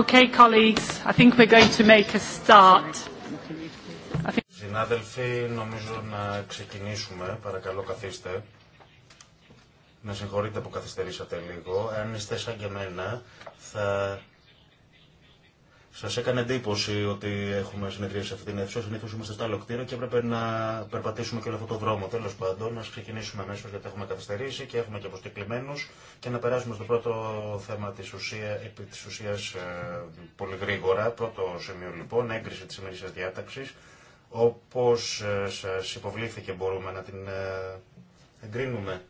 Okay, colleagues, I think we're going to make a start. Συνάδελφοι, νομίζω να ξεκινήσουμε. Παρακαλώ, καθίστε. Με συγχωρείτε που καθυστερήσατε λίγο. Αν είστε σαν και εμένα, θα Σα έκανε εντύπωση ότι έχουμε συνεδρία σε αυτήν την αίθουσα. Συνήθω είμαστε στο άλλο κτίριο και έπρεπε να περπατήσουμε και όλο αυτό το δρόμο. Τέλο πάντων, να ξεκινήσουμε αμέσω γιατί έχουμε καθυστερήσει και έχουμε και προσκεκλημένου και να περάσουμε στο πρώτο θέμα τη ουσία, επί τη ουσία ε, πολύ γρήγορα. Πρώτο σημείο λοιπόν, έγκριση τη ημερήσια διάταξη. Όπω ε, σα υποβλήθηκε, μπορούμε να την ε, εγκρίνουμε.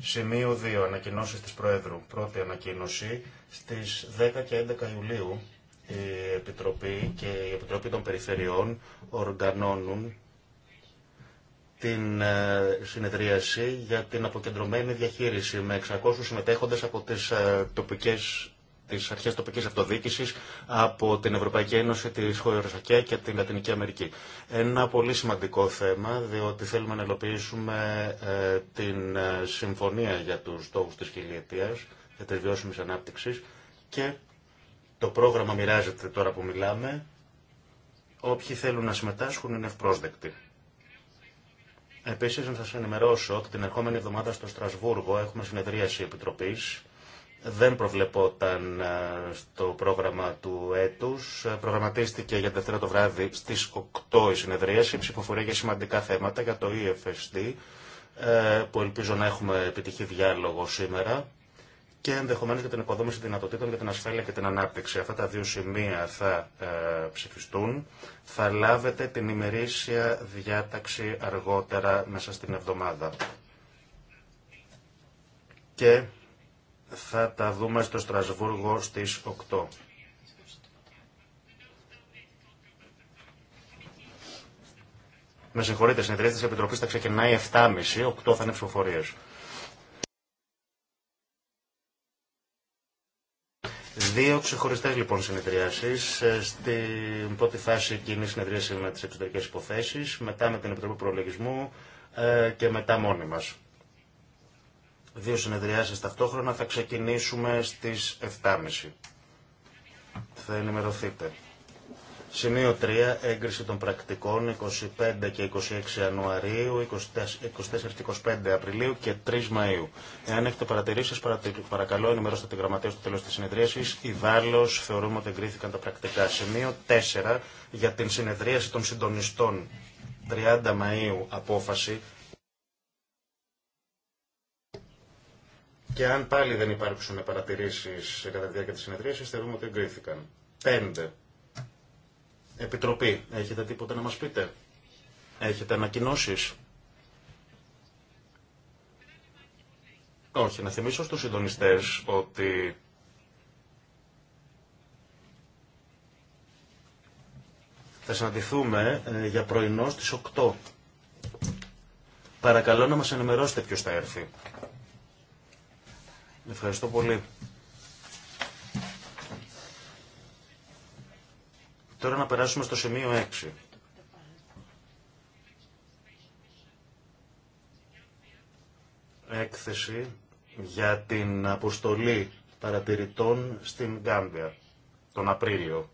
Σημείο 2. Ανακοινώσει τη Προέδρου. Πρώτη ανακοίνωση στι 10 και 11 Ιουλίου η Επιτροπή και η Επιτροπή των Περιφερειών οργανώνουν την ε, συνεδρίαση για την αποκεντρωμένη διαχείριση με 600 συμμετέχοντες από τις ε, τοπικές τις αρχές τοπικής αυτοδιοίκησης από την Ευρωπαϊκή Ένωση, τη Χωροσακία και την Λατινική Αμερική. Ένα πολύ σημαντικό θέμα, διότι θέλουμε να ελοπίσουμε ε, την συμφωνία για τους στόχους τη χιλιετίας, για τη βιώσιμη ανάπτυξης και το πρόγραμμα μοιράζεται τώρα που μιλάμε. Όποιοι θέλουν να συμμετάσχουν είναι ευπρόσδεκτοι. Επίση, να σα ενημερώσω ότι την ερχόμενη εβδομάδα στο Στρασβούργο έχουμε συνεδρίαση επιτροπής. Δεν προβλεπόταν ε, στο πρόγραμμα του έτους. Ε, προγραμματίστηκε για Δευτέρα το βράδυ στις 8 η συνεδρίαση. Ψηφοφορία για σημαντικά θέματα για το EFSD, ε, που ελπίζω να έχουμε επιτυχή διάλογο σήμερα και ενδεχομένω για την οικοδόμηση δυνατοτήτων για την ασφάλεια και την ανάπτυξη. Αυτά τα δύο σημεία θα ε, ψηφιστούν. Θα λάβετε την ημερήσια διάταξη αργότερα μέσα στην εβδομάδα. Και θα τα δούμε στο Στρασβούργο στις 8. Με συγχωρείτε, η συνεδρία τη Επιτροπή θα ξεκινάει 7.30, 8 θα είναι ψηφοφορίε. Δύο ξεχωριστέ λοιπόν συνεδριάσει. Ε, στην πρώτη φάση κοινή συνεδρίαση με τι εξωτερικέ υποθέσει, μετά με την Επιτροπή Προλογισμού ε, και μετά μόνοι μα. Δύο συνεδριάσει ταυτόχρονα θα ξεκινήσουμε στις 7.30. Θα ενημερωθείτε. Σημείο 3. Έγκριση των πρακτικών 25 και 26 Ιανουαρίου, 24 και 25 Απριλίου και 3 Μαΐου. Εάν έχετε παρατηρήσεις, παρακαλώ ενημερώστε τη γραμματεία στο τέλος της συνεδρίασης. Ιδάλλως θεωρούμε ότι εγκρίθηκαν τα πρακτικά. Σημείο 4. Για την συνεδρίαση των συντονιστών 30 Μαΐου απόφαση. Και αν πάλι δεν υπάρξουν παρατηρήσεις κατά τη διάρκεια της συνεδρίασης, θεωρούμε ότι εγκρίθηκαν. 5 Επιτροπή, έχετε τίποτα να μας πείτε. Έχετε ανακοινώσει. Όχι, να θυμίσω στους συντονιστές ότι θα συναντηθούμε ε, για πρωινό στις 8. Παρακαλώ να μας ενημερώσετε ποιος θα έρθει. Ευχαριστώ πολύ. Τώρα να περάσουμε στο σημείο 6. Έκθεση για την αποστολή παρατηρητών στην Γκάμπια τον Απρίλιο.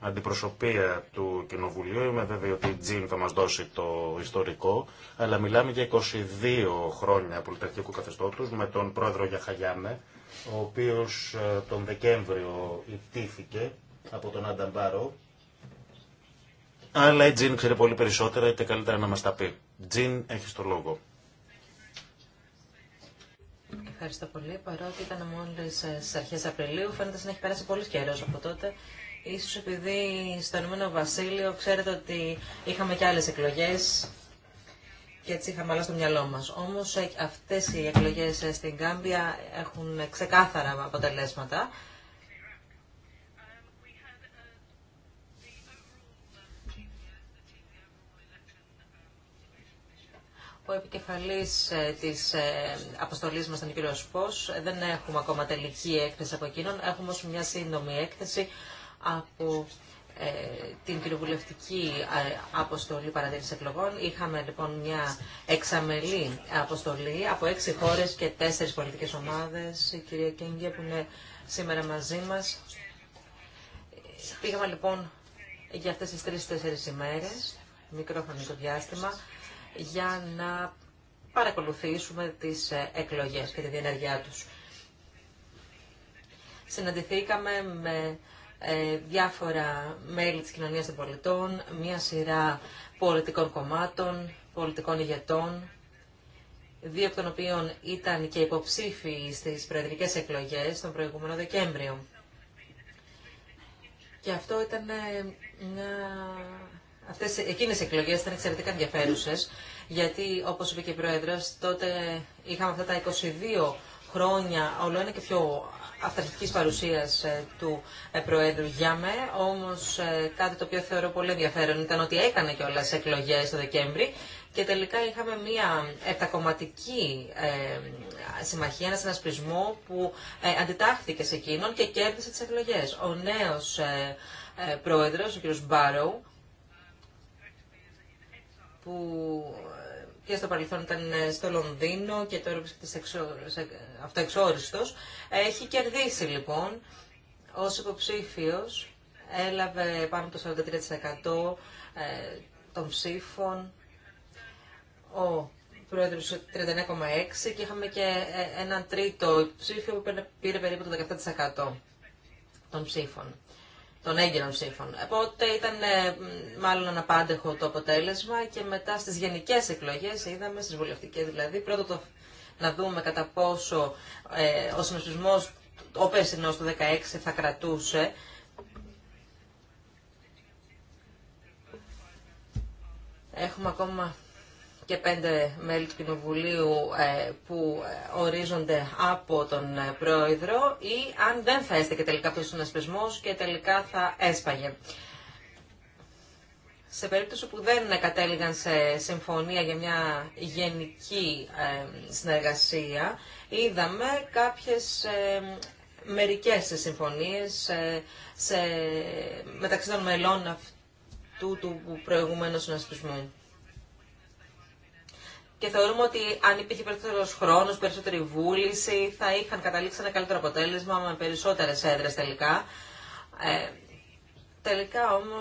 Αντιπροσωπεία του Κοινοβουλίου, είμαι βέβαιο ότι η Τζιν θα μας δώσει το ιστορικό, αλλά μιλάμε για 22 χρόνια πολιταρχικού καθεστώτος με τον πρόεδρο Γιαχαγιάμε, ο οποίος ε, τον Δεκέμβριο υπτήθηκε από τον Ανταμπάρο αλλά η Τζιν ξέρει πολύ περισσότερα, είτε καλύτερα να μας τα πει. Τζιν, έχεις το λόγο. Ευχαριστώ πολύ. Παρότι ήταν μόλι ε, στι αρχέ Απριλίου, φαίνεται να έχει περάσει πολύ καιρό από τότε. Ίσως επειδή στο Ηνωμένο Βασίλειο ξέρετε ότι είχαμε και άλλε εκλογές και έτσι είχαμε άλλα στο μυαλό μας. Όμω ε, αυτέ οι εκλογέ ε, στην Γκάμπια έχουν ξεκάθαρα αποτελέσματα. ο επικεφαλή ε, της ε, αποστολή μας ήταν ο Δεν έχουμε ακόμα τελική έκθεση από εκείνον. Έχουμε όμως μια σύντομη έκθεση από ε, την κυριοβουλευτική αποστολή παρατήρηση εκλογών. Είχαμε λοιπόν μια εξαμελή αποστολή από έξι χώρες και τέσσερι πολιτικές ομάδες. Η κυρία Κέγγε που είναι σήμερα μαζί μας. Πήγαμε λοιπόν για αυτέ τι τρει-τέσσερι ημέρε, μικρό το διάστημα για να παρακολουθήσουμε τις ε, εκλογές και τη διενέργειά τους. Συναντηθήκαμε με ε, διάφορα μέλη της κοινωνίας των πολιτών, μία σειρά πολιτικών κομμάτων, πολιτικών ηγετών, δύο από των οποίων ήταν και υποψήφοι στις προεδρικές εκλογές τον προηγούμενο Δεκέμβριο. Και αυτό ήταν ε, μια Αυτές, εκείνες οι εκλογές ήταν εξαιρετικά ενδιαφέρουσε, γιατί όπως είπε και η Πρόεδρος, τότε είχαμε αυτά τα 22 χρόνια, όλο και πιο αυταρχικής παρουσίας ε, του ε, Προέδρου για με, όμως ε, κάτι το οποίο θεωρώ πολύ ενδιαφέρον ήταν ότι έκανε και τις εκλογές το Δεκέμβρη και τελικά είχαμε μια επτακομματική συμμαχία, ένα συνασπισμό που αντιτάχθηκε σε εκείνον και κέρδισε τις εκλογές. Ο νέος Πρόεδρος, ο κ. Μπάρου, που ε, και στο παρελθόν ήταν ε, στο Λονδίνο και τώρα βρίσκεται αυτοεξόριστος. Έχει κερδίσει λοιπόν ως υποψήφιος, έλαβε πάνω από το 43% ε, των ψήφων, ο πρόεδρος 39,6% και είχαμε και ένα τρίτο ψήφιο που πήρε περίπου το 17% των ψήφων των έγκαιρων σύμφων. Οπότε ήταν ε, μάλλον αναπάντεχο το αποτέλεσμα και μετά στις γενικές εκλογές είδαμε, στις βουλευτικές δηλαδή, πρώτο το, να δούμε κατά πόσο ε, ο συνοσπισμός, ο περσινός του 16 θα κρατούσε. Έχουμε ακόμα και πέντε μέλη του Κοινοβουλίου ε, που ε, ορίζονται από τον ε, Πρόεδρο ή αν δεν θα έστεκε τελικά αυτός ο συνασπισμός και τελικά θα έσπαγε. Σε περίπτωση που δεν κατέληγαν σε συμφωνία για μια γενική συνεργασία, είδαμε κάποιες μερικές συμφωνίες σε, μεταξύ των μελών αυτού του προηγούμενου συνασπισμού και θεωρούμε ότι αν υπήρχε περισσότερο χρόνο, περισσότερη βούληση, θα είχαν καταλήξει ένα καλύτερο αποτέλεσμα με περισσότερε έδρε τελικά. Ε, τελικά όμω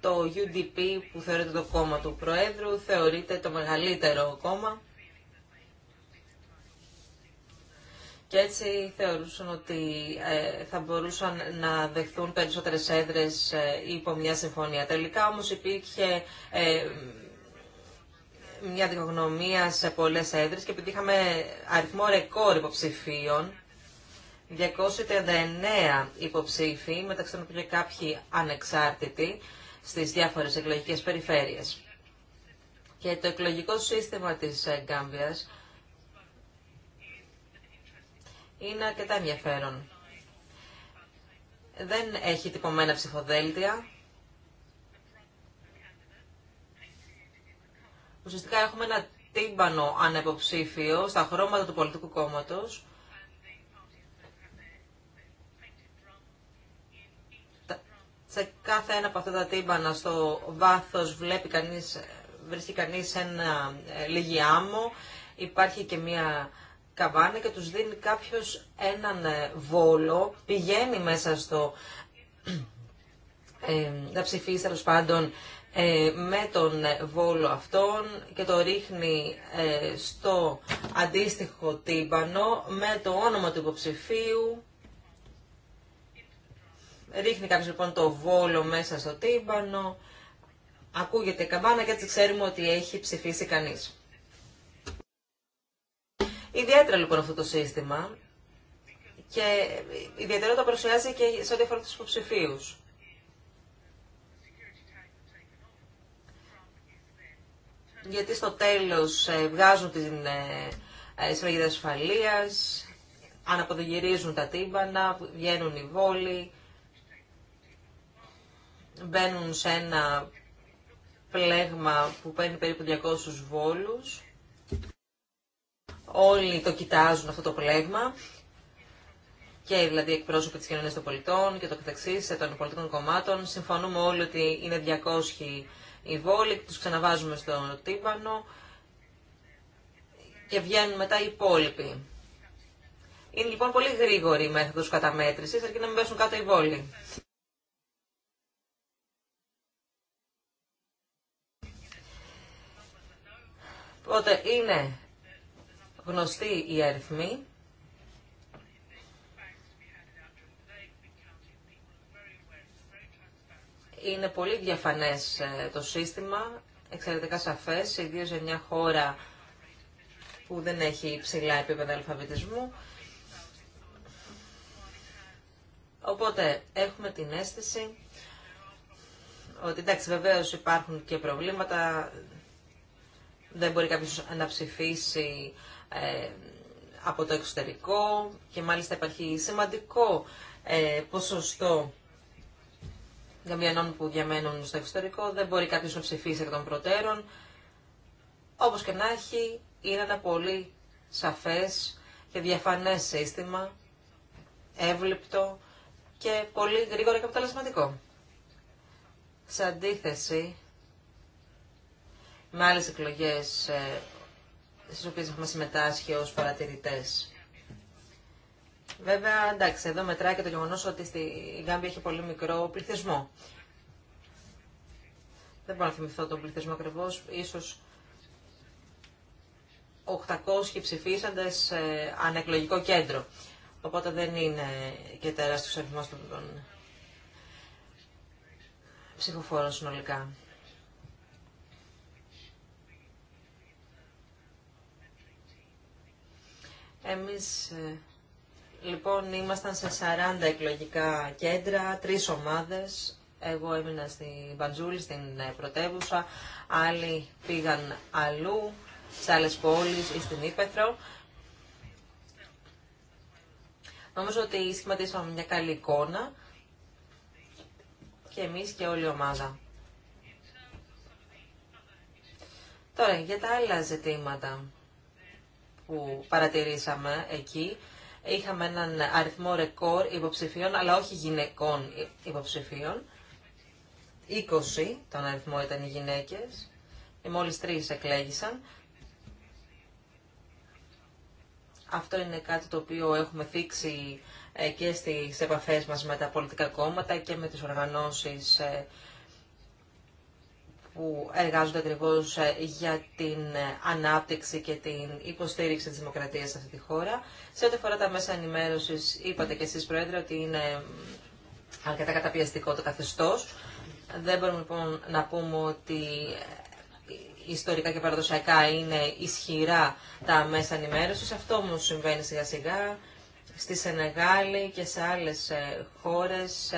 το UDP που θεωρείται το κόμμα του Προέδρου θεωρείται το μεγαλύτερο κόμμα. Και έτσι θεωρούσαν ότι ε, θα μπορούσαν να δεχθούν περισσότερες έδρες ε, υπό μια συμφωνία. Τελικά όμως υπήρχε ε, μια δικογνωμία σε πολλέ έδρε και επειδή είχαμε αριθμό ρεκόρ υποψηφίων, 239 υποψήφοι, μεταξύ των οποίων κάποιοι ανεξάρτητοι, στις διάφορες εκλογικές περιφέρειες. Και το εκλογικό σύστημα της Γκάμπια είναι αρκετά ενδιαφέρον. Δεν έχει τυπωμένα ψηφοδέλτια, Ουσιαστικά έχουμε ένα τύμπανο ανεποψήφιο στα χρώματα του πολιτικού κόμματος. Σε κάθε ένα από αυτά τα τύμπανα στο βάθος βλέπει κανείς, βρίσκει κανείς ένα ε, λίγη άμμο. Υπάρχει και μία καβάνα και τους δίνει κάποιος έναν ε, βόλο, πηγαίνει μέσα στο... Ε, να ψηφίσει τέλο πάντων ε, με τον βόλο αυτόν και το ρίχνει ε, στο αντίστοιχο τύμπανο με το όνομα του υποψηφίου. Ρίχνει κάποιος λοιπόν το βόλο μέσα στο τύμπανο. Ακούγεται η καμπάνα και έτσι ξέρουμε ότι έχει ψηφίσει κανείς. Ιδιαίτερα λοιπόν αυτό το σύστημα και ιδιαίτερα το παρουσιάζει και σε ό,τι αφορά τους υποψηφίους. γιατί στο τέλος ε, βγάζουν την ε, ε, σφραγίδα ασφαλείας, αναποδογυρίζουν τα τύμπανα, βγαίνουν οι βόλοι, μπαίνουν σε ένα πλέγμα που παίρνει περίπου 200 βόλους. Όλοι το κοιτάζουν αυτό το πλέγμα και δηλαδή εκπρόσωποι της κοινωνίας των πολιτών και το καταξύ των πολιτικών κομμάτων. Συμφωνούμε όλοι ότι είναι 200 οι βόλοι, τους ξαναβάζουμε στο τύμπανο και βγαίνουν μετά οι υπόλοιποι. Είναι λοιπόν πολύ γρήγορη η μέθοδος καταμέτρησης, αρκεί να μην πέσουν κάτω οι βόλοι. Οπότε είναι γνωστοί οι αριθμοί Είναι πολύ διαφανές ε, το σύστημα, εξαιρετικά σαφές, ιδίως για μια χώρα που δεν έχει υψηλά επίπεδα αλφαβητισμού. Οπότε έχουμε την αίσθηση ότι εντάξει βεβαίως υπάρχουν και προβλήματα, δεν μπορεί κάποιος να ψηφίσει ε, από το εξωτερικό και μάλιστα υπάρχει σημαντικό ε, ποσοστό Γαμπιανών που διαμένουν στο εξωτερικό, δεν μπορεί κάποιο να ψηφίσει εκ των προτέρων. Όπω και να έχει, είναι ένα πολύ σαφέ και διαφανέ σύστημα, εύληπτο και πολύ γρήγορο και αποτελεσματικό. Σε αντίθεση με άλλες εκλογές ε, στις οποίες έχουμε συμμετάσχει ως παρατηρητές. Βέβαια, εντάξει, εδώ μετράει και το γεγονό ότι στη Γάμπη έχει πολύ μικρό πληθυσμό. Δεν μπορώ να θυμηθώ τον πληθυσμό ακριβώ. Ίσως 800 ψηφίσαντε σε ανεκλογικό κέντρο. Οπότε δεν είναι και τεράστιο αριθμό των ψηφοφόρων συνολικά. Εμείς ε, Λοιπόν, ήμασταν σε 40 εκλογικά κέντρα, τρεις ομάδες. Εγώ έμεινα στην Παντζούλη, στην ε, πρωτεύουσα. Άλλοι πήγαν αλλού, σε άλλε πόλει η ομάδα. Τώρα, για τα άλλα ζητήματα που παρατηρήσαμε εκεί, Είχαμε έναν αριθμό ρεκόρ υποψηφίων, αλλά όχι γυναικών υποψηφίων. 20 τον αριθμό ήταν οι γυναίκες και μόλις τρεις εκλέγησαν. Αυτό είναι κάτι το οποίο έχουμε θίξει ε, και στις επαφές μας με τα πολιτικά κόμματα και με τις οργανώσεις ε, που εργάζονται ακριβώ ε, για την ε, ανάπτυξη και την υποστήριξη της δημοκρατίας σε αυτή τη χώρα. Σε ό,τι αφορά τα μέσα ενημέρωσης, είπατε και εσείς, Πρόεδρε, ότι είναι αρκετά καταπιαστικό το καθεστώς. Δεν μπορούμε λοιπόν να πούμε ότι ε, ιστορικά και παραδοσιακά είναι ισχυρά τα μέσα ενημέρωσης. Αυτό όμω συμβαίνει σιγά-σιγά στη Σενεγάλη και σε άλλες χώρες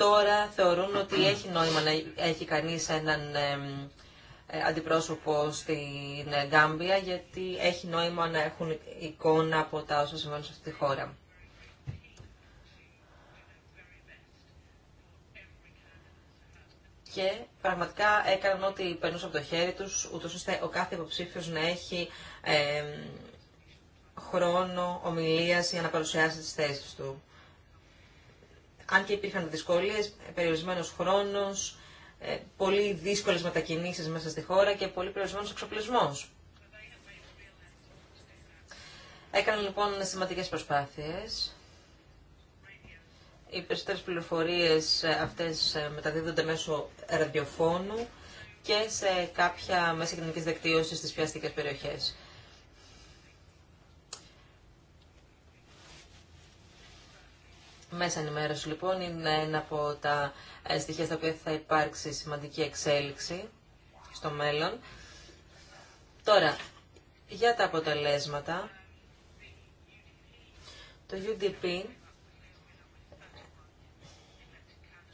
τώρα θεωρούν ότι έχει νόημα να έχει κανείς έναν ε, αντιπρόσωπο στην ε, Γκάμπια, γιατί έχει νόημα να έχουν εικόνα από τα όσα συμβαίνουν σε αυτή τη χώρα. Και πραγματικά έκαναν ό,τι περνούσε από το χέρι τους, ούτως ώστε ο κάθε υποψήφιος να έχει χρόνο ομιλίας για να παρουσιάσει τις θέσεις του αν και υπήρχαν δυσκολίες, ε, περιορισμένος χρόνος, ε, πολύ δύσκολες μετακινήσεις μέσα στη χώρα και πολύ περιορισμένος εξοπλισμός. Έκαναν λοιπόν σημαντικές προσπάθειες. Οι περισσότερες πληροφορίες ε, αυτές μεταδίδονται μέσω ραδιοφώνου και σε κάποια μέσα κοινωνικής δικτύωσης στις πιάστικες περιοχές. Μέσα ενημέρωση λοιπόν είναι ένα από τα ε, στοιχεία στα οποία θα υπάρξει σημαντική εξέλιξη στο μέλλον. Τώρα, για τα αποτελέσματα, το UDP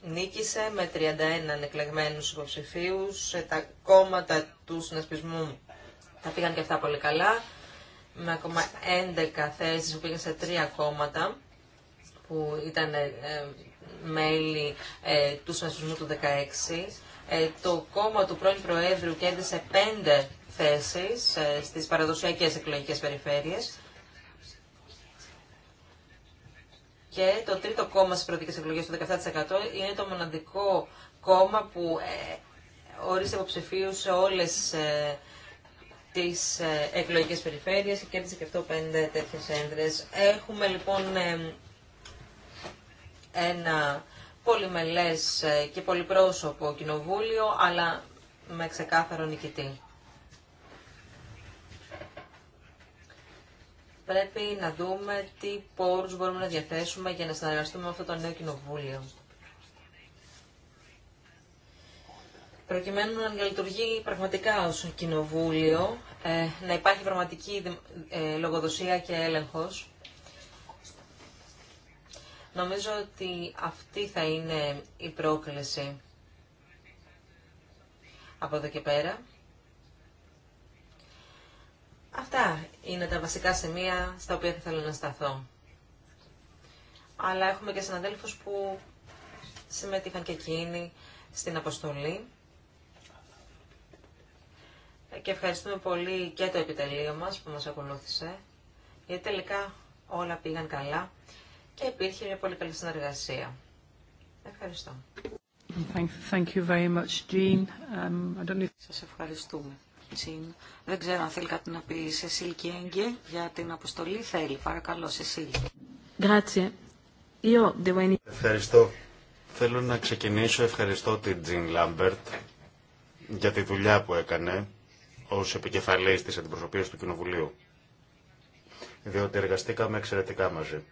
νίκησε με 31 εκλεγμένους υποψηφίους, τα κόμματα του συνασπισμού τα πήγαν και αυτά πολύ καλά, με ακόμα 11 θέσεις που πήγαν σε τρία κόμματα που ήταν ε, μέλη ε, του Σασουσμού του 16. Ε, το κόμμα του πρώην Προέδρου κέρδισε πέντε θέσεις στις παραδοσιακές εκλογικές περιφέρειες. Και το τρίτο κόμμα στις προεδρικές εκλογές, το 17%, είναι το μοναδικό κόμμα που ορίζει υποψηφίου σε όλες τις εκλογικές περιφέρειες και κέρδισε και αυτό πέντε τέτοιες ένδρες. Έχουμε λοιπόν ένα πολυμελές ε, και πολυπρόσωπο κοινοβούλιο, αλλά με ξεκάθαρο νικητή. Πρέπει να δούμε τι πόρους μπορούμε να διαθέσουμε για να συνεργαστούμε με αυτό το νέο κοινοβούλιο. Προκειμένου να λειτουργεί πραγματικά ως κοινοβούλιο, ε, να υπάρχει πραγματική ε, λογοδοσία και έλεγχος, Νομίζω ότι αυτή θα είναι η πρόκληση από εδώ και πέρα. Αυτά είναι τα βασικά σημεία στα οποία θα θέλω να σταθώ. Αλλά έχουμε και συναδέλφους που συμμετείχαν και εκείνοι στην αποστολή. Και ευχαριστούμε πολύ και το επιτελείο μας που μας ακολούθησε, γιατί τελικά όλα πήγαν καλά και υπήρχε μια πολύ καλή συνεργασία. Ευχαριστώ. Thank you very much, Jean. Um, I don't Σας ευχαριστούμε. Jean. Δεν ξέρω αν θέλει κάτι να πει η Σεσίλ Κιέγγε για την αποστολή. Θέλει. Παρακαλώ, Σεσίλ. Ευχαριστώ. Θέλω να ξεκινήσω ευχαριστώ την Τζιν Λάμπερτ για τη δουλειά που έκανε ως επικεφαλής της αντιπροσωπείας του Κοινοβουλίου. Διότι εργαστήκαμε εξαιρετικά μαζί.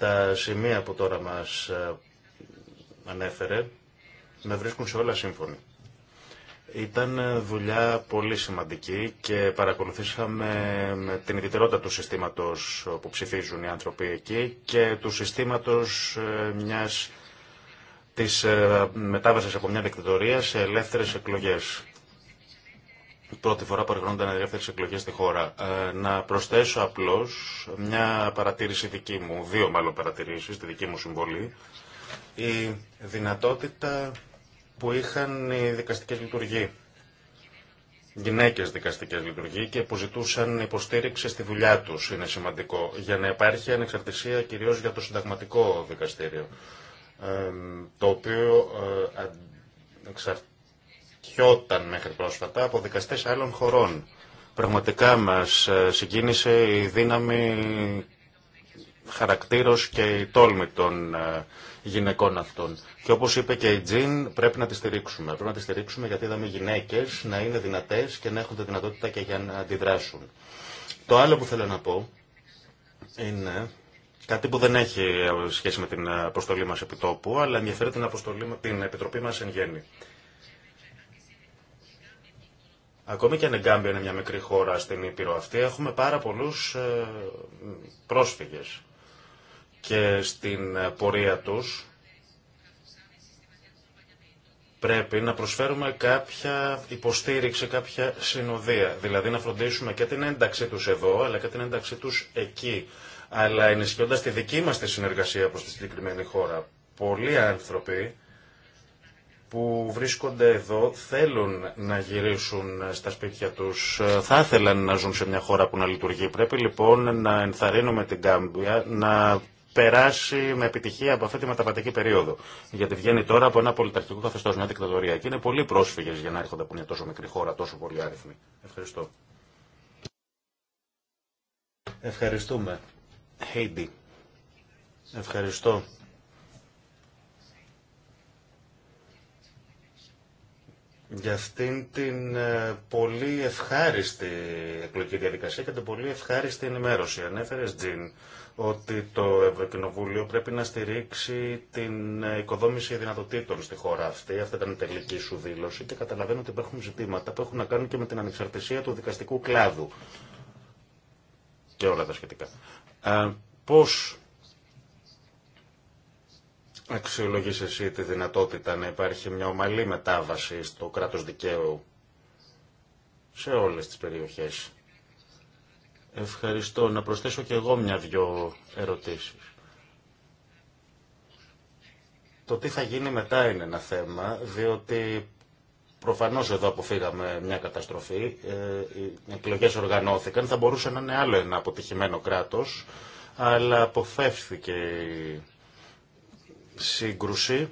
Τα σημεία που τώρα μας ε, ανέφερε με βρίσκουν σε όλα σύμφωνοι. Ήταν ε, δουλειά πολύ σημαντική και παρακολουθήσαμε την ιδιαιτερότητα του συστήματος που ψηφίζουν οι άνθρωποι εκεί και του συστήματος ε, μιας της μετάβασης από μια δικτατορία σε ελεύθερες εκλογές πρώτη φορά που να ελεύθερε εκλογέ στη χώρα. Ε, να προσθέσω απλώ μια παρατήρηση δική μου, δύο μάλλον παρατηρήσει, τη δική μου συμβολή. Η δυνατότητα που είχαν οι δικαστικέ λειτουργοί, γυναίκε δικαστικέ λειτουργοί και που ζητούσαν υποστήριξη στη δουλειά του είναι σημαντικό για να υπάρχει ανεξαρτησία κυρίω για το συνταγματικό δικαστήριο. Ε, το οποίο ε, και όταν μέχρι πρόσφατα από δικαστές άλλων χωρών. Πραγματικά μας ε, συγκίνησε η δύναμη χαρακτήρος και η τόλμη των ε, γυναικών αυτών. Και όπως είπε και η Τζιν, πρέπει να τη στηρίξουμε. Πρέπει να τη στηρίξουμε γιατί είδαμε γυναίκες να είναι δυνατές και να έχουν τη δυνατότητα και για να αντιδράσουν. Το άλλο που θέλω να πω είναι κάτι που δεν έχει ε, σχέση με την αποστολή μας επιτόπου, αλλά ενδιαφέρει την, αποστολή, την επιτροπή μας εν γέννη. Ακόμη και αν η Γκάμπια είναι μια μικρή χώρα στην Ήπειρο αυτή, έχουμε πάρα πολλούς ε, πρόσφυγες. Και στην ε, πορεία τους πρέπει να προσφέρουμε κάποια υποστήριξη, κάποια συνοδεία. Δηλαδή να φροντίσουμε και την ένταξή τους εδώ, αλλά και την ένταξή τους εκεί. Αλλά ενισχύοντας τη δική μας τη συνεργασία προς τη συγκεκριμένη χώρα. Πολλοί άνθρωποι που βρίσκονται εδώ θέλουν να γυρίσουν στα σπίτια τους. Θα ήθελαν να ζουν σε μια χώρα που να λειτουργεί. Πρέπει λοιπόν να ενθαρρύνουμε την Κάμπια να περάσει με επιτυχία από αυτή τη μεταβατική περίοδο. Γιατί βγαίνει τώρα από ένα πολιταρχικό καθεστώ, μια δικτατορία. Και είναι πολλοί πρόσφυγε για να έρχονται από μια τόσο μικρή χώρα, τόσο πολύ άριθμοι. Ευχαριστώ. Ευχαριστούμε. Χέιντι. Ευχαριστώ. για αυτήν την ε, πολύ ευχάριστη εκλογική διαδικασία και την πολύ ευχάριστη ενημέρωση. Ανέφερε, Τζιν, ότι το Ευρωκοινοβούλιο πρέπει να στηρίξει την ε, οικοδόμηση δυνατοτήτων στη χώρα αυτή. Αυτή ήταν η τελική σου δήλωση και καταλαβαίνω ότι υπάρχουν ζητήματα που έχουν να κάνουν και με την ανεξαρτησία του δικαστικού κλάδου και όλα τα σχετικά. Πώς Αξιολογείς εσύ τη δυνατότητα να υπάρχει μια ομαλή μετάβαση στο κράτος δικαίου σε όλες τις περιοχές. Ευχαριστώ. Να προσθέσω και εγώ μια-δυο ερωτήσεις. Το τι θα γίνει μετά είναι ένα θέμα, διότι προφανώς εδώ αποφύγαμε μια καταστροφή, ε, οι εκλογές οργανώθηκαν, θα μπορούσε να είναι άλλο ένα αποτυχημένο κράτος, αλλά αποφεύθηκε σύγκρουση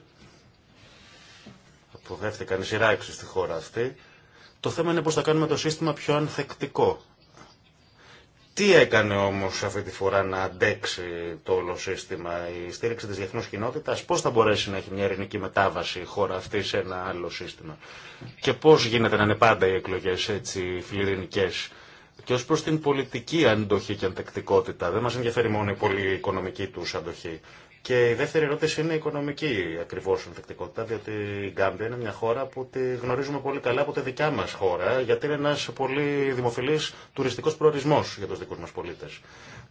που δέχτηκαν οι σειράξει στη χώρα αυτή, το θέμα είναι πώς θα κάνουμε το σύστημα πιο ανθεκτικό. Τι έκανε όμως αυτή τη φορά να αντέξει το όλο σύστημα, η στήριξη της διεθνούς κοινότητας, πώς θα μπορέσει να έχει μια ειρηνική μετάβαση η χώρα αυτή σε ένα άλλο σύστημα και πώς γίνεται να είναι πάντα οι εκλογές έτσι φιλιρινικές. Και ω προ την πολιτική αντοχή και αντεκτικότητα, δεν μα ενδιαφέρει μόνο η πολυοικονομική οικονομική του αντοχή. Και η δεύτερη ερώτηση είναι η οικονομική ακριβώ ενθεκτικότητα, διότι η Γκάμπια είναι μια χώρα που τη γνωρίζουμε πολύ καλά από τη δικιά μα χώρα, γιατί είναι ένα πολύ δημοφιλή τουριστικό προορισμό για του δικού μα πολίτε.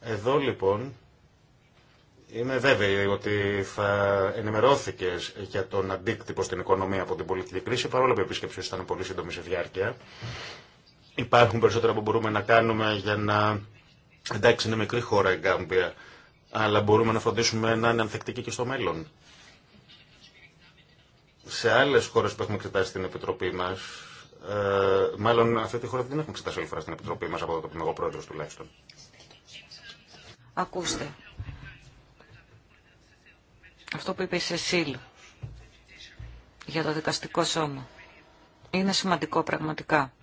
Εδώ λοιπόν είμαι βέβαιη ότι θα ενημερώθηκε για τον αντίκτυπο στην οικονομία από την πολιτική κρίση, παρόλο που η επίσκεψη ήταν πολύ σύντομη σε διάρκεια. Υπάρχουν περισσότερα που μπορούμε να κάνουμε για να. Εντάξει, είναι μικρή χώρα η Γκάμπια αλλά μπορούμε να φροντίσουμε να είναι ανθεκτικοί και στο μέλλον. Σε άλλες χώρες που έχουμε εξετάσει στην Επιτροπή μας, ε, μάλλον αυτή τη χώρα δεν έχουμε εξετάσει όλη φορά στην Επιτροπή μας, από το εγώ πρόεδρος τουλάχιστον. Ακούστε. Αυτό που είπε η Σεσίλ για το δικαστικό σώμα. Είναι σημαντικό πραγματικά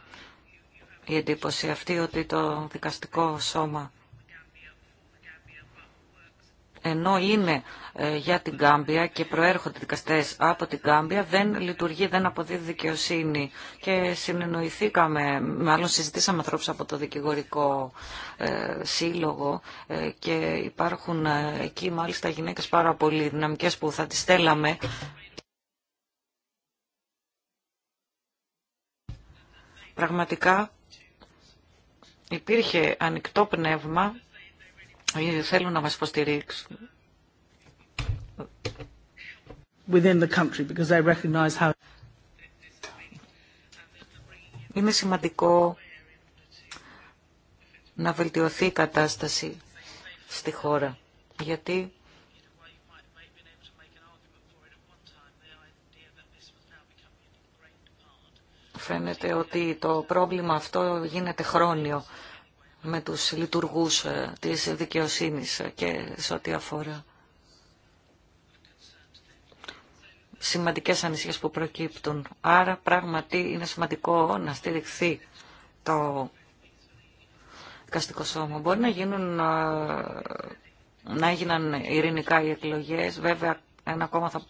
η εντύπωση αυτή ότι το δικαστικό σώμα ενώ είναι ε, για την Κάμπια και προέρχονται δικαστές από την Κάμπια, δεν λειτουργεί, δεν αποδίδει δικαιοσύνη. Και συνεννοηθήκαμε, μάλλον συζητήσαμε ανθρώπου από το δικηγορικό ε, σύλλογο ε, και υπάρχουν εκεί μάλιστα γυναίκες πάρα πολύ δυναμικέ που θα τις στέλαμε πραγματικά υπήρχε ανοιχτό πνεύμα θέλουν να μας υποστηρίξουν. Within the country, because they recognize how... Είναι σημαντικό να βελτιωθεί η κατάσταση στη χώρα, γιατί φαίνεται ότι το πρόβλημα αυτό γίνεται χρόνιο με τους λειτουργούς ε, της δικαιοσύνης ε, και σε ό,τι αφορά σημαντικές ανησυχίες που προκύπτουν. Άρα πράγματι είναι σημαντικό να στηριχθεί το δικαστικό σώμα. Μπορεί να γίνουν ε, να έγιναν ειρηνικά οι εκλογές. Βέβαια ένα κόμμα θα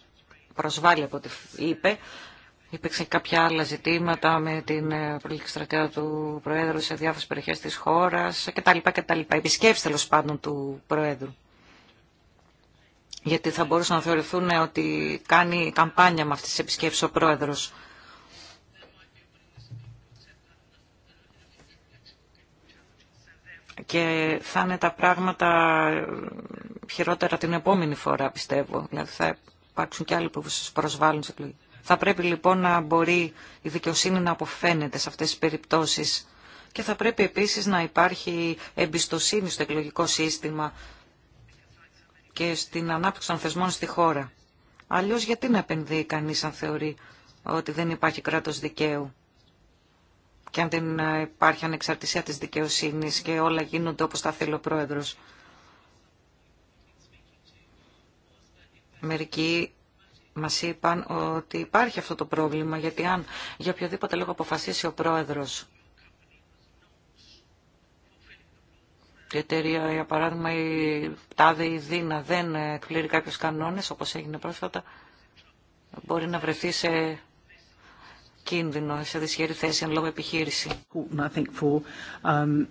προσβάλλει από ό,τι είπε Υπήρξαν κάποια άλλα ζητήματα με την ε, προληπτική στρατεία του Προέδρου σε διάφορες περιοχές της χώρας κτλ. κτλ. Επισκέψεις τέλο πάντων του Προέδρου. Γιατί θα μπορούσαν να θεωρηθούν ότι κάνει καμπάνια με αυτές τις επισκέψεις ο Πρόεδρος. και θα είναι τα πράγματα ε, χειρότερα την επόμενη φορά, πιστεύω. Δηλαδή θα υπάρξουν και άλλοι που σας προσβάλλουν σε εκλογή. Θα πρέπει λοιπόν να μπορεί η δικαιοσύνη να αποφαίνεται σε αυτές τις περιπτώσεις και θα πρέπει επίσης να υπάρχει εμπιστοσύνη στο εκλογικό σύστημα και στην ανάπτυξη των θεσμών στη χώρα. Αλλιώς γιατί να επενδύει κανείς αν θεωρεί ότι δεν υπάρχει κράτος δικαίου και αν δεν υπάρχει ανεξαρτησία της δικαιοσύνης και όλα γίνονται όπως τα θέλει ο Πρόεδρος. Μερικοί μας είπαν ότι υπάρχει αυτό το πρόβλημα, γιατί αν για οποιοδήποτε λόγο αποφασίσει ο πρόεδρος η εταιρεία, για παράδειγμα, η ΤΑΔΕ, η ΔΙΝΑ δεν εκπλήρει κάποιους κανόνες, όπως έγινε πρόσφατα, μπορεί να βρεθεί σε κίνδυνο, σε δυσχερή θέση εν λόγω επιχείρηση. Um,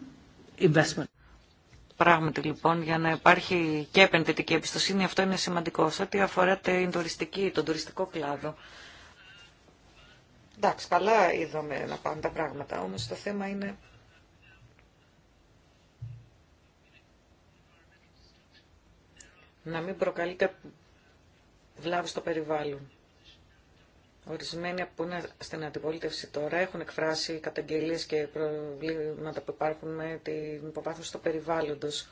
Πράγματι λοιπόν για να υπάρχει και επενδυτική εμπιστοσύνη αυτό είναι σημαντικό. Σε ό,τι αφορά την τουριστική, τον τουριστικό κλάδο. Εντάξει, καλά είδαμε να πάνε τα πράγματα, όμως το θέμα είναι να μην προκαλείται βλάβη στο περιβάλλον. Ορισμένοι που είναι στην αντιπολίτευση τώρα έχουν εκφράσει καταγγελίες και προβλήματα που υπάρχουν με την υποβάθμιση του περιβάλλοντος.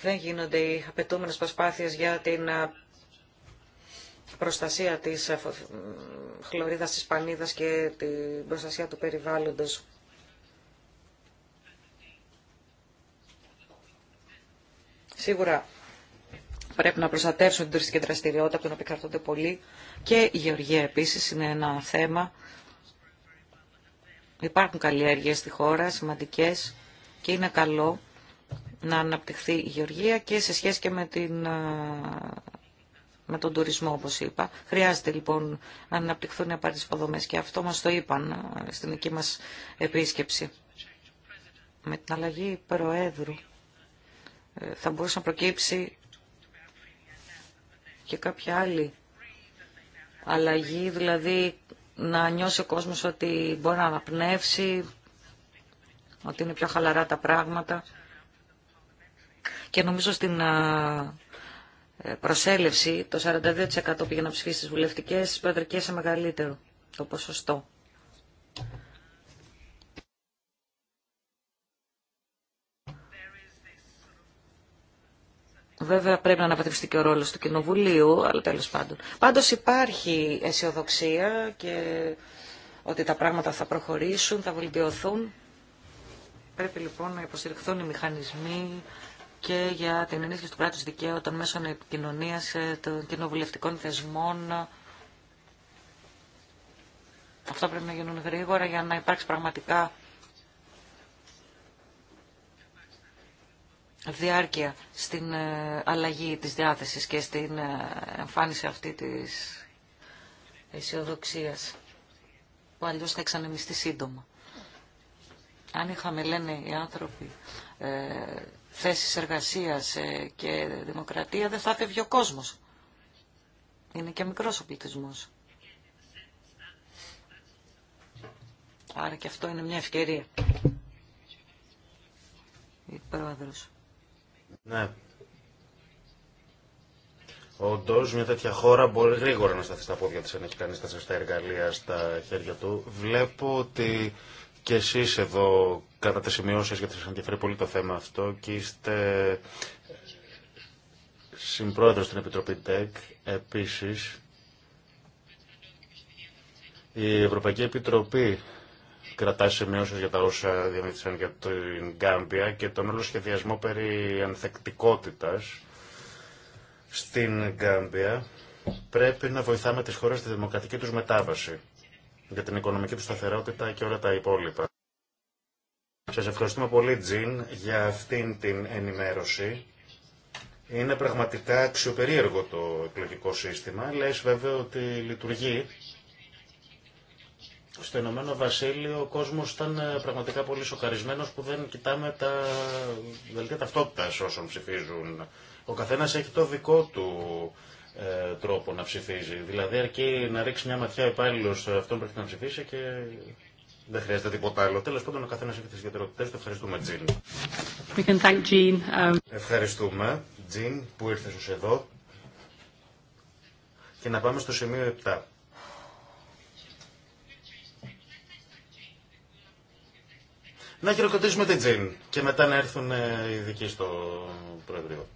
Δεν γίνονται οι απαιτούμενες προσπάθειες για την προστασία της χλωρίδας της πανίδας και την προστασία του περιβάλλοντος. Σίγουρα πρέπει να προστατεύσουν την τουριστική δραστηριότητα από την οποία πολύ και η γεωργία επίσης είναι ένα θέμα. Υπάρχουν καλλιέργειε στη χώρα, σημαντικές και είναι καλό να αναπτυχθεί η γεωργία και σε σχέση και με, την, με τον τουρισμό όπως είπα. Χρειάζεται λοιπόν να αναπτυχθούν οι απαραίτητε υποδομέ και αυτό μας το είπαν στην εκεί μα επίσκεψη. Με την αλλαγή Προέδρου ε, θα μπορούσε να προκύψει και κάποια άλλη αλλαγή, δηλαδή να νιώσει ο κόσμος ότι μπορεί να αναπνεύσει, ότι είναι πιο χαλαρά τα πράγματα. Και νομίζω στην ε, προσέλευση το 42% πήγαινε να ψηφίσει στις βουλευτικές, στις σε μεγαλύτερο το ποσοστό. Βέβαια πρέπει να αναπατριστεί και ο ρόλος του Κοινοβουλίου, αλλά τέλος πάντων. Πάντως υπάρχει αισιοδοξία και ότι τα πράγματα θα προχωρήσουν, θα βελτιωθούν. Πρέπει λοιπόν να υποστηριχθούν οι μηχανισμοί και για την ενίσχυση του κράτους δικαίου των μέσων επικοινωνίας ε, των κοινοβουλευτικών θεσμών. Αυτά πρέπει να γίνουν γρήγορα για να υπάρξει πραγματικά διάρκεια στην ε, αλλαγή της διάθεσης και στην ε, εμφάνιση αυτή της αισιοδοξία που αλλιώ θα εξανεμιστεί σύντομα. Αν είχαμε, λένε οι άνθρωποι, ε, θέσεις εργασίας ε, και δημοκρατία, δεν θα φεύγει ο κόσμος. Είναι και μικρός ο πληθυσμός. Άρα και αυτό είναι μια ευκαιρία. Η πρόεδρος. Ναι. Όντω, μια τέτοια χώρα μπορεί γρήγορα να σταθεί στα πόδια τη αν έχει κανεί τα σωστά εργαλεία στα χέρια του. Βλέπω ότι και εσεί εδώ τι σημειώσει γιατί σα ενδιαφέρει πολύ το θέμα αυτό και είστε συμπρόεδρο στην Επιτροπή ΤΕΚ. Επίση, η Ευρωπαϊκή Επιτροπή κρατά σημειώσει για τα όσα διαμήθησαν για την Γκάμπια και τον όλο σχεδιασμό περί ανθεκτικότητας στην Γκάμπια πρέπει να βοηθάμε τις χώρες στη δημοκρατική τους μετάβαση για την οικονομική του σταθερότητα και όλα τα υπόλοιπα. Σας ευχαριστούμε πολύ Τζιν για αυτήν την ενημέρωση. Είναι πραγματικά αξιοπερίεργο το εκλογικό σύστημα. Λες βέβαια ότι λειτουργεί στο Ηνωμένο Βασίλειο ο κόσμος ήταν ε, πραγματικά πολύ σοκαρισμένος που δεν κοιτάμε τα δελτία ταυτότητας όσων ψηφίζουν. Ο καθένας έχει το δικό του ε, τρόπο να ψηφίζει. Δηλαδή αρκεί να ρίξει μια ματιά υπάλληλο αυτόν που έχει να ψηφίσει και δεν χρειάζεται τίποτα άλλο. Τέλο πάντων, ο καθένα έχει τι ιδιαιτερότητε του. Ευχαριστούμε, Τζιν. Um, Ευχαριστούμε, Τζιν, που ήρθε ω εδώ. Και να πάμε στο σημείο 7. να χειροκροτήσουμε την Τζιν και μετά να έρθουν ε, οι ειδικοί στο Προεδρείο.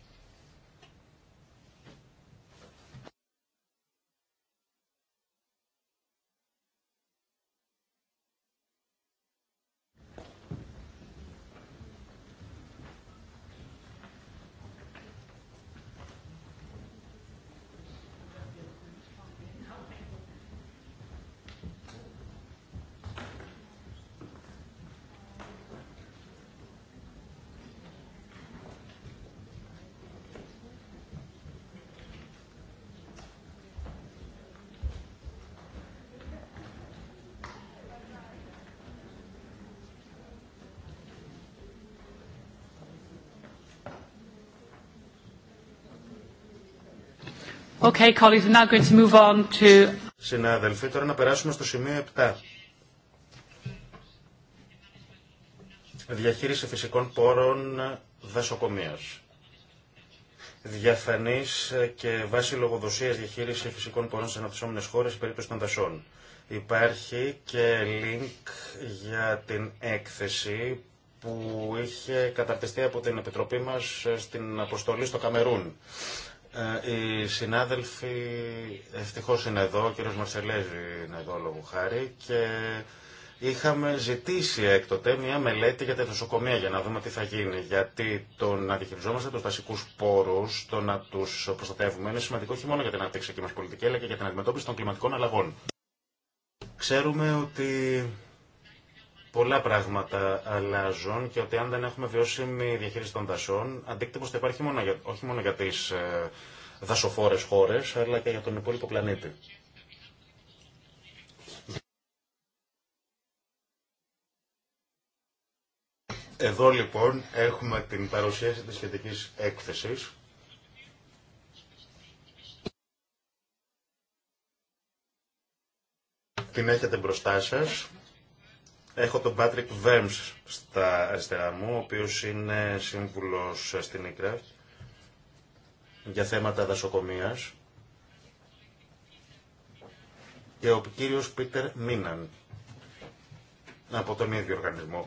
Okay, colleagues, now going to move on to... Συνάδελφοι, τώρα να περάσουμε στο σημείο 7. Διαχείριση φυσικών πόρων δασοκομείας. Διαφανής και βάση λογοδοσίας διαχείριση φυσικών πόρων σε αναπτυσσόμενες χώρες σε περίπτωση των δασών. Υπάρχει και link για την έκθεση που είχε καταρτιστεί από την Επιτροπή μας στην αποστολή στο Καμερούν. Ε, οι συνάδελφοι ευτυχώ είναι εδώ, ο κύριος Μαρσελέζη είναι εδώ λόγω χάρη και είχαμε ζητήσει έκτοτε μια μελέτη για τα νοσοκομεία για να δούμε τι θα γίνει. Γιατί το να διαχειριζόμαστε του βασικού πόρου, το να του προστατεύουμε είναι σημαντικό όχι μόνο για την και μα πολιτική αλλά και για την αντιμετώπιση των κλιματικών αλλαγών. Ξέρουμε ότι πολλά πράγματα αλλάζουν και ότι αν δεν έχουμε βιώσιμη διαχείριση των δασών, αντίκτυπο θα υπάρχει μόνο όχι μόνο για τις ε, δασοφόρες χώρε αλλά και για τον υπόλοιπο πλανήτη. Εδώ λοιπόν έχουμε την παρουσίαση της σχετικής έκθεσης. Την έχετε μπροστά σας. Έχω τον Πάτρικ Βέμς στα αριστερά μου, ο οποίος είναι σύμβουλος στην ΕΚΡΑΦ για θέματα δασοκομείας και ο κύριος Πίτερ Μίναν από τον ίδιο οργανισμό.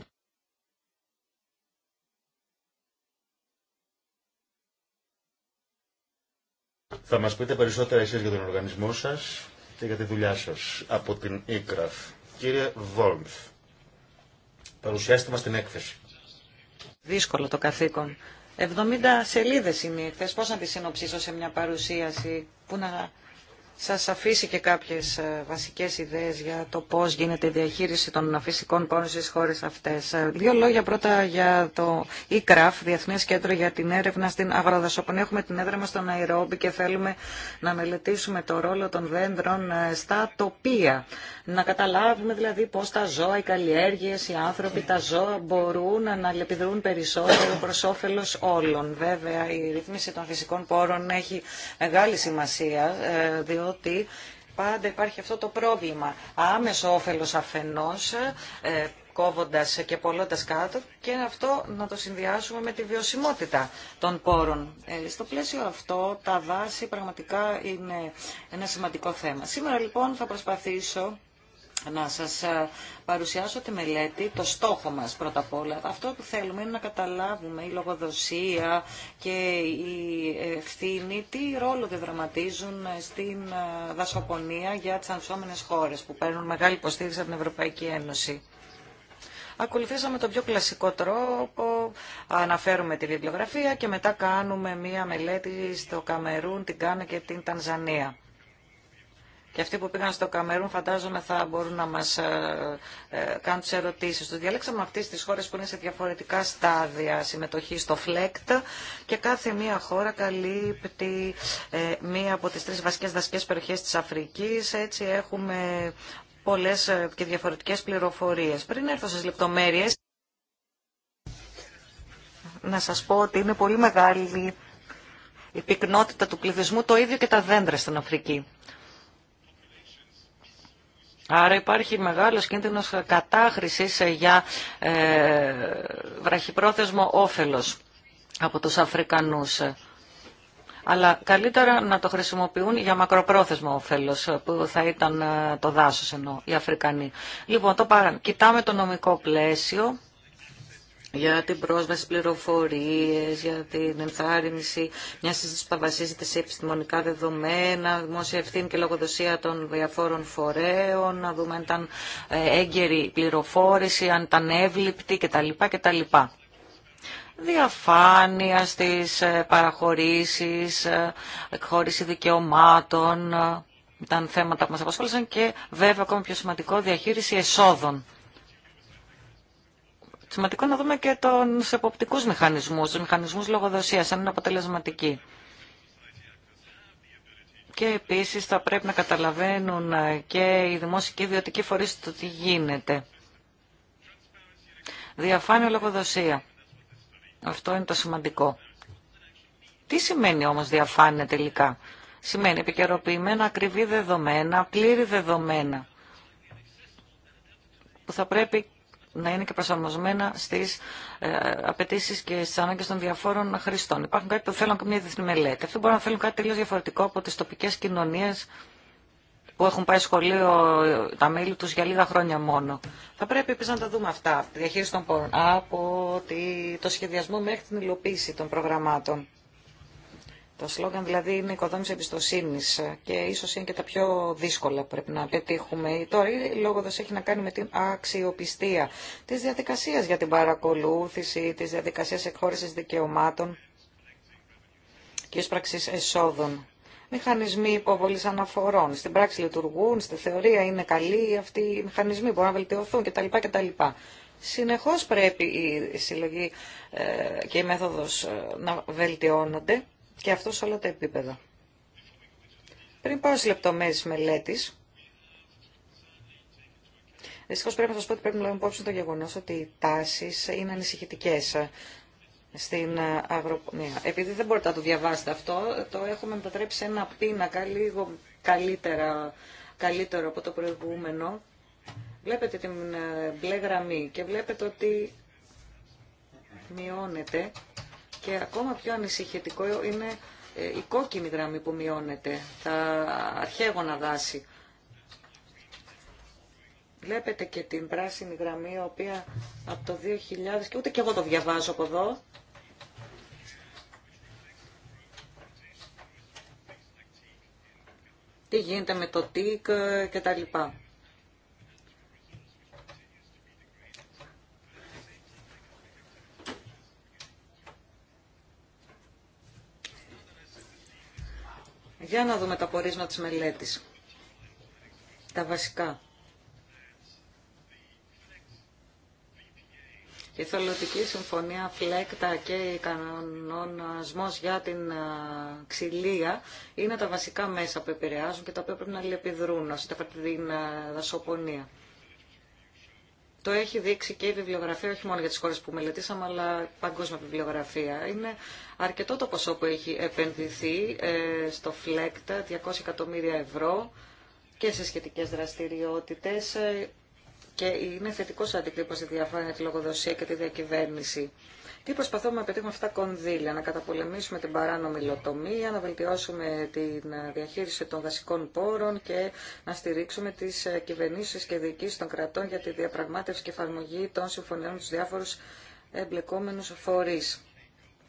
Θα μας πείτε περισσότερα εσείς για τον οργανισμό σας και για τη δουλειά σας από την ΙΚΡΑΦ. Κύριε Βόλμφ, Παρουσιάστε μας την έκθεση. Δύσκολο το καθήκον. 70 σελίδες είναι η εκθέση. Πώς να τη συνοψίσω σε μια παρουσίαση που να σας αφήσει και κάποιες ε, βασικές ιδέες για το πώς γίνεται η διαχείριση των φυσικών πόρων στις χώρες αυτές. Ε, δύο λόγια πρώτα για το e-Craft, Διεθνές Κέντρο για την Έρευνα στην Αγροδασοπονία. Έχουμε την έδρα μας στον Ναϊρόμπι και θέλουμε να μελετήσουμε το ρόλο των δέντρων ε, στα τοπία. Να καταλάβουμε δηλαδή πώς τα ζώα, οι καλλιέργειες, οι άνθρωποι, τα ζώα μπορούν να αλληλεπιδρούν περισσότερο προς όφελος όλων. Βέβαια, η ρύθμιση των φυσικών πόρων έχει μεγάλη σημασία, ότι πάντα υπάρχει αυτό το πρόβλημα. Άμεσο όφελος αφενός, ε, κόβοντας και πολλώντας κάτω και αυτό να το συνδυάσουμε με τη βιωσιμότητα των πόρων. Ε, στο πλαίσιο αυτό τα δάση πραγματικά είναι ένα σημαντικό θέμα. Σήμερα λοιπόν θα προσπαθήσω να σας ε, παρουσιάσω τη μελέτη, το στόχο μας πρώτα απ' όλα. Αυτό που θέλουμε είναι να καταλάβουμε η λογοδοσία και η ευθύνη τι ρόλο διαδραματίζουν ε, στην ε, δασοπονία για τις ανθρώμενες χώρες που παίρνουν μεγάλη υποστήριξη από την Ευρωπαϊκή Ένωση. Ακολουθήσαμε τον πιο κλασικό τρόπο, αναφέρουμε τη βιβλιογραφία και μετά κάνουμε μία μελέτη στο Καμερούν, την Κάνα και την Τανζανία. Και αυτοί που πήγαν στο Καμερούν φαντάζομαι θα μπορούν να μας ε, ε, κάνουν τις ερωτήσεις τους. Διαλέξαμε αυτές τις χώρες που είναι σε διαφορετικά στάδια συμμετοχή στο ΦΛΕΚΤ και κάθε μία χώρα καλύπτει ε, μία από τις τρεις βασικές δασικές περιοχές της Αφρικής. Έτσι έχουμε πολλές και διαφορετικές πληροφορίες. Πριν έρθω στις λεπτομέρειες, να σας πω ότι είναι πολύ μεγάλη η πυκνότητα του πληθυσμού, το ίδιο και τα δέντρα στην Αφρική. Άρα υπάρχει μεγάλος κίνδυνος κατάχρησης ε, για ε, βραχυπρόθεσμο όφελος από τους Αφρικανούς. Αλλά καλύτερα να το χρησιμοποιούν για μακροπρόθεσμο όφελος, ε, που θα ήταν ε, το δάσος ενώ οι Αφρικανοί. Λοιπόν, το πάραν. κοιτάμε το νομικό πλαίσιο για την πρόσβαση πληροφορίε, για την ενθάρρυνση, μια συζήτηση που θα βασίζεται σε επιστημονικά δεδομένα, δημόσια ευθύνη και λογοδοσία των διαφόρων φορέων, να δούμε αν ήταν ε, έγκαιρη πληροφόρηση, αν ήταν εύληπτη κτλ. κτλ. Διαφάνεια στις ε, παραχωρήσεις, ε, εκχώρηση δικαιωμάτων, ήταν θέματα που μας απασχόλησαν και βέβαια ακόμα πιο σημαντικό διαχείριση εσόδων. Σημαντικό να δούμε και του εποπτικού μηχανισμούς, τους μηχανισμούς λογοδοσίας, αν είναι αποτελεσματικοί. Και επίσης θα πρέπει να καταλαβαίνουν και οι δημόσιοι και οι ιδιωτικοί φορείς το τι γίνεται. Διαφάνεια λογοδοσία. Αυτό είναι το σημαντικό. Τι σημαίνει όμως διαφάνεια τελικά. Σημαίνει επικαιροποιημένα ακριβή δεδομένα, πλήρη δεδομένα που θα πρέπει να είναι και προσαρμοσμένα στι ε, απαιτήσει και στι ανάγκε των διαφόρων χρηστών. Υπάρχουν κάποιοι που θέλουν και μια διεθνή μελέτη. Αυτοί μπορούν να θέλουν κάτι τελείω διαφορετικό από τι τοπικέ κοινωνίε που έχουν πάει σχολείο τα μέλη του για λίγα χρόνια μόνο. Θα πρέπει επίση να τα δούμε αυτά, τη διαχείριση των πόρων, από το σχεδιασμό μέχρι την υλοποίηση των προγραμμάτων. Το σλόγγαν δηλαδή είναι οικοδόμηση εμπιστοσύνη ε, και ίσω είναι και τα πιο δύσκολα που πρέπει να πετύχουμε. Τώρα η λόγοδο έχει να κάνει με την αξιοπιστία τη διαδικασία για την παρακολούθηση, τη διαδικασία εκχώρηση δικαιωμάτων και έσπραξη εσόδων. Μηχανισμοί υποβολή αναφορών. Στην πράξη λειτουργούν, στη θεωρία είναι καλοί αυτοί οι μηχανισμοί, μπορούν να βελτιωθούν κτλ. κτλ. Συνεχώ πρέπει η συλλογή ε, και η μέθοδο ε, να βελτιώνονται και αυτό σε όλα τα επίπεδα. Πριν πάω στι λεπτομέρειε μελέτη, δυστυχώ πρέπει να σα πω ότι πρέπει να λάβουμε υπόψη το γεγονό ότι οι τάσει είναι ανησυχητικέ στην αγροπονία. Επειδή δεν μπορείτε να το διαβάσετε αυτό, το έχουμε μετατρέψει σε ένα πίνακα λίγο καλύτερα, καλύτερο από το προηγούμενο. Βλέπετε την ε, μπλε γραμμή και βλέπετε ότι μειώνεται και ακόμα πιο ανησυχητικό είναι ε, η κόκκινη γραμμή που μειώνεται, τα αρχαίγωνα δάση. Βλέπετε και την πράσινη γραμμή, η οποία από το 2000, και ούτε και εγώ το διαβάζω από εδώ, τι γίνεται με το ΤΙΚ ε, και τα λοιπά. Για να δούμε τα πορίσμα της μελέτης. Τα βασικά. Η θολωτική συμφωνία φλέκτα και η κανονασμός για την ξυλία είναι τα βασικά μέσα που επηρεάζουν και τα οποία πρέπει να λεπιδρούν τα την δασοπονία. Το έχει δείξει και η βιβλιογραφία, όχι μόνο για τις χώρες που μελετήσαμε, αλλά παγκόσμια βιβλιογραφία. Είναι αρκετό το ποσό που έχει επενδυθεί ε, στο ΦΛΕΚΤΑ, 200 εκατομμύρια ευρώ και σε σχετικές δραστηριότητες ε, και είναι θετικός αντικτύπωση στη διαφάνεια, τη λογοδοσία και τη διακυβέρνηση. Τι προσπαθούμε να πετύχουμε αυτά κονδύλια, να καταπολεμήσουμε την παράνομη λοτομία, να βελτιώσουμε τη διαχείριση των δασικών πόρων και να στηρίξουμε τι ε, κυβερνήσει και διοικήσει των κρατών για τη διαπραγμάτευση και εφαρμογή των συμφωνιών με του διάφορου εμπλεκόμενου φορεί.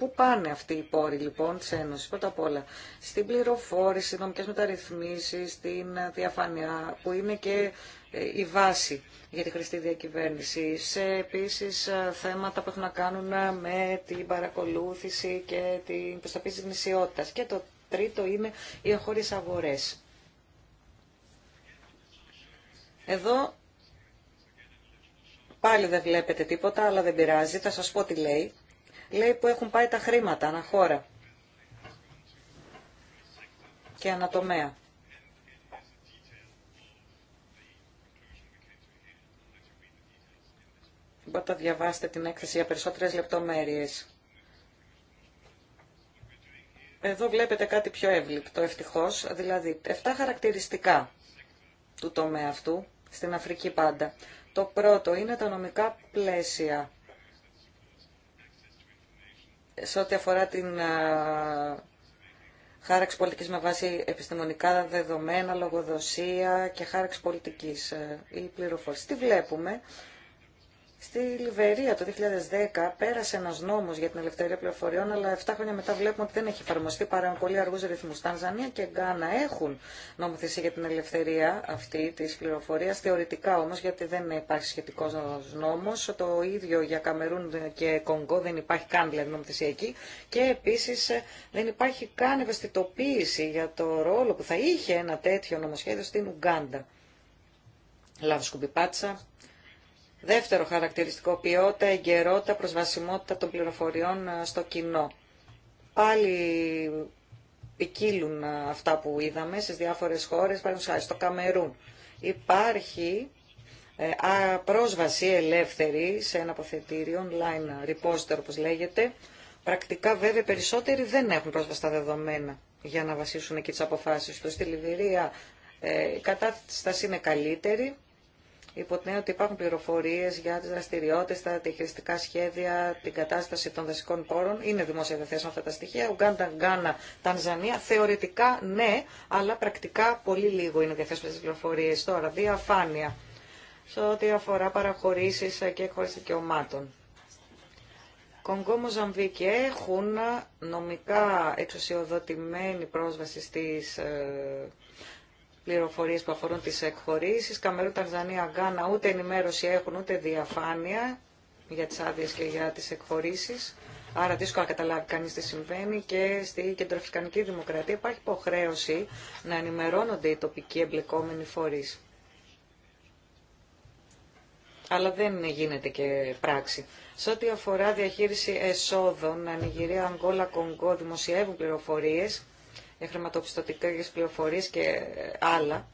Πού πάνε αυτοί οι πόροι λοιπόν τη Ένωση, πρώτα απ' όλα στην πληροφόρηση, νομικέ μεταρρυθμίσει, στην διαφάνεια, που είναι και ε, η βάση για τη χρηστή διακυβέρνηση. Σε επίσης ε, θέματα που έχουν να κάνουν ε, με την παρακολούθηση και την τη νησιότητα. Και το τρίτο είναι οι εγχώριες αγορές. Εδώ πάλι δεν βλέπετε τίποτα, αλλά δεν πειράζει. Θα σας πω τι λέει λέει που έχουν πάει τα χρήματα αναχώρα χώρα και ανατομέα. Μπορείτε να διαβάσετε την έκθεση για περισσότερες λεπτομέρειες. Εδώ βλέπετε κάτι πιο εύληπτο, ευτυχώς, δηλαδή 7 χαρακτηριστικά του τομέα αυτού, στην Αφρική πάντα. Το πρώτο είναι τα νομικά πλαίσια σε ό,τι αφορά την χάραξη πολιτικής με βάση επιστημονικά δεδομένα, λογοδοσία και χάραξη πολιτικής ή ε, πληροφόρηση. Τι βλέπουμε, Στη Λιβερία το 2010 πέρασε ένας νόμος για την ελευθερία πληροφοριών, αλλά 7 χρόνια μετά βλέπουμε ότι δεν έχει εφαρμοστεί παρά με πολύ αργούς ρυθμούς. Τανζανία και Γκάνα έχουν νομοθεσία για την ελευθερία αυτή της πληροφορίας, θεωρητικά όμως, γιατί δεν υπάρχει σχετικός νόμος. Το ίδιο για Καμερούν και Κονγκό δεν υπάρχει καν δηλαδή, νομοθεσία εκεί. Και επίσης ε, δεν υπάρχει καν ευαισθητοποίηση για το ρόλο που θα είχε ένα τέτοιο νομοσχέδιο στην Ουγγάντα. Λάβω σκουμπιπάτσα, Δεύτερο χαρακτηριστικό, ποιότητα, εγκαιρότητα, προσβασιμότητα των πληροφοριών ε, στο κοινό. Πάλι ποικίλουν ε, αυτά που είδαμε στις διάφορες χώρες, παραδείγματος στο Καμερούν. Υπάρχει ε, πρόσβαση ελεύθερη σε ένα αποθετήριο, online reposter όπως λέγεται. Πρακτικά βέβαια περισσότεροι δεν έχουν πρόσβαση στα δεδομένα για να βασίσουν εκεί τις αποφάσεις τους. Στη Λιβυρία η κατάσταση είναι καλύτερη υποτνέει ότι υπάρχουν πληροφορίε για τις δραστηριότητες, τα διαχειριστικά σχέδια, την κατάσταση των δασικών πόρων. Είναι δημόσια με αυτά τα στοιχεία. Ουγγάντα, Γκάνα, Τανζανία. Θεωρητικά ναι, αλλά πρακτικά πολύ λίγο είναι τι πληροφορίε. Τώρα, διαφάνεια σε ό,τι αφορά παραχωρήσει και εκχώρηση δικαιωμάτων. Κονγκό Μοζαμβίκη έχουν νομικά εξουσιοδοτημένη πρόσβαση στις ε, πληροφορίες που αφορούν τις εκχωρήσεις. Καμερού, Τανζανία, Γκάνα ούτε ενημέρωση έχουν ούτε διαφάνεια για τι άδειε και για τις εκχωρήσει. Άρα δύσκολα καταλάβει κανεί τι συμβαίνει και στη κεντροαφρικανική δημοκρατία υπάρχει υποχρέωση να ενημερώνονται οι τοπικοί εμπλεκόμενοι φορείς. Αλλά δεν γίνεται και πράξη. Σε ό,τι αφορά διαχείριση εσόδων, Ανιγυρία, Αγκόλα, Κονγκό δημοσιεύουν πληροφορίες ε, χρηματοπιστωτικές πληροφορίες και ε, άλλα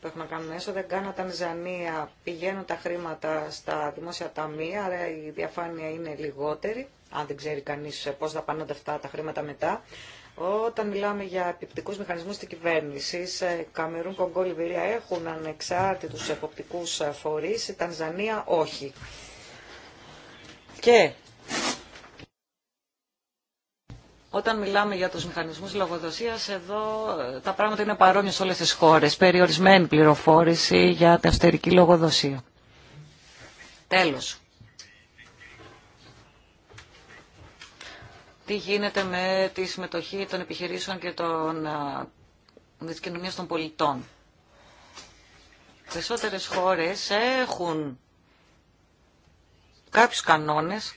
που έχουμε κάνει μέσω. Δεν κάνω τανζανία, πηγαίνουν τα χρήματα στα δημόσια ταμεία, άρα η διαφάνεια είναι λιγότερη, αν δεν ξέρει κανείς ε, πώς πάνε αυτά τα χρήματα μετά. Όταν μιλάμε για επιπτικούς μηχανισμούς της κυβέρνησης, Καμερούν, Κογκό, Λιβύρια έχουν ανεξάρτητους εποπτικούς φορείς, η Τανζανία όχι. Και Όταν μιλάμε για τους μηχανισμούς λογοδοσίας, εδώ ε, τα πράγματα είναι παρόμοια σε όλες τις χώρες. Περιορισμένη πληροφόρηση για την ευστερική λογοδοσία. Τέλος. Τι γίνεται με τη συμμετοχή των επιχειρήσεων και των, ε, της κοινωνίας των πολιτών. Περισσότερες χώρες έχουν κάποιους κανόνες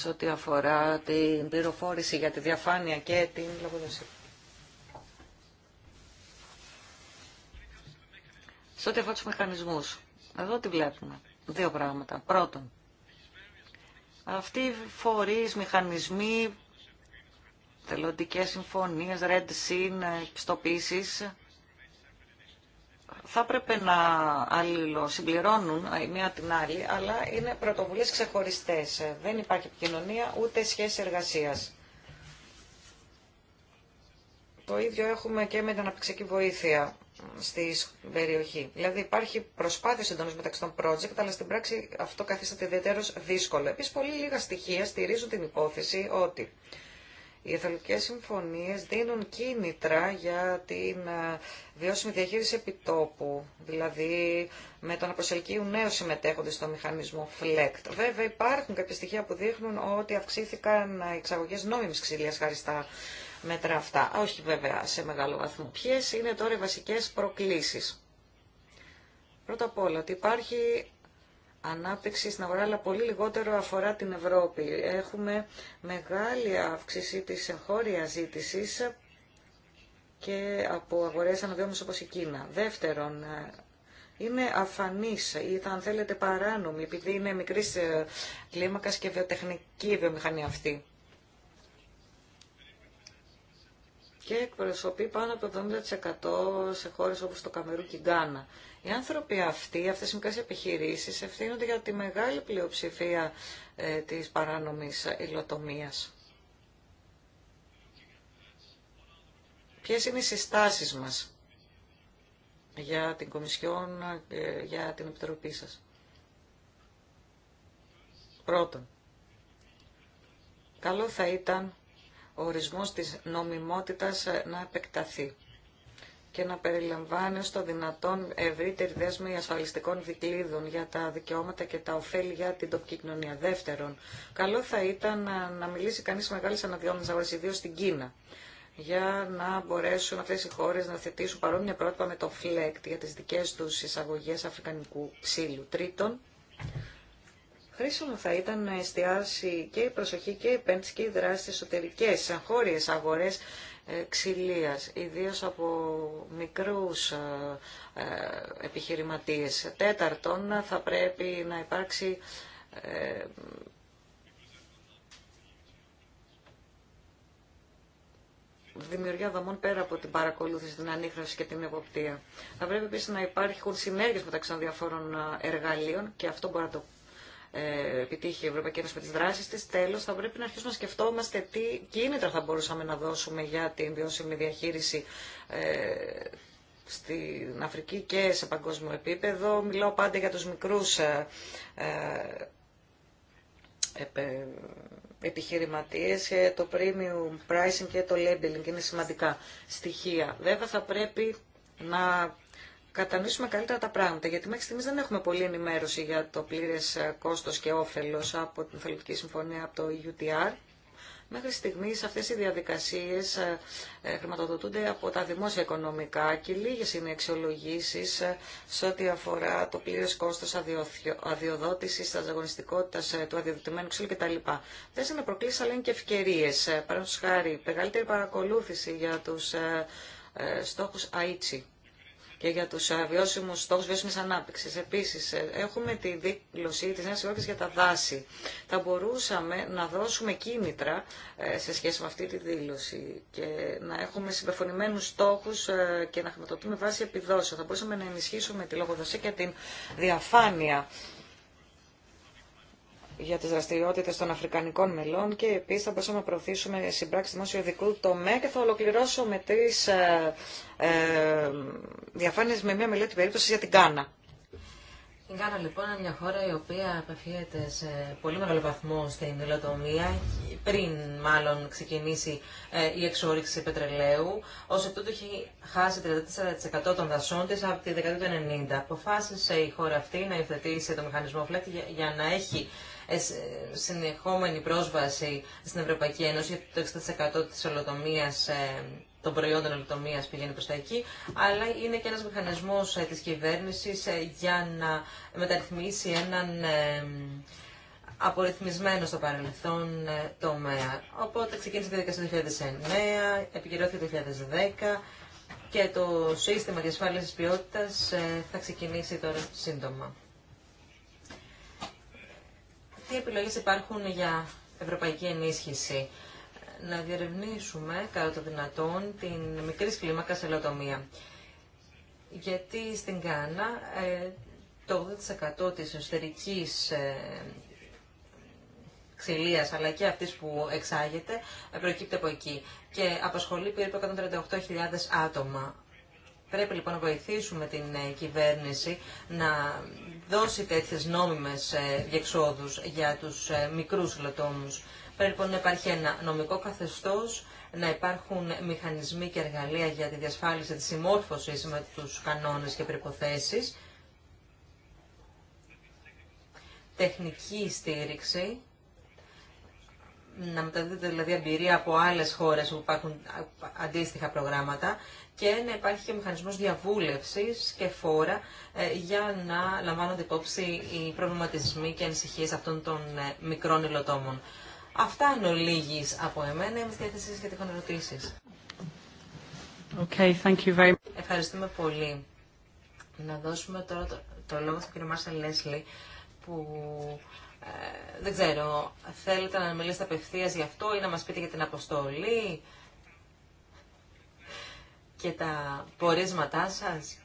σε ό,τι αφορά την πληροφόρηση για τη διαφάνεια και την λογοδοσία. Σε ό,τι αφορά τους μηχανισμούς, εδώ τι βλέπουμε. Δύο πράγματα. Πρώτον, αυτοί οι φορείς, μηχανισμοί, θελοντικές συμφωνίες, red scene, θα έπρεπε να αλληλοσυμπληρώνουν η μία την άλλη, αλλά είναι πρωτοβουλίε ξεχωριστέ. Δεν υπάρχει επικοινωνία ούτε σχέση εργασία. Το ίδιο έχουμε και με την αναπτυξιακή βοήθεια στη περιοχή. Δηλαδή υπάρχει προσπάθεια συντονισμού μεταξύ των project, αλλά στην πράξη αυτό καθίσταται ιδιαίτερω δύσκολο. Επίση, πολύ λίγα στοιχεία στηρίζουν την υπόθεση ότι οι εθελοντικέ συμφωνίε δίνουν κίνητρα για την ε, βιώσιμη διαχείριση επιτόπου, δηλαδή με το να προσελκύουν νέου συμμετέχοντες στο μηχανισμό FLECT. Βέβαια υπάρχουν κάποια στοιχεία που δείχνουν ότι αυξήθηκαν οι εξαγωγές νόμιμης ξυλίας χάρη στα μέτρα αυτά. Όχι βέβαια σε μεγάλο βαθμό. Ποιε είναι τώρα οι βασικέ προκλήσει. Πρώτα απ' όλα ότι υπάρχει ανάπτυξη στην αγορά, αλλά πολύ λιγότερο αφορά την Ευρώπη. Έχουμε μεγάλη αύξηση της εγχώριας ζήτησης και από αγορές αναδιόμενες όπως η Κίνα. Δεύτερον, είναι αφανής ή θα αν θέλετε παράνομη, επειδή είναι μικρής ε, κλίμακας και βιοτεχνική η βιομηχανία αυτή. και εκπροσωπεί πάνω από το 70% σε χώρες όπως το Καμερού και η Γκάνα. Οι άνθρωποι αυτοί, αυτές οι μικρές επιχειρήσεις, ευθύνονται για τη μεγάλη πλειοψηφία ε, της παράνομης υλοτομίας. Ποιες είναι οι συστάσεις μας για την Κομισιόν, και ε, για την Επιτροπή σας. Πρώτον, καλό θα ήταν ορισμός της νομιμότητας ε, να επεκταθεί και να περιλαμβάνει στο δυνατόν ευρύτερη δέσμη ασφαλιστικών δικλείδων για τα δικαιώματα και τα ωφέλη για την τοπική κοινωνία. Δεύτερον, καλό θα ήταν ε, να, μιλήσει κανείς σε μεγάλες αναδυόμενες αγορές, ιδίως στην Κίνα, για να μπορέσουν αυτές οι χώρες να θετήσουν παρόμοια πρότυπα με το ΦΛΕΚΤ για τις δικές τους εισαγωγές αφρικανικού ψήλου. Τρίτον, Χρήσιμο θα ήταν να εστιάσει και η προσοχή και η επένδυση και οι δράση εσωτερικέ, εσωτερικές αγορέ αγορές ε, ξυλίας, ιδίως από μικρούς ε, ε, επιχειρηματίες. Τέταρτον, θα πρέπει να υπάρξει δημιουργία δαμών πέρα από την παρακολούθηση, την ανίχνευση και την εποπτεία. Θα πρέπει επίση να υπάρχουν συνέργειε μεταξύ των διαφόρων εργαλείων και αυτό μπορεί να το ε, επιτύχει η Ευρωπαϊκή Ένωση με τι δράσει τη, τέλο θα πρέπει να αρχίσουμε να σκεφτόμαστε τι κίνητρα θα μπορούσαμε να δώσουμε για την βιώσιμη διαχείριση ε, στην Αφρική και σε παγκόσμιο επίπεδο. Μιλάω πάντα για τους μικρούς ε, ε επιχειρηματίες, το premium pricing και το labeling είναι σημαντικά στοιχεία. Βέβαια θα πρέπει να κατανοήσουμε καλύτερα τα πράγματα, γιατί μέχρι στιγμή δεν έχουμε πολλή ενημέρωση για το πλήρε κόστο και όφελο από την Θελοντική Συμφωνία από το e UTR. Μέχρι στιγμή αυτέ οι διαδικασίε ε, ε, χρηματοδοτούνται από τα δημόσια οικονομικά και λίγε είναι αξιολογήσει ε, σε ό,τι αφορά το πλήρε κόστο αδειοδότηση, της αγωνιστικότητας του αδειοδοτημένου ξύλου κτλ. Δεν είναι προκλήσει αλλά είναι και ευκαιρίε. Παραδείγματο χάρη, μεγαλύτερη παρακολούθηση για του στόχου ΑΙΤΣΙ και για τους ε, βιώσιμους στόχους βιώσιμης ανάπτυξης. Επίσης, ε, έχουμε τη δήλωση της Νέας Υόρκης για τα δάση. Θα μπορούσαμε να δώσουμε κίνητρα ε, σε σχέση με αυτή τη δήλωση και να έχουμε συμπεφωνημένους στόχους και να χρηματοδοτούμε βάση επιδόσεων. Θα μπορούσαμε να ενισχύσουμε τη λογοδοσία και την διαφάνεια για τις δραστηριότητες των Αφρικανικών μελών και επίσης θα μπορούσαμε να προωθήσουμε συμπράξεις δημόσιο ειδικού τομέα και θα ολοκληρώσω με τρεις ε, ε, διαφάνειες με μια μελέτη περίπτωση για την Κάνα. Η Κάνα λοιπόν είναι μια χώρα η οποία απευθύνεται σε πολύ μεγάλο βαθμό στην υλοτομία πριν μάλλον ξεκινήσει ε, η εξόριξη πετρελαίου. Ω εκ τούτου έχει χάσει 34% των δασών τη από τη δεκαετία του 1990. Αποφάσισε η χώρα αυτή να υιοθετήσει το μηχανισμό φλέκτη για να έχει ε, συνεχόμενη πρόσβαση στην Ευρωπαϊκή Ένωση, το 60% της ολοτομίας, ε, των προϊόντων ολοτομίας πηγαίνει προς τα εκεί, αλλά είναι και ένας μηχανισμός ε, της κυβέρνησης για να μεταρρυθμίσει έναν απορριθμισμένο στο παρελθόν τομέα. Οπότε ξεκίνησε τη διαδικασία το 2009, επικυρώθηκε το 2010 και το σύστημα διασφάλισης ποιότητας θα ξεκινήσει τώρα σύντομα τι επιλογές υπάρχουν για ευρωπαϊκή ενίσχυση. Να διερευνήσουμε κατά το δυνατόν την μικρή κλίμακα σελοτομία. Γιατί στην Κάνα ε, το 80% της εσωτερικής ε, ξυλίας αλλά και αυτής που εξάγεται ε, προκύπτει από εκεί και απασχολεί περίπου 138.000 άτομα. Πρέπει λοιπόν να βοηθήσουμε την ε, κυβέρνηση να δώσει τέτοιες νόμιμες ε, διεξόδους για τους ε, μικρούς λετόμους. Πρέπει λοιπόν να υπάρχει ένα νομικό καθεστώς, να υπάρχουν μηχανισμοί και εργαλεία για τη διασφάλιση της συμμόρφωσης με τους κανόνες και προϋποθέσεις, τεχνική στήριξη, να μεταδίδεται δηλαδή εμπειρία από άλλες χώρες που υπάρχουν αντίστοιχα προγράμματα και να υπάρχει και μηχανισμός διαβούλευσης και φόρα ε, για να λαμβάνονται υπόψη οι προβληματισμοί και ανησυχίες αυτών των ε, μικρών υλοτόμων. Αυτά είναι ο λίγης από εμένα. Είμαι στη διάθεσή για τυχόν Okay, thank you very Ευχαριστούμε πολύ. Να δώσουμε τώρα το, λόγο στον κύριο Μάρσελ Λέσλι που ε, δεν ξέρω, θέλετε να μιλήσετε απευθεία γι' αυτό ή να μας πείτε για την αποστολή και τα πορίσματά σας.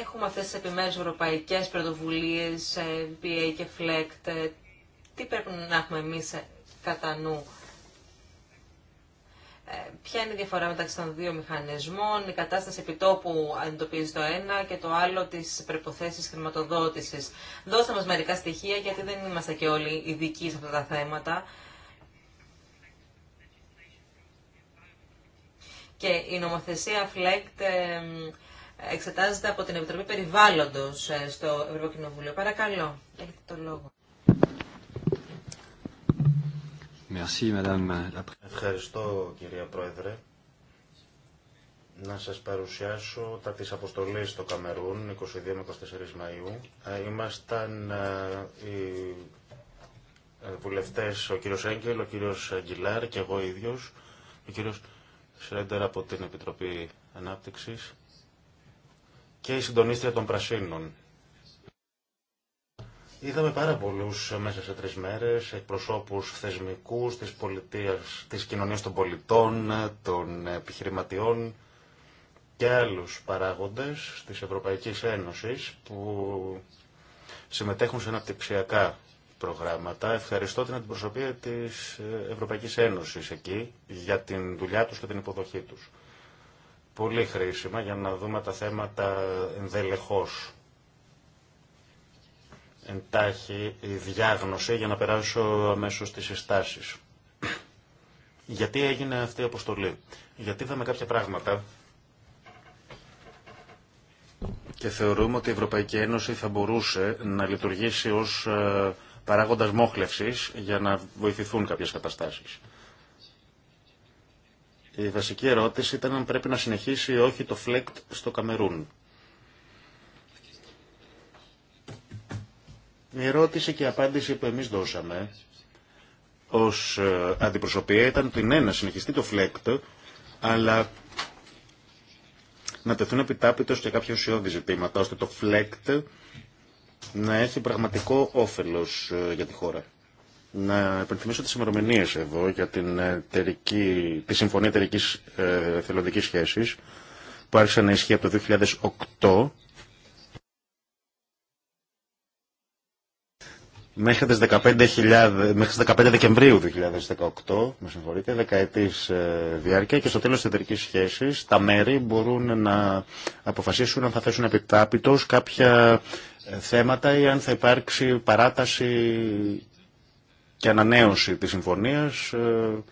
Έχουμε αυτές τις επιμέρους ευρωπαϊκές πρωτοβουλίες, BA ε, και FLECT. Ε, τι πρέπει να έχουμε εμείς ε, κατά νου. Ποια είναι η διαφορά μεταξύ των δύο μηχανισμών, η κατάσταση επιτόπου αντιμετωπίζει το ένα και το άλλο τις προϋποθέσεις χρηματοδότησης. Δώστε μας μερικά στοιχεία γιατί δεν είμαστε και όλοι ειδικοί σε αυτά τα θέματα. και η νομοθεσία FLECT ε, εξετάζεται από την Επιτροπή Περιβάλλοντος ε, στο Ευρωκοινοβούλιο. Παρακαλώ, έχετε το λόγο. Ευχαριστώ κυρία Πρόεδρε. Να σας παρουσιάσω τα της αποστολής στο Καμερούν, 22 με 24 Μαΐου. Ε, ήμασταν οι βουλευτές, ο κύριος Έγκελ, ο κύριος Αγγιλάρ και εγώ ίδιος, ο κύριος Σρέντερ από την Επιτροπή Ανάπτυξης και η συντονίστρια των Πρασίνων. Είδαμε πάρα πολλούς μέσα σε τρεις μέρες εκπροσώπους θεσμικούς της, πολιτείας, της κοινωνίας των πολιτών, των επιχειρηματιών και άλλους παράγοντες της Ευρωπαϊκής Ένωσης που συμμετέχουν σε αναπτυξιακά προγράμματα. Ευχαριστώ την αντιπροσωπεία της Ευρωπαϊκής Ένωσης εκεί για την δουλειά τους και την υποδοχή τους. Πολύ χρήσιμα για να δούμε τα θέματα ενδελεχώς. Εντάχει η διάγνωση για να περάσω αμέσω στις συστάσεις. Γιατί έγινε αυτή η αποστολή. Γιατί είδαμε κάποια πράγματα και θεωρούμε ότι η Ευρωπαϊκή Ένωση θα μπορούσε να λειτουργήσει ως ε, παράγοντας μόχλευσης για να βοηθηθούν κάποιες καταστάσεις. Η βασική ερώτηση ήταν αν πρέπει να συνεχίσει ή όχι το φλεκτ στο Καμερούν. Η ερώτηση και η απάντηση που εμείς δώσαμε ως ε, αντιπροσωπεία ήταν ότι ναι, να συνεχιστεί το φλεκτ, αλλά να τεθούν επιτάπητος και κάποια ουσιώδη ζητήματα, ώστε το φλεκτ να έχει πραγματικό όφελος ε, για τη χώρα. Να επενθυμίσω τι ημερομηνίε εδώ για την εταιρική, τη Συμφωνία Εταιρική ε, σχέση που άρχισε να ισχύει από το 2008 μέχρι τις μέχρι τις 15 Δεκεμβρίου 2018, με συγχωρείτε, δεκαετής ε, διάρκεια και στο τέλος της εταιρικής σχέσης τα μέρη μπορούν να αποφασίσουν αν θα θέσουν επιτάπητος κάποια θέματα ή αν θα υπάρξει παράταση και ανανέωση της συμφωνίας ε,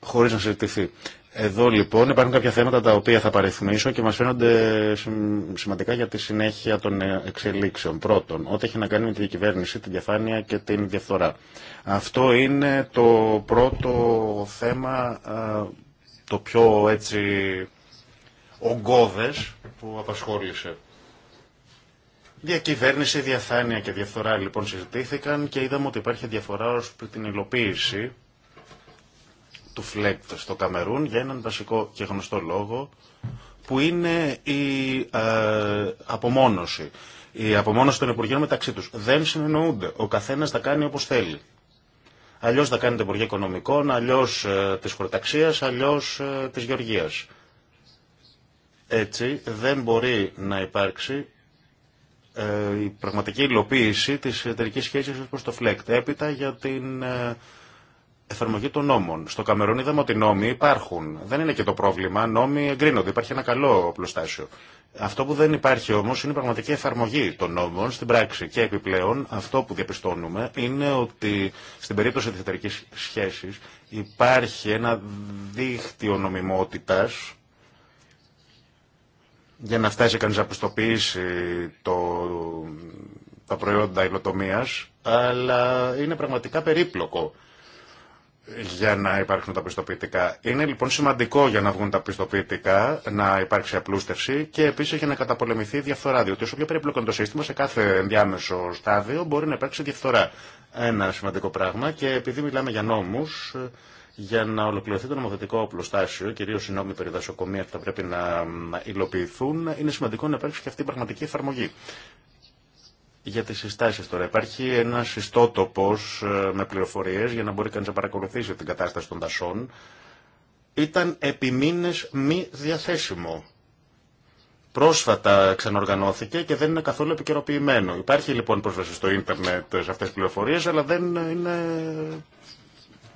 χωρίς να συζητηθεί. Εδώ λοιπόν υπάρχουν κάποια θέματα τα οποία θα παριθμίσω και μας φαίνονται σημαντικά για τη συνέχεια των εξελίξεων. Πρώτον, ό,τι έχει να κάνει με τη κυβέρνηση, την διαφάνεια και την διαφθορά. Αυτό είναι το πρώτο θέμα, ε, το πιο έτσι ογκώδες που απασχόλησε Διακυβέρνηση, διαφάνεια και διαφθορά λοιπόν συζητήθηκαν και είδαμε ότι υπάρχει διαφορά ως την υλοποίηση του ΦΛΕΚΤ στο Καμερούν για έναν βασικό και γνωστό λόγο που είναι η ε, απομόνωση. Η απομόνωση των Υπουργείων μεταξύ τους. Δεν συνεννοούνται. Ο καθένας τα κάνει όπως θέλει. Αλλιώς θα κάνει το Υπουργείο Οικονομικών, αλλιώς ε, της Χορταξίας, αλλιώς ε, της Γεωργίας. Έτσι δεν μπορεί να υπάρξει ε, η πραγματική υλοποίηση της εταιρικής σχέσης προ το ΦΛΕΚΤ. Έπειτα για την ε, εφαρμογή των νόμων. Στο Καμερούν είδαμε ότι νόμοι υπάρχουν. Δεν είναι και το πρόβλημα. Νόμοι εγκρίνονται. Υπάρχει ένα καλό πλουστάσιο. Αυτό που δεν υπάρχει όμω είναι η πραγματική εφαρμογή των νόμων στην πράξη. Και επιπλέον αυτό που διαπιστώνουμε είναι ότι στην περίπτωση τη εταιρική σχέση υπάρχει ένα δίχτυο νομιμότητα για να φτάσει κανείς να αποστοποιήσει το, τα προϊόντα υλοτομίας, αλλά είναι πραγματικά περίπλοκο για να υπάρχουν τα πιστοποιητικά. Είναι λοιπόν σημαντικό για να βγουν τα πιστοποιητικά να υπάρξει απλούστευση και επίσης για να καταπολεμηθεί η διαφθορά. Διότι όσο πιο περίπλοκο είναι το σύστημα, σε κάθε ενδιάμεσο στάδιο μπορεί να υπάρξει διαφθορά. Ένα σημαντικό πράγμα και επειδή μιλάμε για νόμους... Για να ολοκληρωθεί το νομοθετικό οπλοστάσιο, κυρίω οι νόμοι περί δασοκομεία που θα πρέπει να υλοποιηθούν, είναι σημαντικό να υπάρξει και αυτή η πραγματική εφαρμογή. Για τι συστάσει τώρα. Υπάρχει ένα ιστότοπο ε, με πληροφορίε για να μπορεί κανεί να παρακολουθήσει την κατάσταση των δασών. Ήταν επί μήνε μη διαθέσιμο πρόσφατα ξαναοργανώθηκε και δεν είναι καθόλου επικαιροποιημένο. Υπάρχει λοιπόν πρόσβαση στο ίντερνετ σε αυτές τις πληροφορίες, αλλά δεν είναι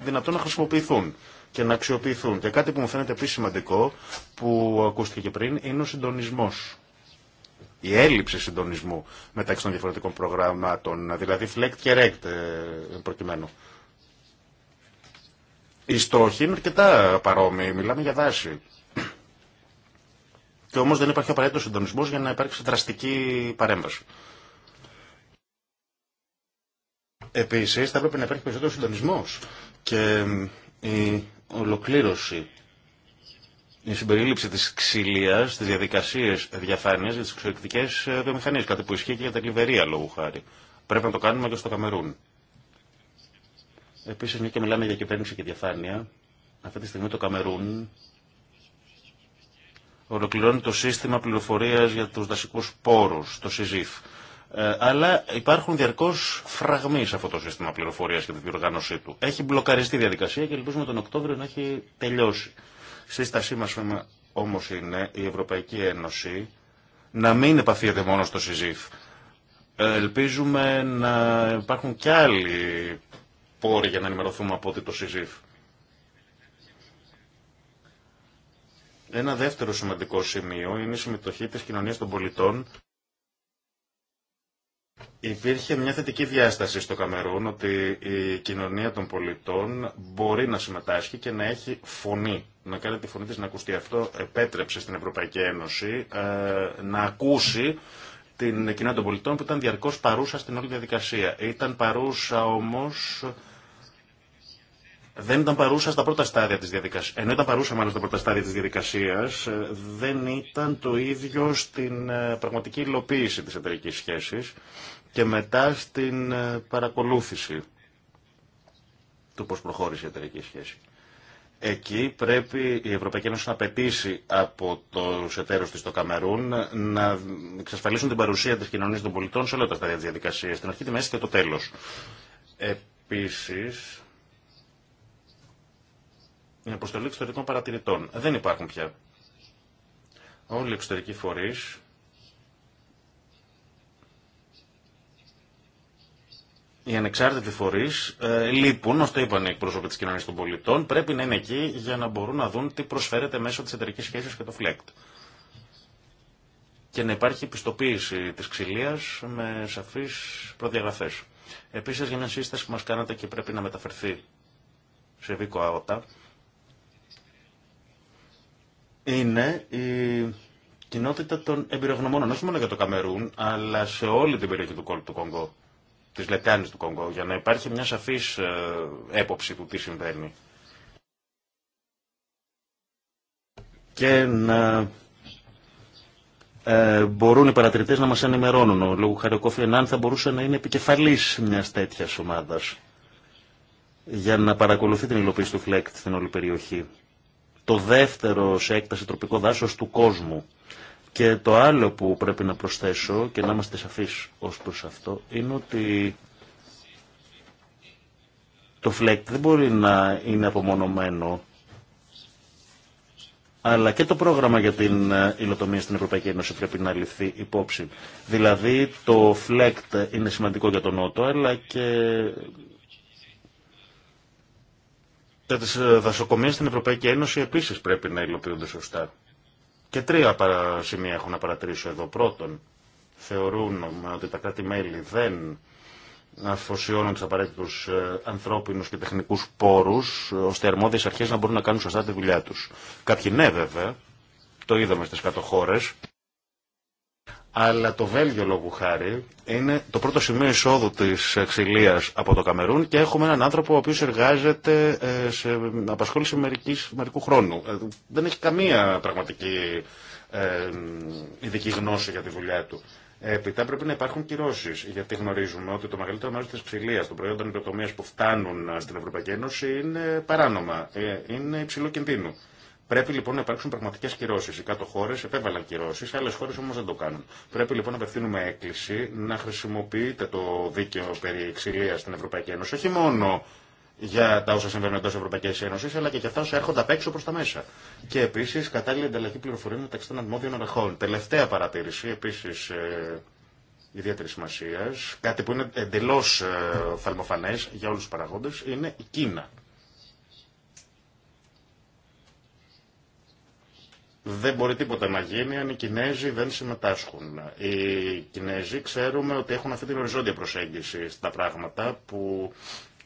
δυνατόν να χρησιμοποιηθούν και να αξιοποιηθούν. Και κάτι που μου φαίνεται επίση σημαντικό, που ακούστηκε και πριν, είναι ο συντονισμό. Η έλλειψη συντονισμού μεταξύ των διαφορετικών προγραμμάτων, δηλαδή φλεκτ και RECT ε, προκειμένου. Οι στόχοι είναι αρκετά παρόμοιοι, μιλάμε για δάση. Και όμως δεν υπάρχει απαραίτητο συντονισμός για να υπάρξει δραστική παρέμβαση. Επίσης θα έπρεπε να υπάρχει περισσότερο συντονισμός και η ολοκλήρωση, η συμπερίληψη της ξυλίας, της διαδικασίες διαφάνειας για τις εξωτερικές ε, βιομηχανίες, κάτι που ισχύει και για τα κλιβερία λόγου χάρη. Πρέπει να το κάνουμε και στο Καμερούν. Επίσης, μια και μιλάμε για κυβέρνηση και διαφάνεια, αυτή τη στιγμή το Καμερούν ολοκληρώνει το σύστημα πληροφορίας για τους δασικούς πόρους, το ΣΥΖΙΦ. Ε, αλλά υπάρχουν διαρκώ φραγμοί σε αυτό το σύστημα πληροφορία και την διοργάνωσή του. Έχει μπλοκαριστεί η διαδικασία και ελπίζουμε τον Οκτώβριο να έχει τελειώσει. Σύστασή μα όμω είναι η Ευρωπαϊκή Ένωση να μην επαφείται μόνο στο ΣΥΖΙΦ. Ε, ελπίζουμε να υπάρχουν και άλλοι πόροι για να ενημερωθούμε από ότι το ΣΥΖΙΦ. Ένα δεύτερο σημαντικό σημείο είναι η συμμετοχή της κοινωνίας των πολιτών Υπήρχε μια θετική διάσταση στο Καμερούν ότι η κοινωνία των πολιτών μπορεί να συμμετάσχει και να έχει φωνή, να κάνει τη φωνή της να ακουστεί. Αυτό επέτρεψε στην Ευρωπαϊκή Ένωση ε, να ακούσει την κοινωνία των πολιτών που ήταν διαρκώς παρούσα στην όλη διαδικασία. Ήταν παρούσα όμως δεν ήταν παρούσα στα πρώτα στάδια της διαδικασίας. Ενώ ήταν παρούσα μάλλον στα πρώτα στάδια της διαδικασίας, ε, δεν ήταν το ίδιο στην ε, πραγματική υλοποίηση της εταιρικής σχέσης και μετά στην ε, παρακολούθηση του πώς προχώρησε η εταιρική σχέση. Εκεί πρέπει η Ευρωπαϊκή Ένωση να απαιτήσει από του εταίρους τη στο Καμερούν να εξασφαλίσουν την παρουσία τη κοινωνία των πολιτών σε όλα τα στάδια της διαδικασίας. στην αρχή, τη μέση και το τέλο. Επίσης, η αποστολή εξωτερικών παρατηρητών. Δεν υπάρχουν πια. Όλοι οι εξωτερικοί φορείς οι ανεξάρτητοι φορεί ε, λείπουν, το είπαν οι εκπρόσωποι τη κοινωνία των πολιτών, πρέπει να είναι εκεί για να μπορούν να δουν τι προσφέρεται μέσω τη εταιρική σχέση και το ΦΛΕΚΤ. Και να υπάρχει πιστοποίηση τη ξυλία με σαφεί προδιαγραφέ. Επίση, για μια σύσταση που μα κάνατε και πρέπει να μεταφερθεί σε Βίκο ΑΟΤΑ, είναι η κοινότητα των εμπειρογνωμόνων, όχι μόνο για το Καμερούν, αλλά σε όλη την περιοχή του κόλπου του Κονγκό, της Λετάνης του Κονγκό, για να υπάρχει μια σαφής ε, έποψη του τι συμβαίνει. Και να ε, μπορούν οι παρατηρητές να μας ενημερώνουν. Ο λόγου Χαριοκόφη Ενάν θα μπορούσε να είναι επικεφαλής μιας τέτοιας ομάδας για να παρακολουθεί την υλοποίηση του ΦΛΕΚΤ στην όλη περιοχή το δεύτερο σε έκταση τροπικό δάσος του κόσμου. Και το άλλο που πρέπει να προσθέσω και να είμαστε σαφείς ως προς αυτό είναι ότι το φλεκτ δεν μπορεί να είναι απομονωμένο αλλά και το πρόγραμμα για την ε, υλοτομία στην Ευρωπαϊκή Ένωση πρέπει να ληφθεί υπόψη. Δηλαδή το ΦΛΕΚΤ είναι σημαντικό για τον Νότο, αλλά και τα ε, δασοκομεία στην Ευρωπαϊκή Ένωση επίσης πρέπει να υλοποιούνται σωστά. Και τρία σημεία έχω να παρατηρήσω εδώ. Πρώτον, θεωρούν ότι τα κράτη-μέλη δεν αφοσιώνουν του απαραίτητου ε, ανθρώπινου και τεχνικού πόρου, ώστε οι αρμόδιε αρχέ να μπορούν να κάνουν σωστά τη δουλειά του. Κάποιοι ναι, βέβαια, το είδαμε στι κάτω χώρε. Αλλά το Βέλγιο λόγου χάρη είναι το πρώτο σημείο εισόδου τη ξυλία από το Καμερούν και έχουμε έναν άνθρωπο ο οποίο εργάζεται ε, σε απασχόληση μερικής, μερικού χρόνου. Ε, δεν έχει καμία πραγματική ε, ειδική γνώση για τη δουλειά του. Επιτά πρέπει να υπάρχουν κυρώσει, γιατί γνωρίζουμε ότι το μεγαλύτερο μέρο τη ξυλία των προϊόντων υλοτομία που φτάνουν στην Ευρωπαϊκή Ένωση είναι παράνομα, είναι υψηλό κινδύνου. Πρέπει λοιπόν να υπάρξουν πραγματικέ κυρώσει. Οι κάτω χώρε επέβαλαν κυρώσει, άλλε χώρε όμω δεν το κάνουν. Πρέπει λοιπόν να απευθύνουμε έκκληση να χρησιμοποιείτε το δίκαιο περί ξυλία στην Ευρωπαϊκή Ένωση, όχι μόνο για τα όσα συμβαίνουν εντό Ευρωπαϊκή Ένωση, αλλά και για αυτά όσα έρχονται απ' έξω προ τα μέσα. Και επίση κατάλληλη ανταλλαγή πληροφοριών μεταξύ των αρμόδιων αρχών. Τελευταία παρατήρηση, επίση ε, ιδιαίτερη σημασία, κάτι που είναι εντελώ ε, θαλμοφανέ για όλου του παραγόντε, είναι η Κίνα. Δεν μπορεί τίποτα να γίνει αν οι Κινέζοι δεν συμμετάσχουν. Οι Κινέζοι ξέρουμε ότι έχουν αυτή την οριζόντια προσέγγιση στα πράγματα που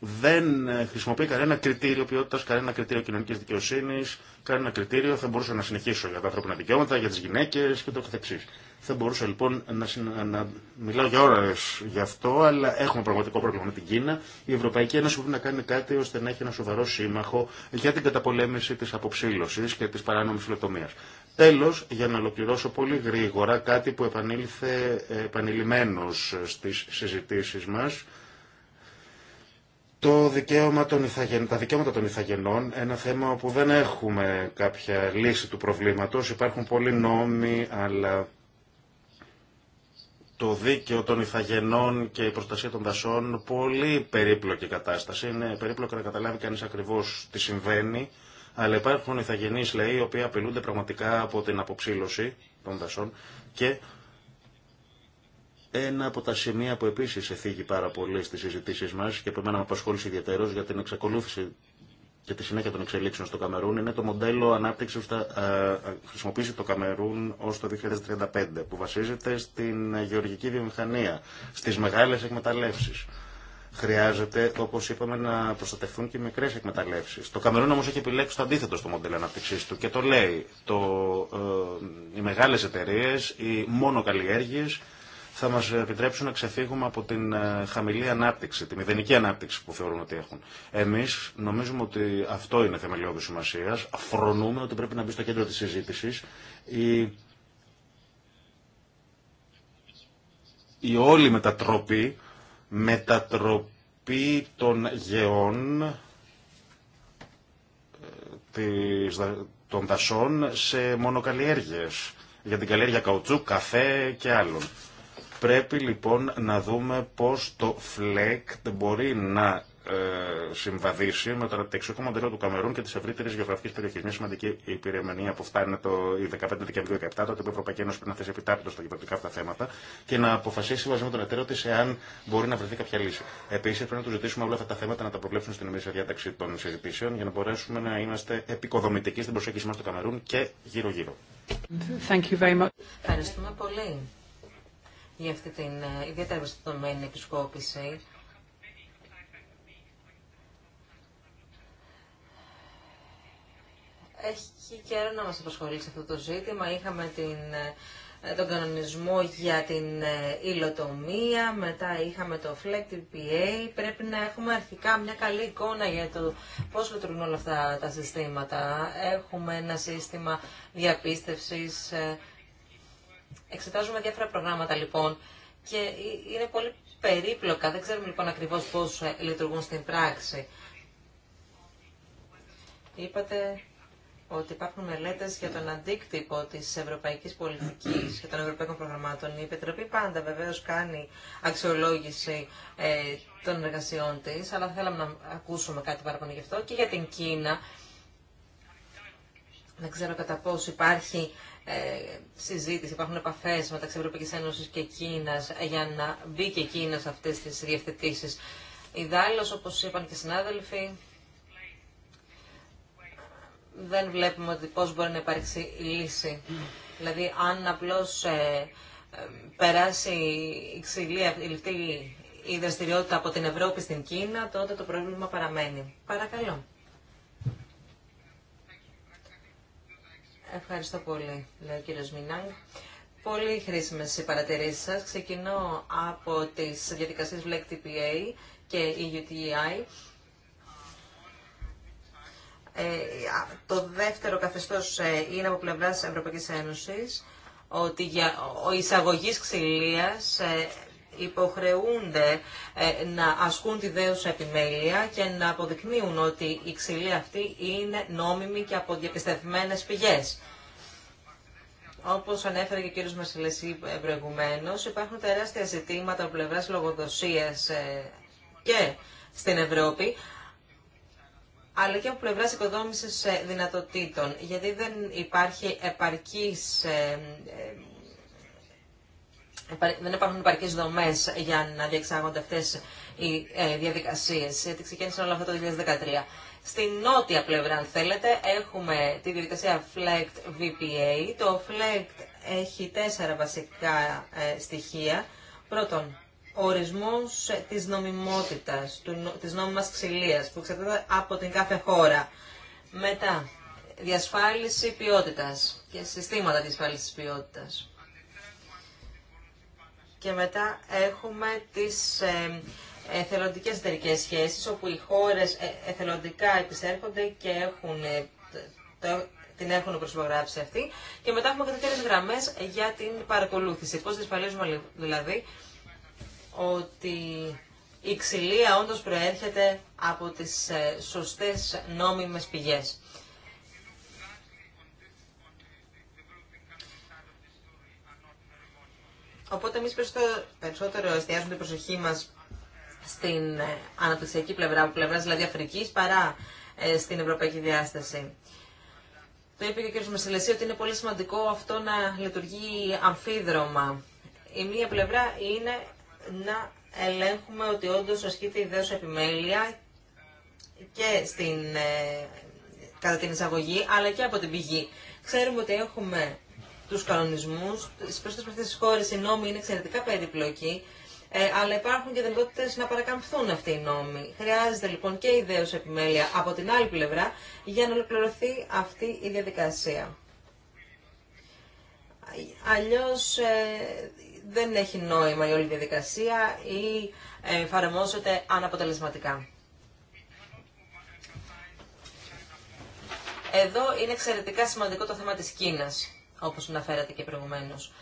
δεν ε, χρησιμοποιεί κανένα κριτήριο ποιότητα, κανένα κριτήριο κοινωνική δικαιοσύνη, κανένα κριτήριο. Θα μπορούσα να συνεχίσω για τα ανθρώπινα δικαιώματα, για τι γυναίκε και το καθεξή. Θα μπορούσα λοιπόν να, να μιλάω για ώρε γι' αυτό, αλλά έχουμε πραγματικό πρόβλημα με την Κίνα. Η Ευρωπαϊκή Ένωση πρέπει να κάνει κάτι ώστε να έχει ένα σοβαρό σύμμαχο για την καταπολέμηση τη αποψήλωση και τη παράνομη φιλοτομία. Τέλο, για να ολοκληρώσω πολύ γρήγορα κάτι που επανήλθε ε, επανειλημμένο στι συζητήσει μα το δικαίωμα των ηθαγεν... Τα δικαιώματα των ηθαγενών, ένα θέμα όπου δεν έχουμε κάποια λύση του προβλήματος. Υπάρχουν πολλοί νόμοι, αλλά το δίκαιο των ηθαγενών και η προστασία των δασών, πολύ περίπλοκη κατάσταση. Είναι περίπλοκο να καταλάβει κανείς ακριβώς τι συμβαίνει, αλλά υπάρχουν ηθαγενείς, λέει, οι οποίοι απειλούνται πραγματικά από την αποψήλωση των δασών και ένα από τα σημεία που επίση εφήγει πάρα πολύ στι συζητήσει μα και που εμένα με απασχόλησε ιδιαίτερω για την εξακολούθηση και τη συνέχεια των εξελίξεων στο Καμερούν είναι το μοντέλο ανάπτυξη που θα χρησιμοποιήσει το Καμερούν ω το 2035, που βασίζεται στην γεωργική βιομηχανία, στι μεγάλε εκμεταλλεύσει. Χρειάζεται, όπω είπαμε, να προστατευτούν και οι μικρέ εκμεταλλεύσει. Το Καμερούν όμω έχει επιλέξει το αντίθετο στο μοντέλο ανάπτυξή του και το λέει. Το, ε, οι μεγάλε εταιρείε, οι μόνο καλλιέργειε θα μας επιτρέψουν να ξεφύγουμε από την ε, χαμηλή ανάπτυξη, τη μηδενική ανάπτυξη που θεωρούν ότι έχουν. Εμείς νομίζουμε ότι αυτό είναι θεμελιώδη σημασία. Αφρονούμε ότι πρέπει να μπει στο κέντρο της συζήτησης η, η όλη μετατροπή, μετατροπή των γεών ε, των δασών σε μονοκαλλιέργειες για την καλλιέργεια καουτσού, καφέ και άλλων. Πρέπει λοιπόν να δούμε πώς το ΦΛΕΚΤ μπορεί να ε, συμβαδίσει με το αναπτυξιακό μοντέλο του Καμερούν και τη ευρύτερη γεωγραφική περιοχή. Μια σημαντική υπηρεμενία που φτάνει το 15 Δεκεμβρίου 2017, τότε που η Ευρωπαϊκή Ένωση πρέπει να θέσει επιτάπητο στα γεωγραφικά αυτά θέματα και να αποφασίσει μαζί με τον εταίρο τη εάν μπορεί να βρεθεί κάποια λύση. Επίση, πρέπει να του ζητήσουμε όλα αυτά τα θέματα να τα προβλέψουν στην ημερήσια διάταξη των συζητήσεων για να μπορέσουμε να είμαστε επικοδομητικοί στην προσέγγιση μα στο Καμερούν και γύρω-γύρω. Ευχαριστούμε πολύ για αυτή την ε, ιδιαίτερα ευαισθητομένη επισκόπηση. Έχει καιρό να μας απασχολήσει αυτό το ζήτημα. Είχαμε την, ε, τον κανονισμό για την ε, υλοτομία, μετά είχαμε το FLEC-TPA. Πρέπει να έχουμε αρχικά μια καλή εικόνα για το πώς λειτουργούν όλα αυτά τα συστήματα. Έχουμε ένα σύστημα διαπίστευσης Εξετάζουμε διάφορα προγράμματα λοιπόν και είναι πολύ περίπλοκα. Δεν ξέρουμε λοιπόν ακριβώ πώ ε, λειτουργούν στην πράξη. Είπατε ότι υπάρχουν μελέτε για τον αντίκτυπο τη Ευρωπαϊκή Πολιτική και των ευρωπαϊκών προγραμμάτων. Η Επιτροπή πάντα βεβαίω κάνει αξιολόγηση ε, των εργασιών τη, αλλά θέλαμε να ακούσουμε κάτι παραπάνω γι' αυτό και για την Κίνα. Δεν ξέρω κατά πώς υπάρχει ε, συζήτηση, υπάρχουν επαφέ μεταξύ Ευρωπαϊκή Ένωση και Κίνα για να μπει και Κίνα σε αυτέ τι διευθετήσει. Ιδάλω, όπω είπαν και οι συνάδελφοι, δεν βλέπουμε ότι πώς μπορεί να υπάρξει η λύση. Δηλαδή, αν απλώς ε, ε, περάσει η ξυλία, η η δραστηριότητα από την Ευρώπη στην Κίνα, τότε το πρόβλημα παραμένει. Παρακαλώ. Ευχαριστώ πολύ, λέει ο κύριος Μινάγκ. Πολύ χρήσιμε οι παρατηρήσει σα. Ξεκινώ από τις διαδικασίε Black TPA και EUTI. E ε, το δεύτερο καθεστώς ε, είναι από πλευράς Ευρωπαϊκής Ένωσης ότι για ο εισαγωγής ξυλίας ε, υποχρεούνται ε, να ασκούν τη δέουσα επιμέλεια και να αποδεικνύουν ότι η ξυλή αυτή είναι νόμιμη και από διαπιστευμένες πηγές. Όπως ανέφερε και ο κύριος Μασιλεσί ε, προηγουμένως, υπάρχουν τεράστια ζητήματα από πλευράς λογοδοσίας ε, και στην Ευρώπη, αλλά και από πλευράς οικοδόμησης δυνατοτήτων, γιατί δεν υπάρχει επαρκής δεν υπάρχουν υπαρκείς δομέ για να διεξάγονται αυτέ οι ε, διαδικασίες. Έτσι ξεκίνησαν όλα αυτά το 2013. Στην νότια πλευρά, αν θέλετε, έχουμε τη διαδικασία FLECT VPA. Το FLECT έχει τέσσερα βασικά ε, στοιχεία. Πρώτον, ορισμό ορισμός της νομιμότητας, της νόμιμας που εξαρτάται από την κάθε χώρα. Μετά, διασφάλιση ποιότητα και συστήματα διασφάλισης ποιότητα και μετά έχουμε τις ε, εθελοντικές εταιρικέ σχέσεις, όπου οι χώρες ε, εθελοντικά επισέρχονται και έχουν, ε, την έχουν προσυπογράψει αυτή. Και μετά έχουμε κατευθείαν γραμμές για την παρακολούθηση. Πώς δυσφαλίζουμε δηλαδή ότι η ξυλία όντως προέρχεται από τις σωστές νόμιμες πηγές. Οπότε εμεί περισσότερο, εστιάζουμε την προσοχή μα στην ε, αναπτυξιακή πλευρά, πλευρά δηλαδή Αφρική, παρά ε, στην ευρωπαϊκή διάσταση. Το είπε και ο κ. ότι είναι πολύ σημαντικό αυτό να λειτουργεί αμφίδρομα. Η μία πλευρά είναι να ελέγχουμε ότι όντω ασκείται δέωση επιμέλεια και στην, ε, κατά την εισαγωγή, αλλά και από την πηγή. Ξέρουμε ότι έχουμε τους κανονισμούς. Στις περισσότερες αυτέ τι χώρε οι νόμοι είναι εξαιρετικά περιπλοκοί, ε, αλλά υπάρχουν και δυνατότητε να παρακαμφθούν αυτοί οι νόμοι. Χρειάζεται λοιπόν και ιδέως επιμέλεια από την άλλη πλευρά για να ολοκληρωθεί αυτή η διαδικασία. Αλλιώς ε, δεν έχει νόημα η όλη διαδικασία ή ε, εφαρμόζεται αναποτελεσματικά. Εδώ είναι εξαιρετικά σημαντικό το θέμα της Κίνας όπως αναφέρατε και προηγουμένως.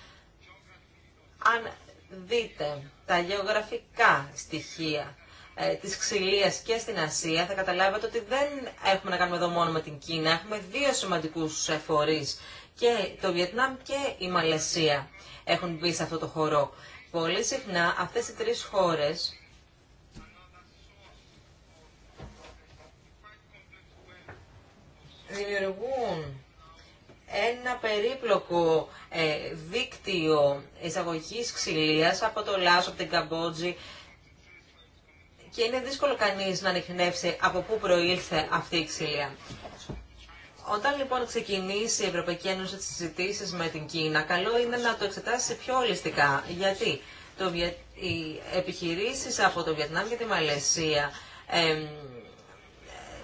Αν δείτε τα γεωγραφικά στοιχεία ε, της ξυλίας και στην Ασία, θα καταλάβετε ότι δεν έχουμε να κάνουμε εδώ μόνο με την Κίνα, έχουμε δύο σημαντικούς ε, φορείς και το Βιετνάμ και η Μαλαισία έχουν μπει σε αυτό το χώρο. Πολύ συχνά αυτές οι τρεις χώρες δημιουργούν ένα περίπλοκο ε, δίκτυο εισαγωγής ξυλίας από το Λάσο, από την Καμπότζη και είναι δύσκολο κανείς να ανοιχνεύσει από πού προήλθε αυτή η ξυλία. Όταν λοιπόν ξεκινήσει η Ευρωπαϊκή Ένωση τις συζητήσεις με την Κίνα, καλό είναι να το εξετάσει πιο ολιστικά. Γιατί το, οι επιχειρήσεις από το Βιετνάμ και τη Μαλαισία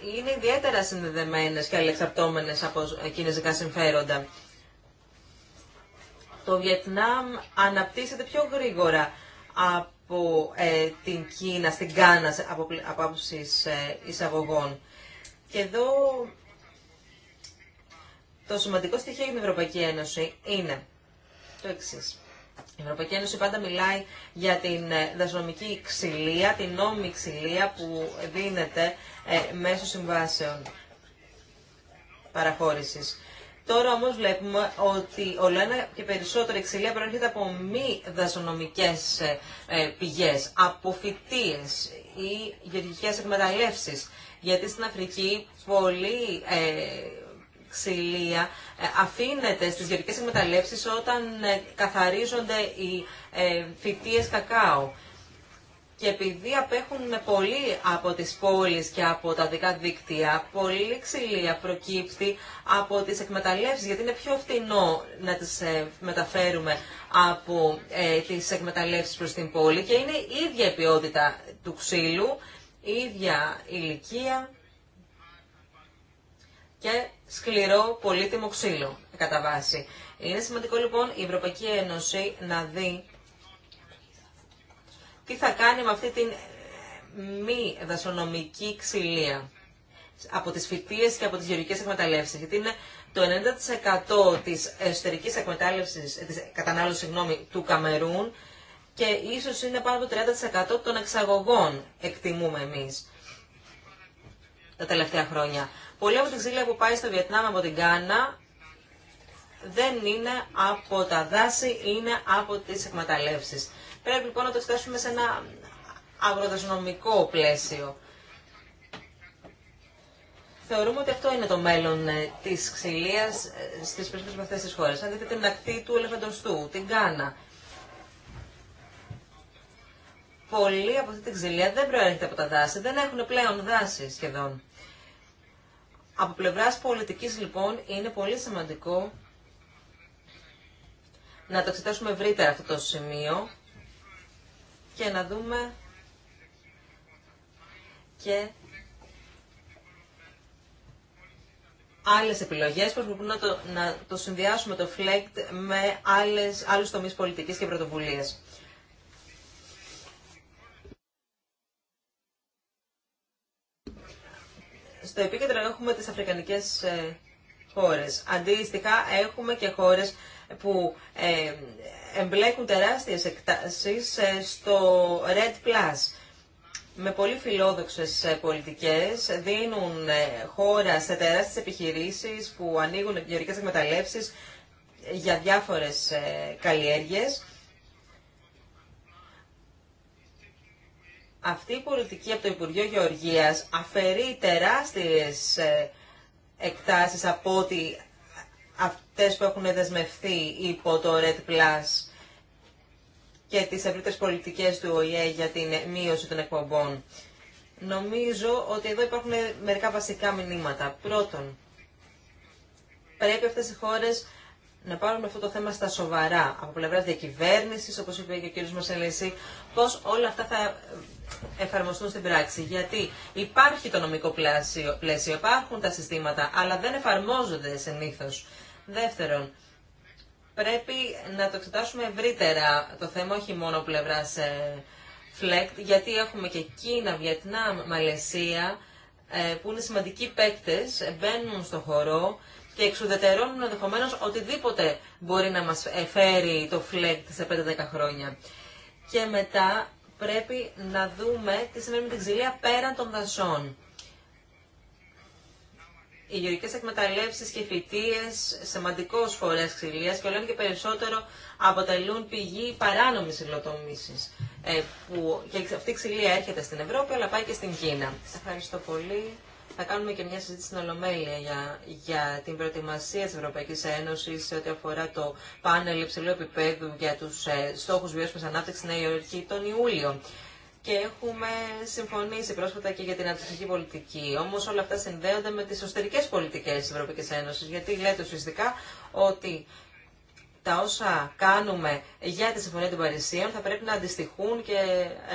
είναι ιδιαίτερα συνδεδεμένες και αλεξαρτώμενες από κινέζικα συμφέροντα. Το Βιετνάμ αναπτύσσεται πιο γρήγορα από ε, την Κίνα, στην Κάνα, από, από άποψης ε, εισαγωγών. Και εδώ το σημαντικό στοιχείο για την Ευρωπαϊκή Ένωση είναι το εξή. Η Ευρωπαϊκή Ένωση πάντα μιλάει για την ε, δασονομική ξυλία, την νόμιμη ξυλία που δίνεται ε, μέσω συμβάσεων παραχώρησης. Τώρα όμως βλέπουμε ότι όλο ένα και περισσότερο εξηλία προέρχεται από μη δασονομικές ε, ε, πηγές, από φυτίες ή γεωργικές εκμεταλλεύσεις. Γιατί στην Αφρική πολλή ξυλία αφήνεται στις γεωργικές εκμεταλλεύσεις όταν καθαρίζονται οι ε, φυτίες κακάο. Και επειδή απέχουν πολύ από τις πόλεις και από τα δικά δίκτυα, πολλή ξυλία προκύπτει από τις εκμεταλλεύσεις, γιατί είναι πιο φτηνό να τις ε, μεταφέρουμε από ε, τις εκμεταλλεύσεις προς την πόλη και είναι η ίδια η ποιότητα του ξύλου, η ίδια ηλικία και σκληρό πολύτιμο ξύλο κατά βάση. Είναι σημαντικό λοιπόν η Ευρωπαϊκή Ένωση να δει τι θα κάνει με αυτή την ε, μη δασονομική ξυλία από τις φυτίες και από τις γεωργικές εκμεταλλεύσεις. Γιατί είναι το 90% της εσωτερικής εκμετάλλευσης, ε, της κατανάλωσης συγγνώμη, του Καμερούν και ίσως είναι πάνω από 30% των εξαγωγών, εκτιμούμε εμείς, τα τελευταία χρόνια. Πολύ από την ξύλια που πάει στο Βιετνάμ από την Κάνα δεν είναι από τα δάση, είναι από τις εκμεταλλεύσεις. Πρέπει λοιπόν να το εξετάσουμε σε ένα αγροτασνομικό πλαίσιο. Θεωρούμε ότι αυτό είναι το μέλλον ε, της ξυλίας ε, στις περισσότερες από αυτές τις χώρες. Αν δείτε την ακτή του Ελεφαντοστού, την Γκάνα, πολλοί από αυτή την ξυλία δεν προέρχεται από τα δάση, δεν έχουν πλέον δάση σχεδόν. Από πλευράς πολιτικής λοιπόν είναι πολύ σημαντικό να το εξετάσουμε ευρύτερα αυτό το σημείο και να δούμε και άλλες επιλογές, που μπορούμε να το, να το συνδυάσουμε το FLECT με άλλες, άλλους τομείς πολιτικής και πρωτοβουλίας. Στο επίκεντρο έχουμε τις αφρικανικές ε, χώρες. Αντίστοιχα έχουμε και χώρες που ε, εμπλέκουν τεράστιες εκτάσεις ε, στο Red Plus. Με πολύ φιλόδοξες ε, πολιτικές δίνουν χώρα σε τεράστιες επιχειρήσεις που ανοίγουν γεωρικές εκμεταλλεύσεις για διάφορες καλλιέργειες. Αυτή η πολιτική από το Υπουργείο Γεωργίας αφαιρεί τεράστιες εκτάσεις από ό,τι αυτές που έχουν δεσμευθεί υπό το Red Plus και τις ευρύτερε πολιτικές του ΟΗΕ για την μείωση των εκπομπών. Νομίζω ότι εδώ υπάρχουν μερικά βασικά μηνύματα. Πρώτον, πρέπει αυτές οι χώρες να πάρουν αυτό το θέμα στα σοβαρά από πλευρά διακυβέρνηση, όπω είπε και ο κ. Μασελίση, πώ όλα αυτά θα εφαρμοστούν στην πράξη. Γιατί υπάρχει το νομικό πλαίσιο, πλαίσιο υπάρχουν τα συστήματα, αλλά δεν εφαρμόζονται συνήθω. Δεύτερον, πρέπει να το εξετάσουμε ευρύτερα το θέμα, όχι μόνο σε φλεκτ, γιατί έχουμε και Κίνα, Βιετνάμ, Μαλαισία, ε, που είναι σημαντικοί παίκτε, μπαίνουν στο χώρο και εξουδετερώνουν ενδεχομένω οτιδήποτε μπορεί να μας φέρει το φλεκτ σε 5-10 χρόνια. Και μετά πρέπει να δούμε τι σημαίνει με την ξυλία πέραν των δασών οι εκμεταλλεύσει και φυτίες σημαντικό φορέας ξυλία και όλο και περισσότερο αποτελούν πηγή παράνομης υλοτομήσης. Ε, που, και αυτή η ξυλία έρχεται στην Ευρώπη αλλά πάει και στην Κίνα. Ευχαριστώ πολύ. Θα κάνουμε και μια συζήτηση στην Ολομέλεια για, για την προετοιμασία της Ευρωπαϊκής Ένωσης σε ό,τι αφορά το πάνελ υψηλού επίπεδου για του ε, στόχους βιώσιμη ανάπτυξης στην Νέα Υόρκη τον Ιούλιο και έχουμε συμφωνήσει πρόσφατα και για την αντιστοιχική πολιτική. Όμως όλα αυτά συνδέονται με τις εσωτερικέ πολιτικές της Ευρωπαϊκής Ένωσης, γιατί λέτε ουσιαστικά ότι τα όσα κάνουμε για τη Συμφωνία των Παρισίων θα πρέπει να αντιστοιχούν και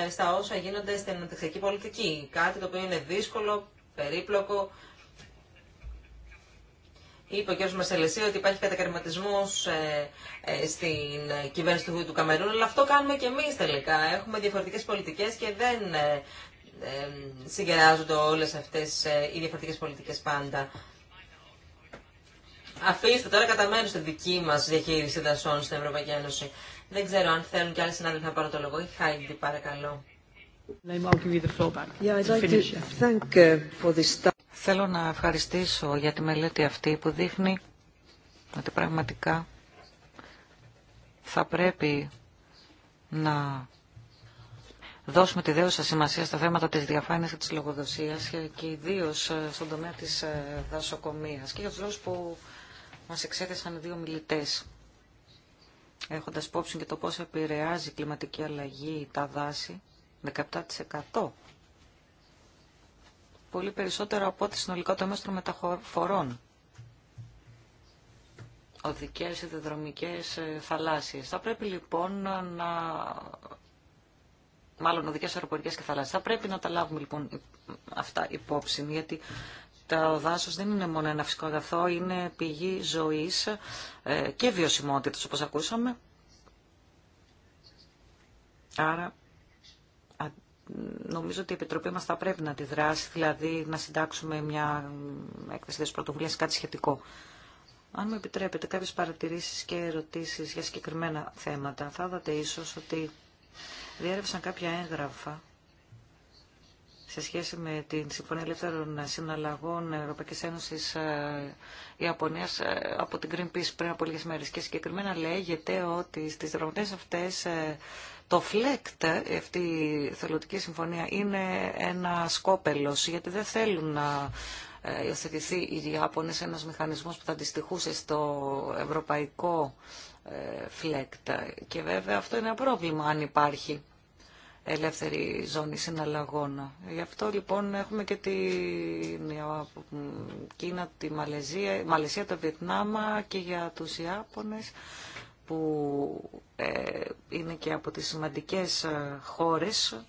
ε, στα όσα γίνονται στην αντιστοιχική πολιτική. Κάτι το οποίο είναι δύσκολο, περίπλοκο Είπε ο κ. Μασελεσί ότι υπάρχει κατακαιρματισμό ε, ε, στην κυβέρνηση του, του Καμερούν, αλλά αυτό κάνουμε και εμεί τελικά. Έχουμε διαφορετικέ πολιτικέ και δεν ε, συγκεράζονται όλε αυτέ οι διαφορετικέ πολιτικέ πάντα. Αφήστε τώρα κατά μέρο τη δική μα διαχείριση δασών στην Ευρωπαϊκή Ένωση. Δεν ξέρω αν θέλουν και άλλοι συνάδελφοι να πάρουν το λόγο. Χάιντι, παρακαλώ. Θέλω να ευχαριστήσω για τη μελέτη αυτή που δείχνει ότι πραγματικά θα πρέπει να δώσουμε τη δέουσα σημασία στα θέματα της διαφάνειας και της λογοδοσίας και ιδίω ε, στον τομέα της ε, δασοκομείας και για τους λόγους που μας εξέθεσαν οι δύο μιλητές. Έχοντας υπόψη και το πώς επηρεάζει η κλιματική αλλαγή τα δάση, 17% πολύ περισσότερο από ό,τι συνολικά το των μεταφορών. Οδικές, ιδεδρομικές, ε, θαλάσσιες. Θα πρέπει λοιπόν να... Μάλλον οδικές, αεροπορικές και θαλάσσιες. Θα πρέπει να τα λάβουμε λοιπόν αυτά υπόψη, γιατί το δάσο δεν είναι μόνο ένα φυσικό αγαθό, είναι πηγή ζωή ε, και βιωσιμότητα, όπω ακούσαμε. Άρα νομίζω ότι η Επιτροπή μας θα πρέπει να τη δράσει, δηλαδή να συντάξουμε μια έκθεση της πρωτοβουλίας, κάτι σχετικό. Αν μου επιτρέπετε κάποιες παρατηρήσεις και ερωτήσεις για συγκεκριμένα θέματα, θα δατε ίσως ότι διέρευσαν κάποια έγγραφα σε σχέση με την Συμφωνία Ελεύθερων Συναλλαγών Ευρωπαϊκής Ένωσης ε, Ιαπωνίας ε, από την Greenpeace πριν από λίγες μέρες. Και συγκεκριμένα λέγεται ότι στις δρομονές αυτές ε, το ΦΛΕΚΤ, αυτή η συμφωνία, είναι ένα σκόπελος, γιατί δεν θέλουν να ε, υιοθετηθεί οι Ιάπωνες ένας μηχανισμός που θα αντιστοιχούσε στο ευρωπαϊκό ε, φλέκτ. Και βέβαια αυτό είναι ένα πρόβλημα αν υπάρχει ελεύθερη ζώνη συναλλαγών. Γι' αυτό λοιπόν έχουμε και την Κίνα, τη Μαλαισία, Μαλαισία το Βιετνάμα και για τους Ιάπωνες που ε, είναι και από τις σημαντικές ε, χώρες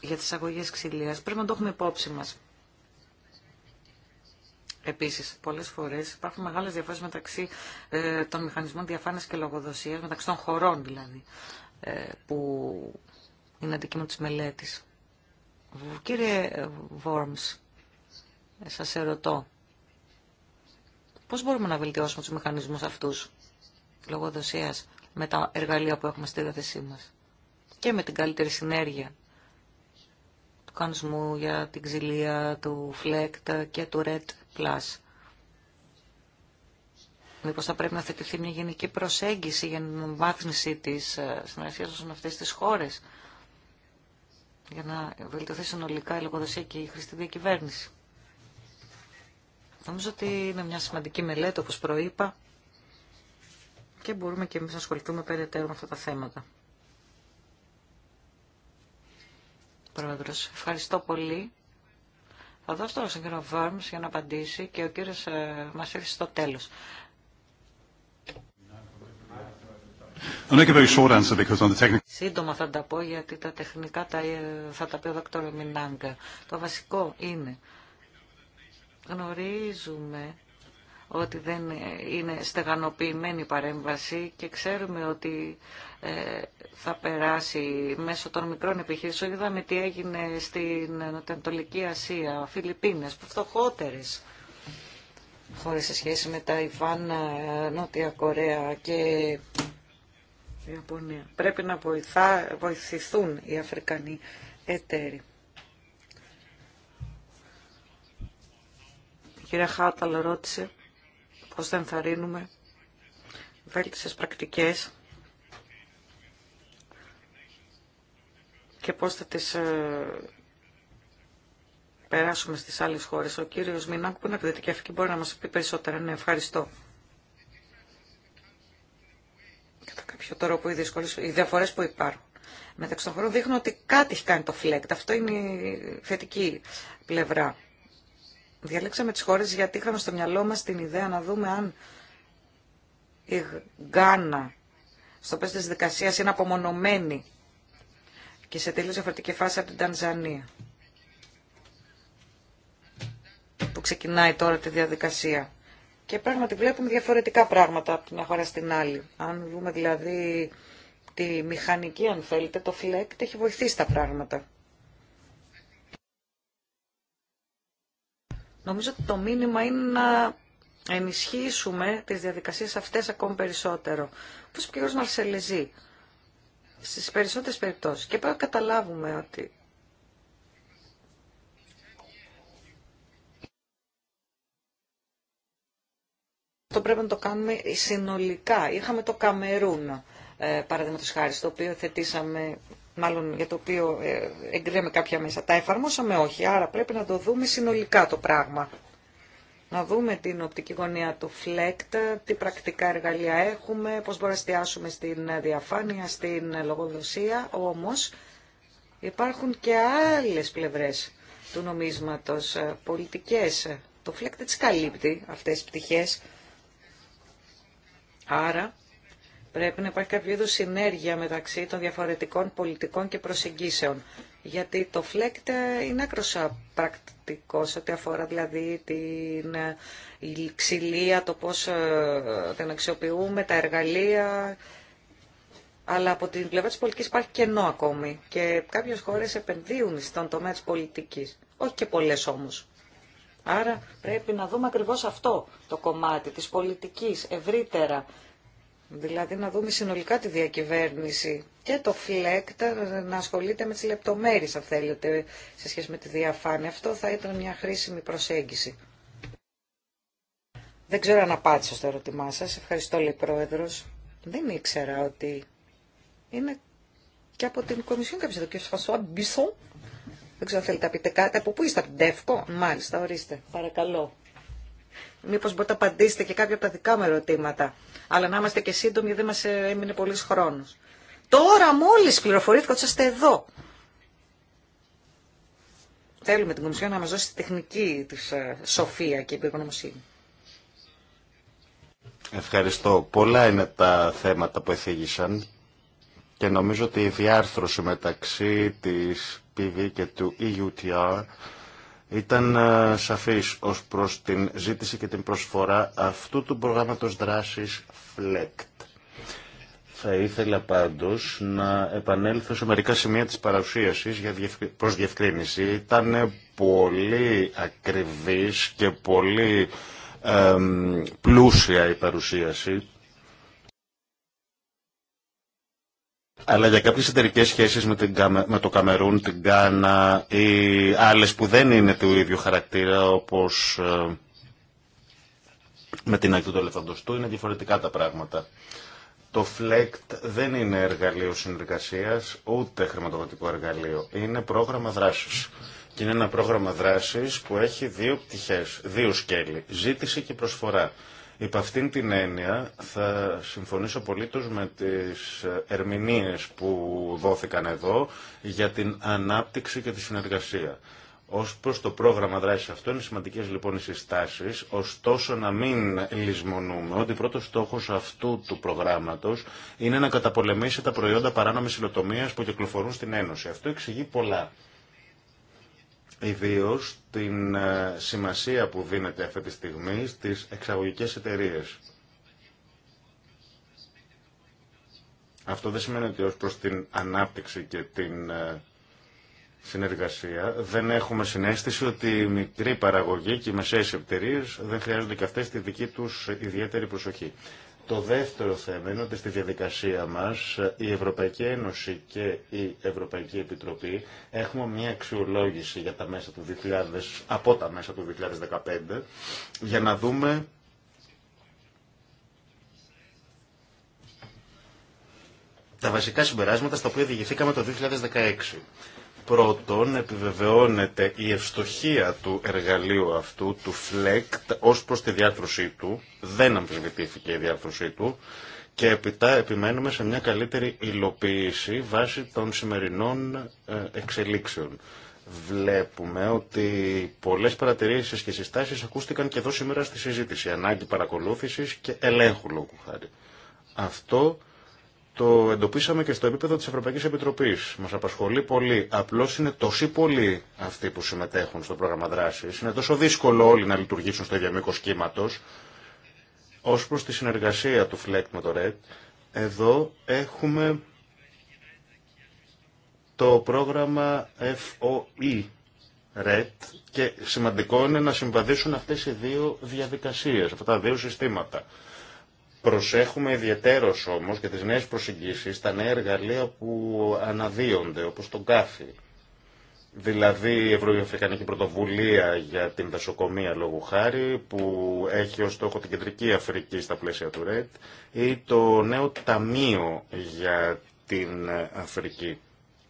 για τις αγωγές ξυλίας. Πρέπει να το έχουμε υπόψη μας. Επίσης, πολλές φορές υπάρχουν μεγάλες διαφάσεις μεταξύ ε, των μηχανισμών διαφάνειας και λογοδοσίας, μεταξύ των χωρών δηλαδή, που είναι αντικείμενο της μελέτης. Κύριε Βόρμς, σας ερωτώ, Πώς μπορούμε να βελτιώσουμε τους μηχανισμούς αυτούς λογοδοσία, με τα εργαλεία που έχουμε στη διάθεσή μας και με την καλύτερη συνέργεια του κανονισμού για την ξυλία, του FLECT και του RED+. Μήπως θα πρέπει να θετηθεί μια γενική προσέγγιση για την βάθμιση της ε, συνεργασίας με αυτές τις χώρες για να βελτιωθεί συνολικά η λογοδοσία και η χρηστή διακυβέρνηση. Νομίζω ότι είναι μια σημαντική μελέτη, όπως προείπα, και μπορούμε και εμείς να ασχοληθούμε περαιτέρω με αυτά τα θέματα. Πρόεδρος, ευχαριστώ πολύ. Θα δώσω τώρα στον κύριο Βάρμς για να απαντήσει και ο κύριος ε, μας έρθει στο τέλος. Σύντομα θα τα πω γιατί τα τεχνικά τα, ε, θα τα πει ο Δ. Μινάγκα. Το βασικό είναι Γνωρίζουμε ότι δεν είναι στεγανοποιημένη παρέμβαση και ξέρουμε ότι ε, θα περάσει μέσω των μικρών επιχειρήσεων. Είδαμε τι έγινε στην Νοτιοανατολική Ασία, Φιλιππίνες, φτωχότερες χώρες σε σχέση με τα Ιβάν, ε, Νότια Κορέα και Ιαπωνία. Πρέπει να βοηθά, βοηθηθούν οι Αφρικανοί εταίροι. κυρία Χάταλ ρώτησε πώς δεν θα ρίνουμε βέλτισες πρακτικές και πώς θα τις ε, περάσουμε στις άλλες χώρες. Ο κύριος Μινάκου που είναι από Δυτική μπορεί να μας πει περισσότερα. Ναι, ευχαριστώ. Κατά κάποιο τρόπο οι, οι διαφορές που υπάρχουν μεταξύ των χωρών δείχνουν ότι κάτι έχει κάνει το φλεκτ. Αυτό είναι η θετική πλευρά. Διαλέξαμε τις χώρες γιατί είχαμε στο μυαλό μας την ιδέα να δούμε αν η Γκάνα στο πέστη της δικασίας είναι απομονωμένη και σε τελείως διαφορετική φάση από την Τανζανία που ξεκινάει τώρα τη διαδικασία. Και πράγματι βλέπουμε διαφορετικά πράγματα από τη μια χώρα στην άλλη. Αν δούμε δηλαδή τη μηχανική, αν θέλετε, το φλεκτ έχει βοηθήσει τα πράγματα. Νομίζω ότι το μήνυμα είναι να ενισχύσουμε τις διαδικασίες αυτές ακόμη περισσότερο. Όπως ο κ. Μαρσελεζή, στι περισσότερες περιπτώσεις. Και πρέπει να καταλάβουμε ότι Αυτό πρέπει να το κάνουμε συνολικά. Είχαμε το Καμερούν, ε, παραδείγματο χάρη, στο οποίο θετήσαμε μάλλον για το οποίο ε, εγκρίναμε κάποια μέσα. Τα εφαρμόσαμε όχι, άρα πρέπει να το δούμε συνολικά το πράγμα. Να δούμε την οπτική γωνία του φλέκτ, τι πρακτικά εργαλεία έχουμε, πώς μπορούμε να εστιάσουμε στην διαφάνεια, στην λογοδοσία. Όμως υπάρχουν και άλλες πλευρές του νομίσματος, ε, πολιτικές. Το φλέκτ τις καλύπτει αυτές τις πτυχές. Άρα Πρέπει να υπάρχει κάποιο είδου συνέργεια μεταξύ των διαφορετικών πολιτικών και προσεγγίσεων. Γιατί το φλέκτε είναι άκρο πρακτικό ό,τι αφορά δηλαδή την ε, ξυλία, το πώς ε, την αξιοποιούμε, τα εργαλεία. Αλλά από την πλευρά τη πολιτική υπάρχει κενό ακόμη και κάποιε χώρες επενδύουν στον τομέα της πολιτική. Όχι και πολλέ όμω. Άρα πρέπει να δούμε ακριβώς αυτό το κομμάτι της πολιτικής ευρύτερα Δηλαδή να δούμε συνολικά τη διακυβέρνηση και το ΦΛΕΚΤΑ να ασχολείται με τις λεπτομέρειες αν θέλετε σε σχέση με τη διαφάνεια. Αυτό θα ήταν μια χρήσιμη προσέγγιση. Δεν ξέρω αν απάντησα στο ερώτημά σας. Ευχαριστώ λέει πρόεδρος. Δεν ήξερα ότι είναι και από την Κομισιόν κάποιος εδώ και Φασουά Δεν ξέρω αν θέλετε να πείτε κάτι. Από πού είστε, από την ΤΕΦΚΟ. Μάλιστα, ορίστε. Παρακαλώ. Μήπως μπορείτε να απαντήσετε και κάποια από τα δικά μου ερωτήματα. Αλλά να είμαστε και σύντομοι, δεν μα ε, έμεινε πολύ χρόνο. Τώρα μόλις πληροφορήθηκα ότι είστε εδώ. Θέλουμε την Κομισιόν να μας δώσει τη τεχνική της ε, σοφία και υπηρεγνωμοσύνη. Ευχαριστώ. Πολλά είναι τα θέματα που εθίγησαν και νομίζω ότι η διάρθρωση μεταξύ της PV και του EUTR ήταν ε, σαφής ως προς την ζήτηση και την προσφορά αυτού του προγράμματος δράσης FLECT. Θα ήθελα πάντως να επανέλθω σε μερικά σημεία της παρουσίασης για προς διευκρίνηση. Ήταν πολύ ακριβής και πολύ πλούσια η παρουσίαση Αλλά για κάποιες εταιρικέ σχέσεις με, την, με το Καμερούν, την Γκάνα ή άλλες που δεν είναι του ίδιου χαρακτήρα όπως ε, με την Αγκή του ελεφαντοστού είναι διαφορετικά τα πράγματα. Το FLECT δεν είναι εργαλείο συνεργασίας ούτε χρηματοδοτικό εργαλείο. Είναι πρόγραμμα δράσης. Και είναι ένα πρόγραμμα δράσης που έχει δύο πτυχές, δύο σκέλη, ζήτηση και προσφορά. Υπ' αυτήν την έννοια θα συμφωνήσω πολύτως με τις ερμηνείες που δόθηκαν εδώ για την ανάπτυξη και τη συνεργασία. Ω προ το πρόγραμμα δράση αυτό είναι σημαντικέ λοιπόν οι συστάσει, ωστόσο να μην λησμονούμε ότι πρώτο στόχο αυτού του προγράμματο είναι να καταπολεμήσει τα προϊόντα παράνομη υλοτομία που κυκλοφορούν στην Ένωση. Αυτό εξηγεί πολλά. Ιδίω την ε, σημασία που δίνεται αυτή τη στιγμή στις εξαγωγικές εταιρείε. Αυτό δεν σημαίνει ότι ως προς την ανάπτυξη και την ε, συνεργασία δεν έχουμε συνέστηση ότι η μικρή παραγωγή και οι μεσαίες εταιρείε δεν χρειάζονται και αυτές τη δική τους ιδιαίτερη προσοχή. Το δεύτερο θέμα είναι ότι στη διαδικασία μας η Ευρωπαϊκή Ένωση και η Ευρωπαϊκή Επιτροπή έχουμε μια αξιολόγηση για τα μέσα του 2000, από τα μέσα του 2015 για να δούμε τα βασικά συμπεράσματα στα οποία διηγηθήκαμε το 2016. Πρώτον, επιβεβαιώνεται η ευστοχία του εργαλείου αυτού, του FLECT, ως προς τη διάρθρωσή του. Δεν αμφισβητήθηκε η διάρθρωσή του. Και επιτά επιμένουμε σε μια καλύτερη υλοποίηση βάσει των σημερινών ε, εξελίξεων. Βλέπουμε ότι πολλές παρατηρήσεις και συστάσεις ακούστηκαν και εδώ σήμερα στη συζήτηση. Ανάγκη παρακολούθησης και ελέγχου λόγου χάρη. Αυτό το εντοπίσαμε και στο επίπεδο της Ευρωπαϊκής Επιτροπής. Μας απασχολεί πολύ. Απλώς είναι τόσοι πολλοί αυτοί που συμμετέχουν στο πρόγραμμα δράσης. Είναι τόσο δύσκολο όλοι να λειτουργήσουν στο ίδιο σχήματος κύματος. Ως προς τη συνεργασία του ΦΛΕΚ με το ΡΕΤ, εδώ έχουμε το πρόγραμμα FOE RED και σημαντικό είναι να συμβαδίσουν αυτές οι δύο διαδικασίες, αυτά τα δύο συστήματα. Προσέχουμε ιδιαίτερος όμως και τις νέες προσεγγίσεις, τα νέα εργαλεία που αναδύονται, όπως τον ΚΑΦΗ. Δηλαδή η Ευρωαφρικανική Πρωτοβουλία για την δασοκομεία λόγου χάρη που έχει ως στόχο την Κεντρική Αφρική στα πλαίσια του ΡΕΤ ή το νέο Ταμείο για την Αφρική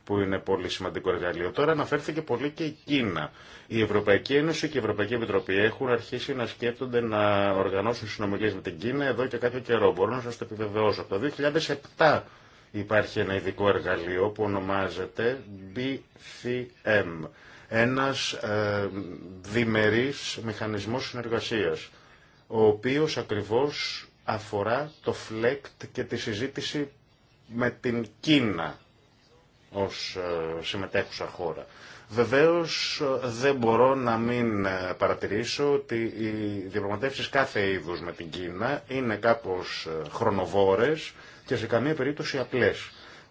που είναι πολύ σημαντικό εργαλείο. Τώρα αναφέρθηκε πολύ και η Κίνα. Η Ευρωπαϊκή Ένωση και η Ευρωπαϊκή Επιτροπή έχουν αρχίσει να σκέφτονται να οργανώσουν συνομιλίε με την Κίνα εδώ και κάποιο καιρό. Μπορώ να σας το επιβεβαιώσω. Από το 2007 υπάρχει ένα ειδικό εργαλείο που ονομάζεται BCM. Ένας ε, διμερής μηχανισμός ο οποίο ακριβώ αφορά το φλεκτ και τη συζήτηση με την Κίνα ως ε, συμμετέχουσα χώρα. Βεβαίως ε, δεν μπορώ να μην ε, παρατηρήσω ότι οι διαπραγματεύσεις κάθε είδους με την Κίνα είναι κάπως χρονοβόρες και σε καμία περίπτωση απλές.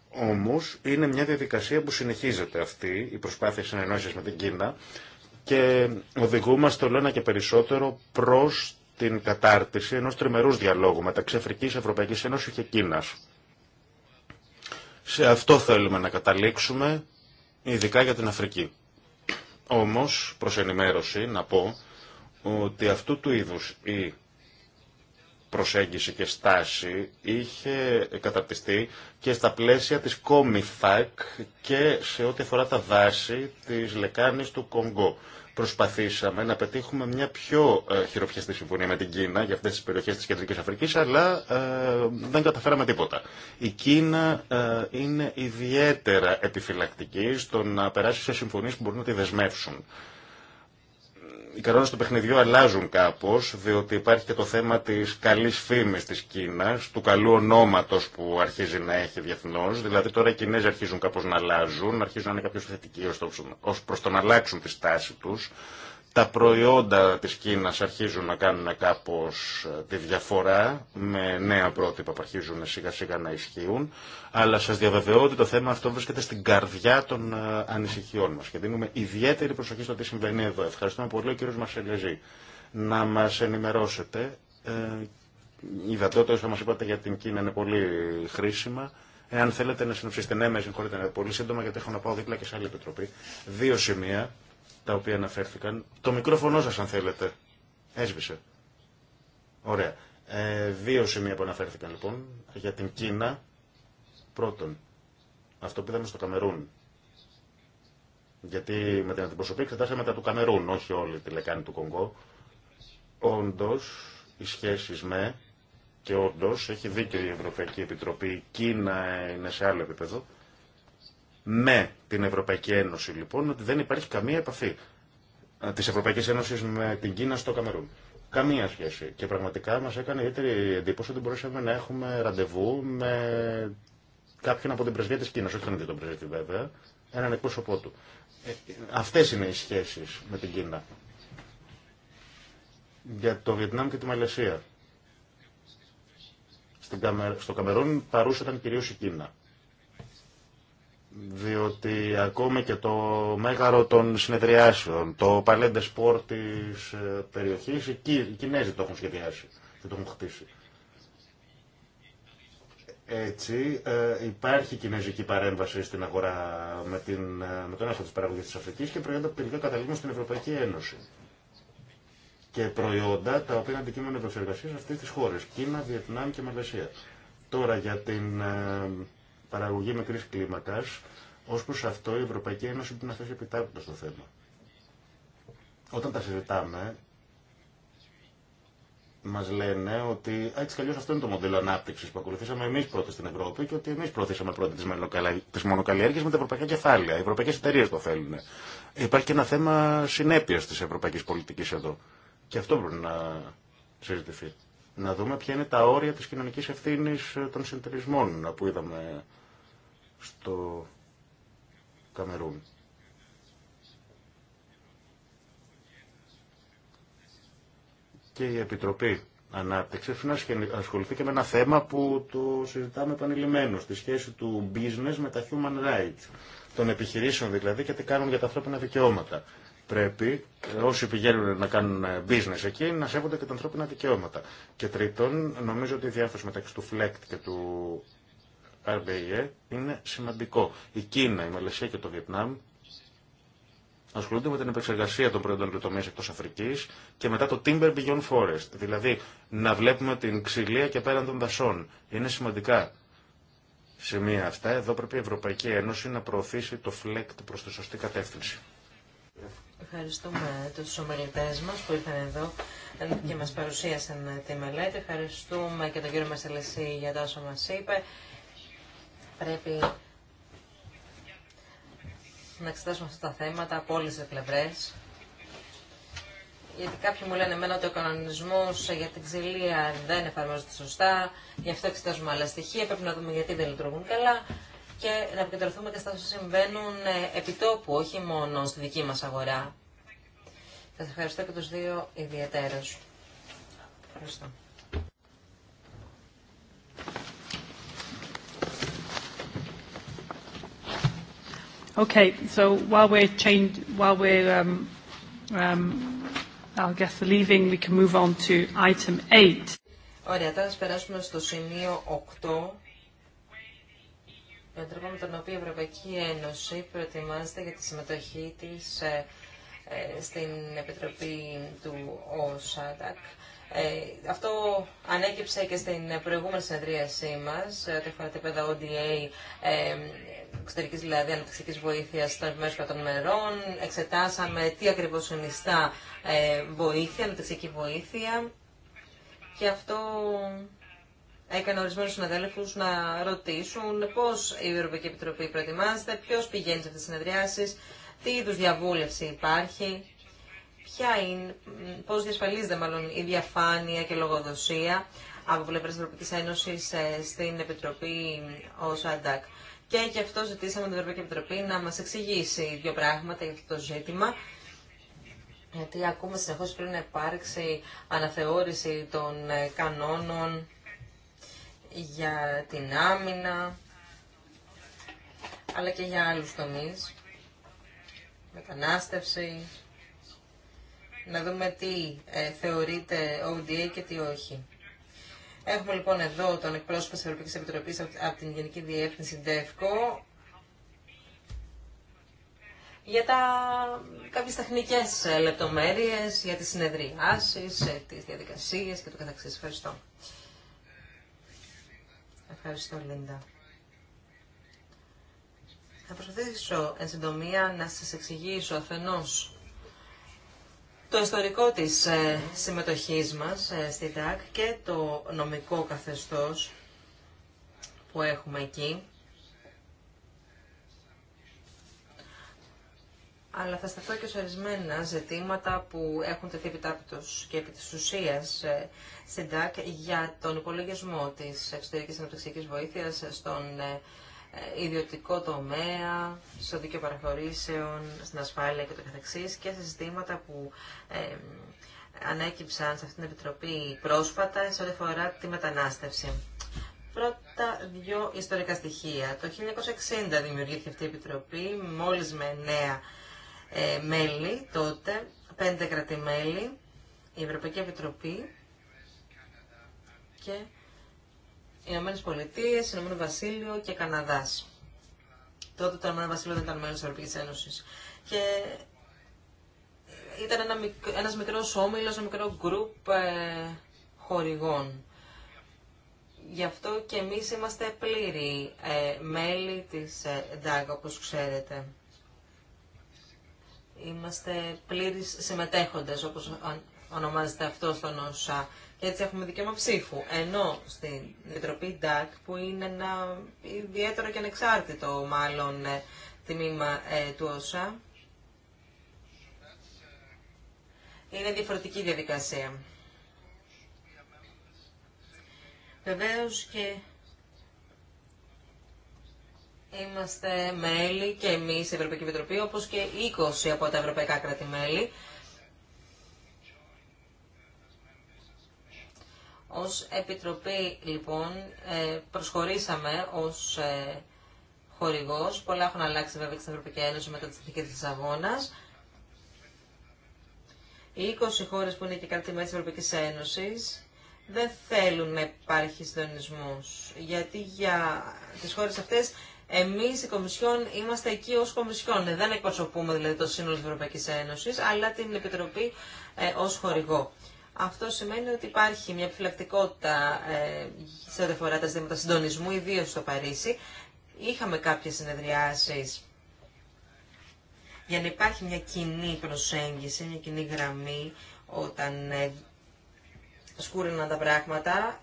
Όμως είναι μια διαδικασία που συνεχίζεται αυτή η προσπάθεια συνεννόησης με την Κίνα και οδηγούμαστε όλο ένα και περισσότερο προς την κατάρτιση ενός τριμερούς διαλόγου μεταξύ Αφρικής, Ευρωπαϊκής Ένωσης και Κίνας σε αυτό θέλουμε να καταλήξουμε, ειδικά για την Αφρική. Όμως, προς ενημέρωση, να πω ότι αυτού του είδους η προσέγγιση και στάση είχε καταπιστεί και στα πλαίσια της Κόμιφακ και σε ό,τι αφορά τα δάση της λεκάνης του Κονγκό προσπαθήσαμε να πετύχουμε μια πιο ε, χειροπιαστή συμφωνία με την Κίνα για αυτές τις περιοχές της Κεντρικής Αφρικής, αλλά ε, δεν καταφέραμε τίποτα. Η Κίνα ε, είναι ιδιαίτερα επιφυλακτική στο να περάσει σε συμφωνίες που μπορούν να τη δεσμεύσουν οι κανόνε του παιχνιδιού αλλάζουν κάπως, διότι υπάρχει και το θέμα της καλής φήμης τη Κίνα, του καλού ονόματος που αρχίζει να έχει διεθνώ. Δηλαδή τώρα οι Κινέζοι αρχίζουν κάπως να αλλάζουν, αρχίζουν να είναι κάποιο θετικοί ω προς το να αλλάξουν τη στάση τους τα προϊόντα της Κίνας αρχίζουν να κάνουν κάπως ε, τη διαφορά με νέα πρότυπα που αρχίζουν σιγά σιγά να ισχύουν αλλά σας διαβεβαιώ ότι το θέμα αυτό βρίσκεται στην καρδιά των ε, ανησυχιών μας και δίνουμε ιδιαίτερη προσοχή στο τι συμβαίνει εδώ. Ευχαριστούμε πολύ ο κύριος Μασελεζή να μας ενημερώσετε. Ε, είδα τότε θα μας είπατε για την Κίνα είναι πολύ χρήσιμα. Εάν θέλετε να συνοψίσετε, ναι, με συγχωρείτε, πολύ σύντομα γιατί έχω να πάω δίπλα και σε άλλη επιτροπή. Δύο σημεία τα οποία αναφέρθηκαν. Το μικρόφωνο σας αν θέλετε. Έσβησε. Ωραία. Ε, δύο σημεία που αναφέρθηκαν λοιπόν για την Κίνα. Πρώτον, αυτό που είδαμε στο Καμερούν. Γιατί με την αντιπροσωπή εξετάσαμε τα του Καμερούν, όχι όλη τη λεκάνη του Κονγκό. Όντω, οι σχέσει με και όντω έχει δίκιο η Ευρωπαϊκή Επιτροπή, η Κίνα είναι σε άλλο επίπεδο με την Ευρωπαϊκή Ένωση λοιπόν ότι δεν υπάρχει καμία επαφή ε, της Ευρωπαϊκής Ένωσης με την Κίνα στο Καμερούν. Καμία σχέση. Και πραγματικά μας έκανε ιδιαίτερη εντύπωση ότι μπορούσαμε να έχουμε ραντεβού με κάποιον από την πρεσβεία της Κίνας, όχι τον ίδιο τον πρεσβεία βέβαια, έναν εκπρόσωπό του. Ε, αυτές είναι οι σχέσεις με την Κίνα. Για το Βιετνάμ και τη Μαλαισία. στο Καμερούν παρούσα ήταν κυρίως η Κίνα διότι ακόμη και το μέγαρο των συνεδριάσεων, το παλέντε σπορ τη ε, περιοχή, οι Κινέζοι το έχουν σχεδιάσει και το έχουν χτίσει. Έτσι, ε, υπάρχει κινέζικη παρέμβαση στην αγορά με, την, ε, με τον άσχο τη παραγωγή τη Αφρική και προϊόντα που τελικά καταλήγουν στην Ευρωπαϊκή Ένωση. Και προϊόντα τα οποία είναι αντικείμενο επεξεργασία αυτή τη χώρα. Κίνα, Βιετνάμ και Μαλαισία. Τώρα για την παραγωγή μικρής κλίμακας, ω προ αυτό η Ευρωπαϊκή Ένωση πρέπει να θέσει επιτάπητο στο θέμα. Όταν τα συζητάμε, μα λένε ότι έτσι κι αυτό είναι το μοντέλο ανάπτυξη που ακολουθήσαμε εμεί πρώτα στην Ευρώπη και ότι εμεί προωθήσαμε πρώτα τι μονοκαλλιέργειε με τα ευρωπαϊκά κεφάλαια. Οι ευρωπαϊκέ εταιρείε το θέλουν. Υπάρχει και ένα θέμα συνέπεια τη ευρωπαϊκή πολιτική εδώ. Και αυτό πρέπει να συζητηθεί. Να δούμε ποια είναι τα όρια τη κοινωνική ευθύνη ε, των συνεταιρισμών που είδαμε στο Καμερούν. Και η Επιτροπή Ανάπτυξη να ασχοληθεί και με ένα θέμα που το συζητάμε επανειλημμένο, τη σχέση του business με τα human rights, των επιχειρήσεων δηλαδή και τι κάνουν για τα ανθρώπινα δικαιώματα πρέπει όσοι πηγαίνουν να κάνουν business εκεί να σέβονται και τα ανθρώπινα δικαιώματα. Και τρίτον, νομίζω ότι η διάθεση μεταξύ του FLECT και του RBE είναι σημαντικό. Η Κίνα, η Μαλαισία και το Βιετνάμ ασχολούνται με την επεξεργασία των προϊόντων λιτομία εκτό Αφρική και μετά το Timber Beyond Forest. Δηλαδή να βλέπουμε την ξυλία και πέραν των δασών. Είναι σημαντικά σημεία αυτά. Εδώ πρέπει η Ευρωπαϊκή Ένωση να προωθήσει το φλεκτ προ τη σωστή κατεύθυνση. Ευχαριστούμε τους ομιλητές μας που ήρθαν εδώ και μας παρουσίασαν τη μελέτη. Ευχαριστούμε και τον κύριο Μασελεσί για τα όσα μας είπε πρέπει να εξετάσουμε αυτά τα θέματα από όλες τις πλευρές. Γιατί κάποιοι μου λένε εμένα ότι ο κανονισμό για την ξυλία δεν εφαρμόζεται σωστά, γι' αυτό εξετάζουμε άλλα στοιχεία, πρέπει να δούμε γιατί δεν λειτουργούν καλά και να επικεντρωθούμε και στα όσα συμβαίνουν επιτόπου, όχι μόνο στη δική μας αγορά. Θα σας ευχαριστώ και τους δύο ιδιαίτερους. Ευχαριστώ. Okay, so while we're change, while we're, um, um, I guess leaving, we can move on to item 8. Ωραία, τώρα περάσουμε στο σημείο 8, με τρόπο με τον οποίο η Ευρωπαϊκή Ένωση προετοιμάζεται για τη συμμετοχή της ε, ε, στην Επιτροπή του ΟΣΑΤΑΚ ε, αυτό ανέκυψε και στην προηγούμενη συνεδρίασή μα, ότι αφορά ODA, ε, ε εξωτερική δηλαδή αναπτυξική βοήθεια των επιμέρου κρατών μερών. Εξετάσαμε τι ακριβώ συνιστά ε, βοήθεια, αναπτυξική βοήθεια. Και αυτό έκανε ορισμένου συναδέλφου να ρωτήσουν πώ η Ευρωπαϊκή Επιτροπή προετοιμάζεται, ποιο πηγαίνει σε αυτέ τι συνεδριάσει, τι είδου διαβούλευση υπάρχει ποια είναι, πώς διασφαλίζεται μάλλον η διαφάνεια και λογοδοσία από πλευρά της Ευρωπαϊκή Ένωση ε, στην Επιτροπή ως ΑΝΤΑΚ. Και γι' αυτό ζητήσαμε την Ευρωπαϊκή Επιτροπή να μας εξηγήσει δύο πράγματα για αυτό το ζήτημα. Γιατί ακούμε συνεχώ πρέπει να υπάρξει αναθεώρηση των ε, κανόνων για την άμυνα, αλλά και για άλλους τομείς, μετανάστευση, να δούμε τι ε, θεωρείται ODA και τι όχι. Έχουμε λοιπόν εδώ τον εκπρόσωπο της Ευρωπαϊκής Επιτροπής από την Γενική Διεύθυνση ΔΕΦΚΟ για τα, κάποιες τεχνικές ε, λεπτομέρειες, για τις συνεδριάσεις, ε, τις διαδικασίες και το καθεξής. Ευχαριστώ. Ευχαριστώ, Λίντα. Θα προσπαθήσω εν συντομία να σας εξηγήσω αφενός το ιστορικό της ε, συμμετοχής μας ε, στη ΤΑΚ και το νομικό καθεστώς που έχουμε εκεί. Αλλά θα σταθώ και σε ορισμένα ζητήματα που έχουν τεθεί επιτάπητος και επί της ουσίας ε, στην ΤΑΚ για τον υπολογισμό της εξωτερικής αναπτυξιακής βοήθειας στον ε, ιδιωτικό τομέα, στο δίκαιο παραχωρήσεων, στην ασφάλεια και το καθεξής και σε ζητήματα που ανέκυψαν σε αυτήν την Επιτροπή πρόσφατα σε ό,τι αφορά τη μετανάστευση. Πρώτα δύο ιστορικά στοιχεία. Το 1960 δημιουργήθηκε αυτή η Επιτροπή, μόλις με νέα ε, μέλη τότε, πέντε κρατημέλη, η Ευρωπαϊκή Επιτροπή και Ηνωμένε Πολιτείε, Ηνωμένο Βασίλειο και Καναδά. Τότε το Ηνωμένο Βασίλειο δεν ήταν μέλο τη Ευρωπαϊκή Ένωση. Και ήταν ένα, ένας μικρός όμιλος, ένα μικρό γκρουπ ε, χορηγών. Γι' αυτό και εμείς είμαστε πλήρη ε, μέλη της ε, ΝΤΑΚ, όπως ξέρετε. Είμαστε πλήρης συμμετέχοντες, όπως ονομάζεται αυτό στον ΩΣΑ και έτσι έχουμε δικαίωμα ψήφου. Ενώ στην Επιτροπή DAC, που είναι ένα ιδιαίτερο και ανεξάρτητο μάλλον ε, τμήμα ε, του ΩΣΑ, είναι διαφορετική διαδικασία. Βεβαίω και είμαστε μέλη και εμείς η Ευρωπαϊκή Επιτροπή, όπως και 20 από τα ευρωπαϊκά κράτη-μέλη. Ως Επιτροπή, λοιπόν, ε, προσχωρήσαμε ως ε, χορηγός. Πολλά έχουν αλλάξει, βέβαια, και στην Ευρωπαϊκή Ένωση μετά τη συνθήκη της Αγώνας. Οι 20 χώρες που είναι και κάτι μέσα της Ευρωπαϊκής Ένωσης δεν θέλουν να υπάρχει συντονισμός, γιατί για τις χώρες αυτές εμείς η Κομισιόν είμαστε εκεί ως Κομισιόν. Ε, δεν εκπροσωπούμε δηλαδή το σύνολο της Ευρωπαϊκής Ένωσης, αλλά την Επιτροπή ε, ως χορηγό. Αυτό σημαίνει ότι υπάρχει μια επιφυλακτικότητα ε, σε ό,τι αφορά τα ζητήματα συντονισμού, ιδίω στο Παρίσι. Είχαμε κάποιες συνεδριάσεις για να υπάρχει μια κοινή προσέγγιση, μια κοινή γραμμή όταν ε, τα πράγματα,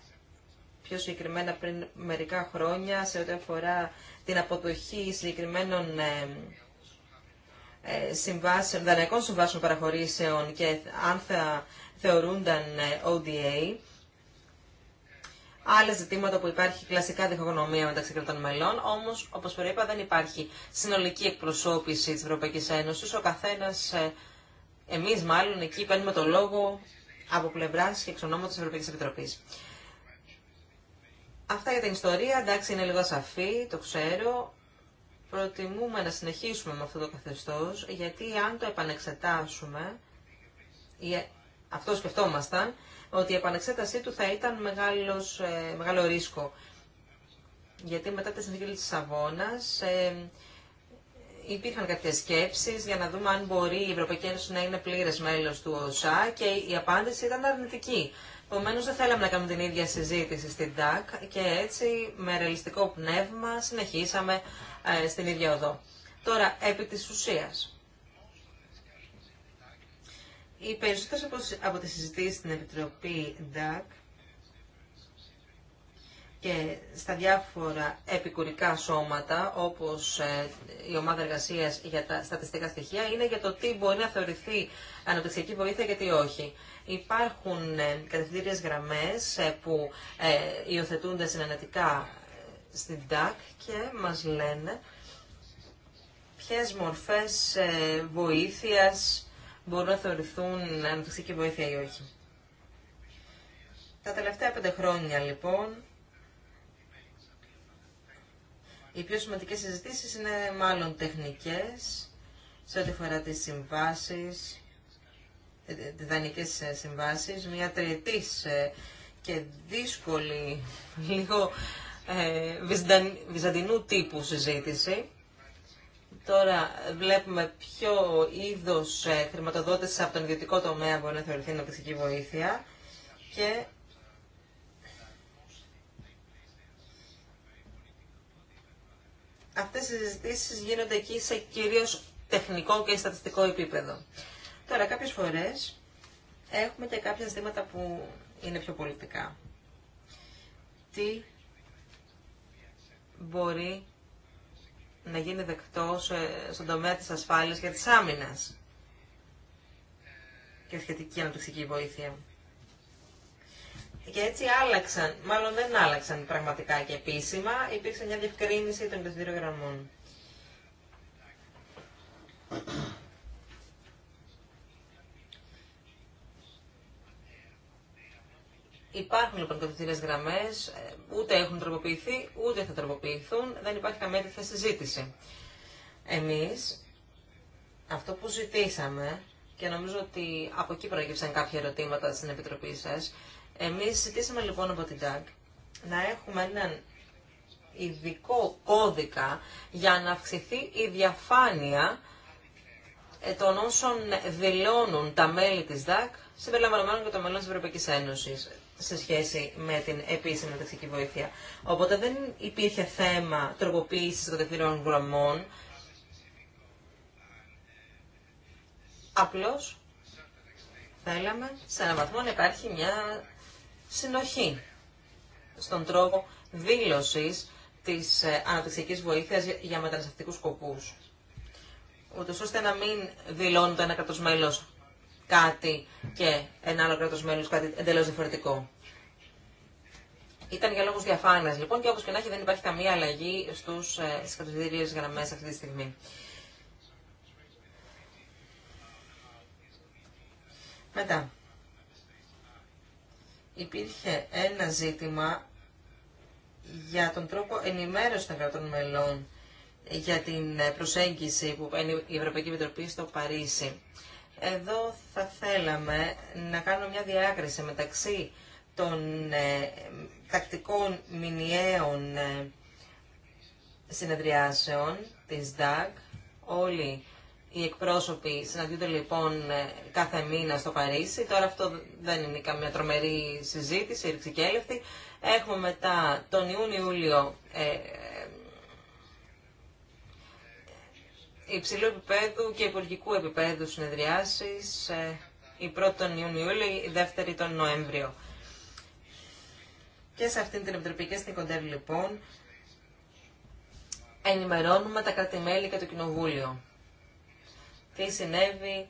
πιο συγκεκριμένα πριν μερικά χρόνια σε ό,τι αφορά την αποδοχή συγκεκριμένων ε, ε συμβάσεων, δανειακών συμβάσεων παραχωρήσεων και αν θεωρούνταν ODA. Ε, Άλλα ζητήματα που υπάρχει κλασικά διχογνωμία μεταξύ κρατών μελών, όμω, όπω προείπα, δεν υπάρχει συνολική εκπροσώπηση τη Ευρωπαϊκή Ένωση. Ο καθένα, ε, εμεί μάλλον, εκεί παίρνουμε το λόγο από πλευρά και εξ ονόματο τη Ευρωπαϊκή Επιτροπή. Αυτά για την ιστορία. Εντάξει, είναι λίγο σαφή, το ξέρω. Προτιμούμε να συνεχίσουμε με αυτό το καθεστώ, γιατί αν το επανεξετάσουμε, αυτό σκεφτόμασταν, ότι η επανεξέτασή του θα ήταν μεγάλος, ε, μεγάλο ρίσκο. Γιατί μετά τη συνθήκη της Σαββόνα ε, υπήρχαν κάποιες σκέψεις για να δούμε αν μπορεί η Ευρωπαϊκή Ένωση να είναι πλήρες μέλος του ΟΣΑ και η απάντηση ήταν αρνητική. Επομένω, δεν θέλαμε να κάνουμε την ίδια συζήτηση στην ΤΑΚ και έτσι με ρεαλιστικό πνεύμα συνεχίσαμε ε, στην ίδια οδό. Τώρα, επί της ουσίας. Οι περισσότερες από τις συζητήσεις στην Επιτροπή ΔΑΚ και στα διάφορα επικουρικά σώματα, όπως ε, η Ομάδα Εργασίας για τα Στατιστικά Στοιχεία, είναι για το τι μπορεί να θεωρηθεί αναπτυξιακή βοήθεια και τι όχι. Υπάρχουν ε, κατευθυντήριες γραμμές ε, που υιοθετούνται συνανετικά στην ΤΑΚ και μας λένε ποιες μορφές βοήθειας μπορούν να θεωρηθούν και βοήθεια ή όχι. Τα τελευταία πέντε χρόνια λοιπόν, οι πιο σημαντικές συζητήσεις είναι μάλλον τεχνικές, σε ό,τι αφορά τις συμβάσεις, διδανικές ε, ε, ε, συμβάσεις, μια τριετής και δύσκολη, λίγο ε, βυζαντινού τύπου συζήτηση. Τώρα βλέπουμε ποιο είδος ε, χρηματοδότηση από τον ιδιωτικό τομέα μπορεί να θεωρηθεί αναπτυξική βοήθεια και αυτές οι συζητήσεις γίνονται εκεί σε κυρίως τεχνικό και στατιστικό επίπεδο. Τώρα κάποιες φορές έχουμε και κάποια ζητήματα που είναι πιο πολιτικά. Τι μπορεί να γίνει δεκτό στον τομέα της ασφάλειας και της άμυνας και σχετική αναπτυξική βοήθεια. Και έτσι άλλαξαν, μάλλον δεν άλλαξαν πραγματικά και επίσημα, υπήρξε μια διευκρίνηση των διευθυντήριων γραμμών. Υπάρχουν λοιπόν κατευθυντήρε γραμμέ, ε, ούτε έχουν τροποποιηθεί, ούτε θα τροποποιηθούν, δεν υπάρχει καμία τέτοια συζήτηση. Εμεί αυτό που ζητήσαμε, και νομίζω ότι από εκεί προέκυψαν κάποια ερωτήματα στην Επιτροπή σα, εμεί ζητήσαμε λοιπόν από την ΤΑΚ να έχουμε έναν ειδικό κώδικα για να αυξηθεί η διαφάνεια ε, των όσων δηλώνουν τα μέλη της ΔΑΚ συμπεριλαμβανομένων και των μελών της Ευρωπαϊκής Ένωσης σε σχέση με την επίσημη μεταξική βοήθεια. Οπότε δεν υπήρχε θέμα τροποποίηση των τεχνικών γραμμών. Απλώς θέλαμε σε έναν βαθμό να υπάρχει μια συνοχή στον τρόπο δήλωση της ε, αναπτυξιακής βοήθειας για μεταναστευτικού σκοπού. Ούτω ώστε να μην δηλώνει ένα κράτο κάτι και ένα άλλο κράτο μέλο κάτι εντελώ διαφορετικό. Ήταν για λόγου διαφάνειας λοιπόν και όπω και να έχει δεν υπάρχει καμία αλλαγή στους, ε, για να αυτή τη στιγμή. Μετά. Υπήρχε ένα ζήτημα για τον τρόπο ενημέρωση των κρατών μελών για την προσέγγιση που παίρνει η Ευρωπαϊκή Επιτροπή στο Παρίσι. Εδώ θα θέλαμε να κάνω μια διάκριση μεταξύ των ε, τακτικών μηνιαίων ε, συνεδριάσεων της ΔΑΚ. Όλοι οι εκπρόσωποι συναντιούνται λοιπόν ε, κάθε μήνα στο Παρίσι. Τώρα αυτό δεν είναι καμία τρομερή συζήτηση, ρηξικέλευτη. Έχουμε μετά τον Ιούνιο-Ιούλιο υψηλού επίπεδου και υπουργικού επίπεδου συνεδριάσεις, ε, η πρώτη τον ιουνιο η δεύτερη τον Νοέμβριο. Και σε αυτήν την Επιτροπή και στην Κοντέρ, λοιπόν, ενημερώνουμε τα κράτη-μέλη και το Κοινοβούλιο. Τι συνέβη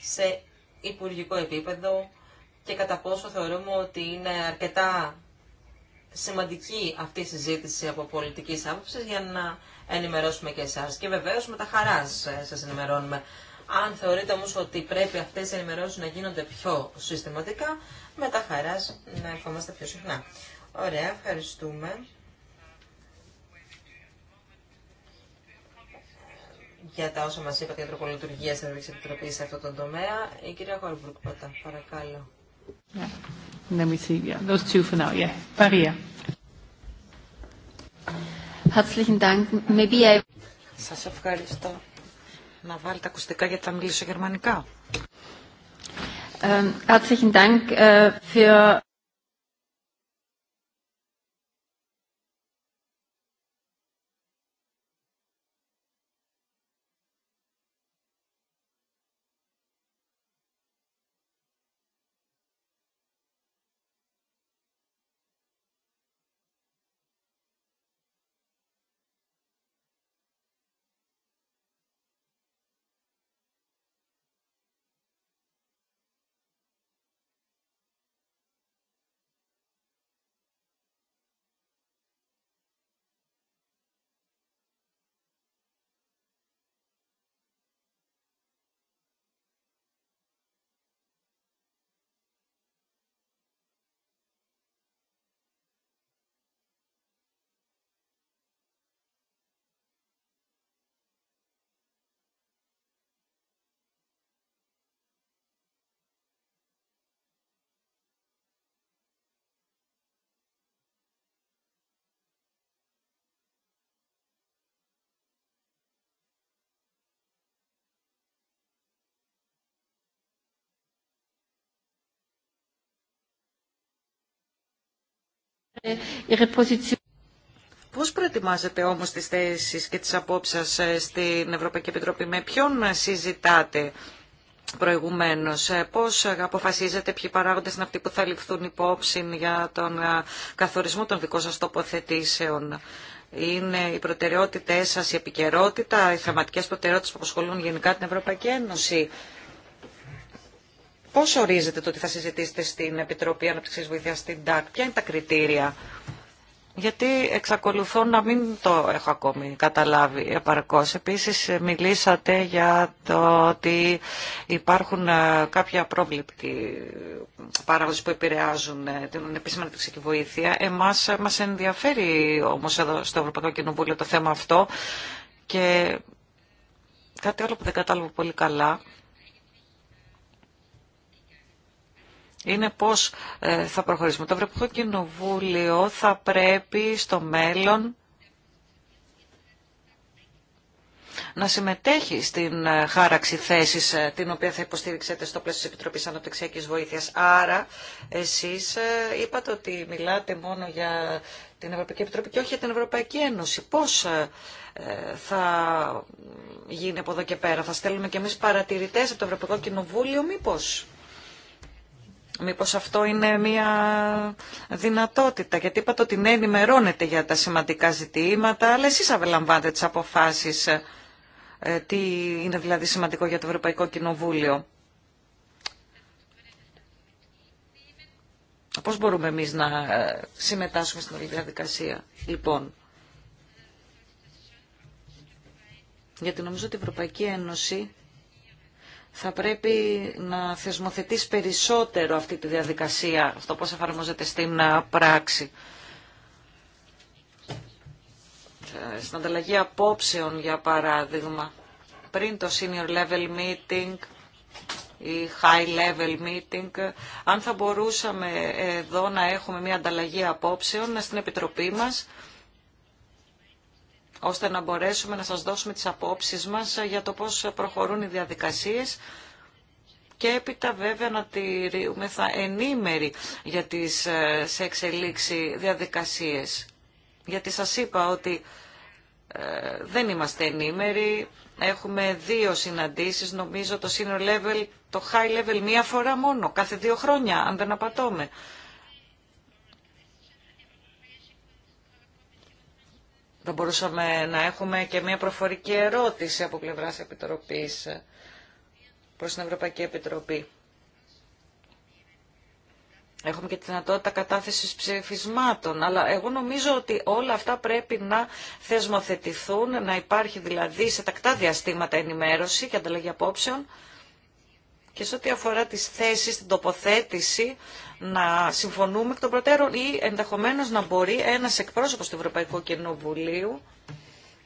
σε υπουργικό επίπεδο και κατά πόσο θεωρούμε ότι είναι αρκετά σημαντική αυτή η συζήτηση από πολιτικής άποψης για να ενημερώσουμε και εσά. Και βεβαίω με τα χαρά ε, σα ενημερώνουμε. Αν θεωρείτε όμω ότι πρέπει αυτέ οι ενημερώσει να γίνονται πιο συστηματικά, με τα χαρά να ερχόμαστε πιο συχνά. Ωραία, ευχαριστούμε. για τα όσα μας είπατε για τροπολειτουργία στην Ευρωπαϊκή Επιτροπή σε αυτό τον τομέα. Η κυρία Χόρμπουργκ πρώτα, παρακαλώ. those two for now, yeah. Herzlichen Dank. Maybe I... Σας ευχαριστώ. Να βάλετε ακουστικά γιατί θα μιλήσω γερμανικά. Um, Herzlichen Dank uh, für Πώς προετοιμάζετε όμως τις θέσεις και τις απόψεις σας ε, στην Ευρωπαϊκή Επιτροπή, με ποιον ε, συζητάτε προηγουμένως, ε, πώς αποφασίζετε ποιοι παράγοντες είναι αυτοί που θα ληφθούν υπόψη για τον καθορισμό των δικών σας τοποθετήσεων. Είναι οι προτεραιότητές σας, η επικαιρότητα, οι θεματικές προτεραιότητες που απασχολούν γενικά την Ευρωπαϊκή Ένωση. Πώς ορίζετε το ότι θα συζητήσετε στην Επιτροπή Αναπτυξής Βοήθειας στην ΤΑΚ, ποια είναι τα κριτήρια. Γιατί εξακολουθώ να μην το έχω ακόμη καταλάβει επαρκώς. Επίσης μιλήσατε για το ότι υπάρχουν ε, κάποια πρόβληπτοι παράγοντες που επηρεάζουν ε, την επίσημη αναπτυξιακή βοήθεια. Εμάς ε, μας ενδιαφέρει όμως εδώ στο Ευρωπαϊκό Κοινοβούλιο το θέμα αυτό και κάτι άλλο που δεν κατάλαβα πολύ καλά είναι πώς ε, θα προχωρήσουμε. Το Ευρωπαϊκό Κοινοβούλιο θα πρέπει στο μέλλον να συμμετέχει στην ε, χάραξη θέσης ε, την οποία θα υποστήριξετε στο πλαίσιο της Επιτροπής Αναπτυξιακής Βοήθειας. Άρα, εσείς είπατε ότι μιλάτε μόνο για την Ευρωπαϊκή Επιτροπή και όχι για την Ευρωπαϊκή Ένωση. Πώς θα γίνει από εδώ και πέρα, θα στέλνουμε κι εμείς παρατηρητές από το Ευρωπαϊκό Κοινοβούλιο μήπως. Μήπως αυτό είναι μια δυνατότητα, γιατί είπατε ότι ναι ενημερώνετε για τα σημαντικά ζητήματα, αλλά εσείς αβελαμβάνετε τις αποφάσεις, ε, τι είναι δηλαδή σημαντικό για το Ευρωπαϊκό Κοινοβούλιο. Πώς μπορούμε εμείς να ε, συμμετάσχουμε στην διαδικασία, λοιπόν. Γιατί νομίζω ότι η Ευρωπαϊκή Ένωση θα πρέπει να θεσμοθετήσει περισσότερο αυτή τη διαδικασία, αυτό πώς εφαρμόζεται στην πράξη. Ε, στην ανταλλαγή απόψεων, για παράδειγμα, πριν το senior level meeting ή high level meeting, αν θα μπορούσαμε εδώ να έχουμε μια ανταλλαγή απόψεων στην Επιτροπή μας, ώστε να μπορέσουμε να σας δώσουμε τις απόψεις μας για το πώς προχωρούν οι διαδικασίες και έπειτα βέβαια να τηρούμε θα ενήμεροι για τις ε, σε εξελίξη διαδικασίες. Γιατί σας είπα ότι ε, δεν είμαστε ενήμεροι, έχουμε δύο συναντήσεις, νομίζω το senior level, το high level μία φορά μόνο, κάθε δύο χρόνια, αν δεν απατώμε. Θα μπορούσαμε να έχουμε και μια προφορική ερώτηση από πλευράς Επιτροπής προς την Ευρωπαϊκή Επιτροπή. Έχουμε και τη δυνατότητα κατάθεσης ψηφισμάτων, αλλά εγώ νομίζω ότι όλα αυτά πρέπει να θεσμοθετηθούν, να υπάρχει δηλαδή σε τακτά διαστήματα ενημέρωση και ανταλλαγή απόψεων και σε ό,τι αφορά τις θέσεις, την τοποθέτηση να συμφωνούμε εκ των προτέρων ή ενδεχομένως να μπορεί ένας εκπρόσωπος του Ευρωπαϊκού Κοινοβουλίου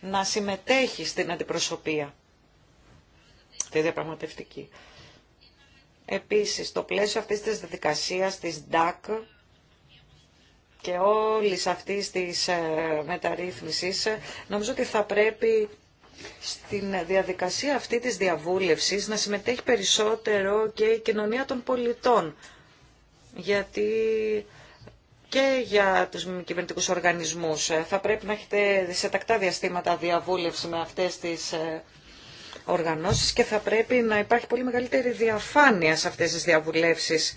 να συμμετέχει στην αντιπροσωπεία, τη διαπραγματευτική. Επίσης, στο πλαίσιο αυτής της διαδικασίας της ΔΑΚ και όλης αυτής της ε, μεταρρύθμισης, νομίζω ότι θα πρέπει στην διαδικασία αυτή της διαβούλευσης να συμμετέχει περισσότερο και η κοινωνία των πολιτών γιατί και για τους κυβερνητικούς οργανισμούς ε, θα πρέπει να έχετε σε τακτά διαστήματα διαβούλευση με αυτές τις ε, οργανώσεις και θα πρέπει να υπάρχει πολύ μεγαλύτερη διαφάνεια σε αυτές τις διαβουλεύσεις.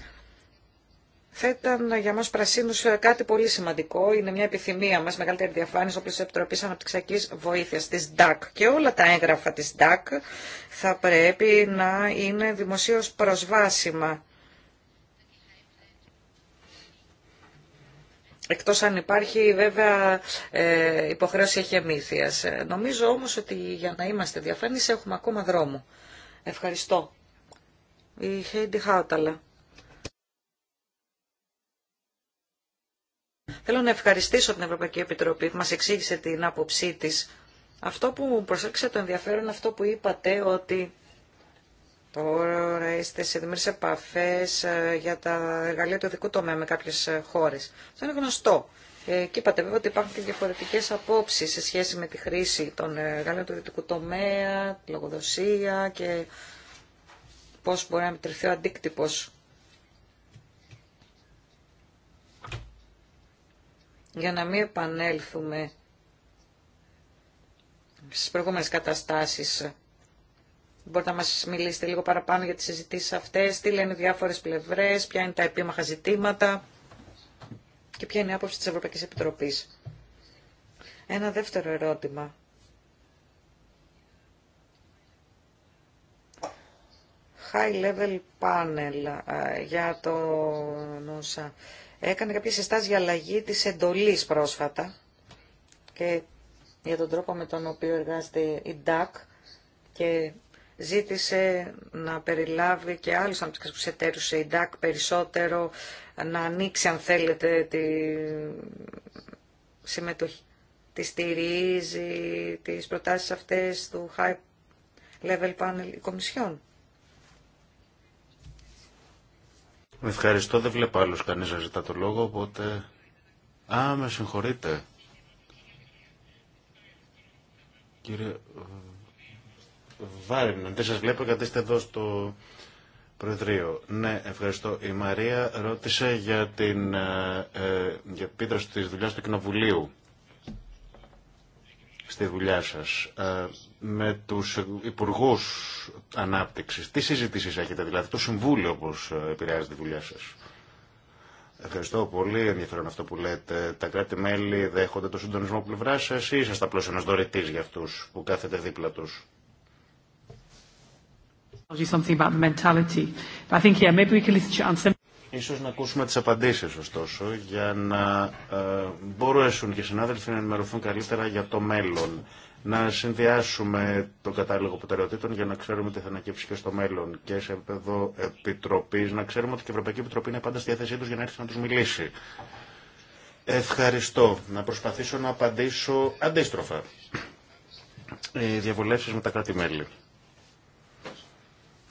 Θα ήταν για μας πρασίνους ε, κάτι πολύ σημαντικό. Είναι μια επιθυμία μας μεγαλύτερη διαφάνεια όπως τη της Επιτροπής Αναπτυξιακής Βοήθειας της ΔΑΚ. Και όλα τα έγγραφα της ΔΑΚ θα πρέπει να είναι δημοσίως προσβάσιμα. Εκτός αν υπάρχει βέβαια ε, υποχρέωση εχεμήθειας. Ε, νομίζω όμως ότι για να είμαστε διαφανείς έχουμε ακόμα δρόμο. Ευχαριστώ. Η Χέιντι Θέλω να ευχαριστήσω την Ευρωπαϊκή Επιτροπή που μας εξήγησε την άποψή της. Αυτό που προσέξα το ενδιαφέρον, αυτό που είπατε ότι Τώρα είστε σε δημιουργές επαφές ε, για τα εργαλεία του ειδικού τομέα με κάποιες ε, χώρες. Αυτό είναι γνωστό. Ε, και είπατε βέβαια ότι υπάρχουν και διαφορετικές απόψεις σε σχέση με τη χρήση των εργαλείων του ειδικού τομέα, τη λογοδοσία και πώς μπορεί να μετρηθεί ο αντίκτυπος για να μην επανέλθουμε στις προηγούμενες καταστάσεις Μπορείτε να μας μιλήσετε λίγο παραπάνω για τις συζητήσεις αυτές, τι λένε οι διάφορες πλευρές, ποια είναι τα επίμαχα ζητήματα και ποια είναι η άποψη της Ευρωπαϊκής Επιτροπής. Ένα δεύτερο ερώτημα. High level panel ε, για το νόσα. Έκανε κάποιες συστάσεις για αλλαγή της εντολής πρόσφατα και για τον τρόπο με τον οποίο εργάζεται η DAC και ζήτησε να περιλάβει και άλλους αναπτυξιακούς εταίρους σε ΙΝΤΑΚ περισσότερο, να ανοίξει αν θέλετε τη συμμετοχή. Τη στηρίζει τις προτάσεις αυτές του High Level Panel Κομισιόν. Ευχαριστώ, δεν βλέπω άλλους κανείς να ζητά το λόγο, οπότε... Α, με συγχωρείτε. Κύριε βάριναν. Δεν σα βλέπω γιατί είστε εδώ στο Προεδρείο. Ναι, ευχαριστώ. Η Μαρία ρώτησε για την ε, ε επίδραση τη δουλειά του Κοινοβουλίου στη δουλειά σας ε, με του υπουργού ανάπτυξη. Τι συζητήσει έχετε δηλαδή, το Συμβούλιο πώς ε, επηρεάζει τη δουλειά σα. Ευχαριστώ πολύ. Ενδιαφέρον αυτό που λέτε. Τα κράτη-μέλη δέχονται το συντονισμό πλευρά σα ή είσαστε απλώ ένα δωρητή για αυτού που κάθεται δίπλα του. Ίσως να ακούσουμε τις απαντήσεις ωστόσο για να ε, μπορέσουν και οι συνάδελφοι να ενημερωθούν καλύτερα για το μέλλον. Να συνδυάσουμε τον κατάλογο προτεραιοτήτων για να ξέρουμε τι θα ανακύψει και στο μέλλον και σε επίπεδο επιτροπή, να ξέρουμε ότι και η Ευρωπαϊκή Επιτροπή είναι πάντα στη διάθεσή του για να έρθει να του μιλήσει. Ευχαριστώ. Να προσπαθήσω να απαντήσω αντίστροφα. Οι διαβουλεύσει με τα κράτη-μέλη.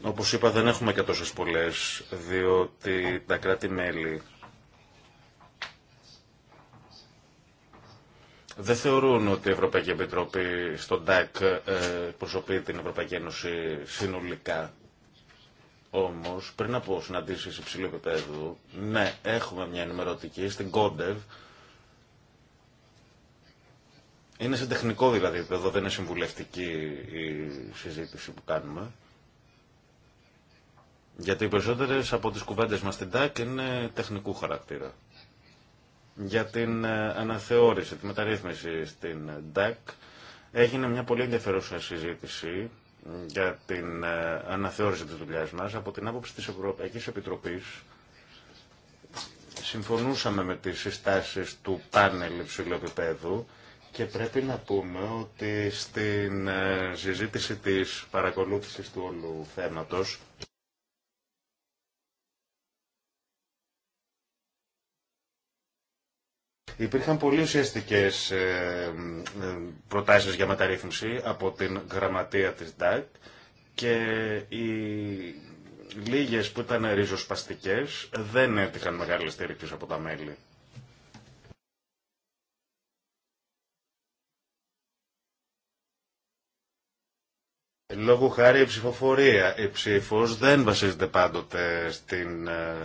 Όπως είπα δεν έχουμε και τόσες πολλές, διότι τα κράτη-μέλη δεν θεωρούν ότι η Ευρωπαϊκή Επιτροπή στον ΤΑΚ ε, προσωπεί την Ευρωπαϊκή Ένωση συνολικά. Όμως, πριν από συναντήσεις υψηλού επίπεδου, ναι, έχουμε μια ενημερωτική στην Κόντεβ, είναι σε τεχνικό δηλαδή επίπεδο, δεν είναι συμβουλευτική η συζήτηση που κάνουμε. Γιατί οι περισσότερε από τι κουβέντε μα στην ΤΑΚ είναι τεχνικού χαρακτήρα. Για την ε, αναθεώρηση, τη μεταρρύθμιση στην ΤΑΚ έγινε μια πολύ ενδιαφέρουσα συζήτηση για την ε, αναθεώρηση της δουλειάς μας από την άποψη της Ευρωπαϊκής Επιτροπής συμφωνούσαμε με τις συστάσεις του πάνελ υψηλού επίπεδου και πρέπει να πούμε ότι στην ε, συζήτηση της παρακολούθησης του όλου θέματος Υπήρχαν πολύ ουσιαστικέ ε, ε, προτάσεις για μεταρρύθμιση από την γραμματεία της ΔΑΚ και οι λίγες που ήταν ριζοσπαστικές δεν έτυχαν μεγάλη στήριξη από τα μέλη. Λόγω χάρη η ψηφοφορία. Η ψήφο δεν βασίζεται πάντοτε στην ε,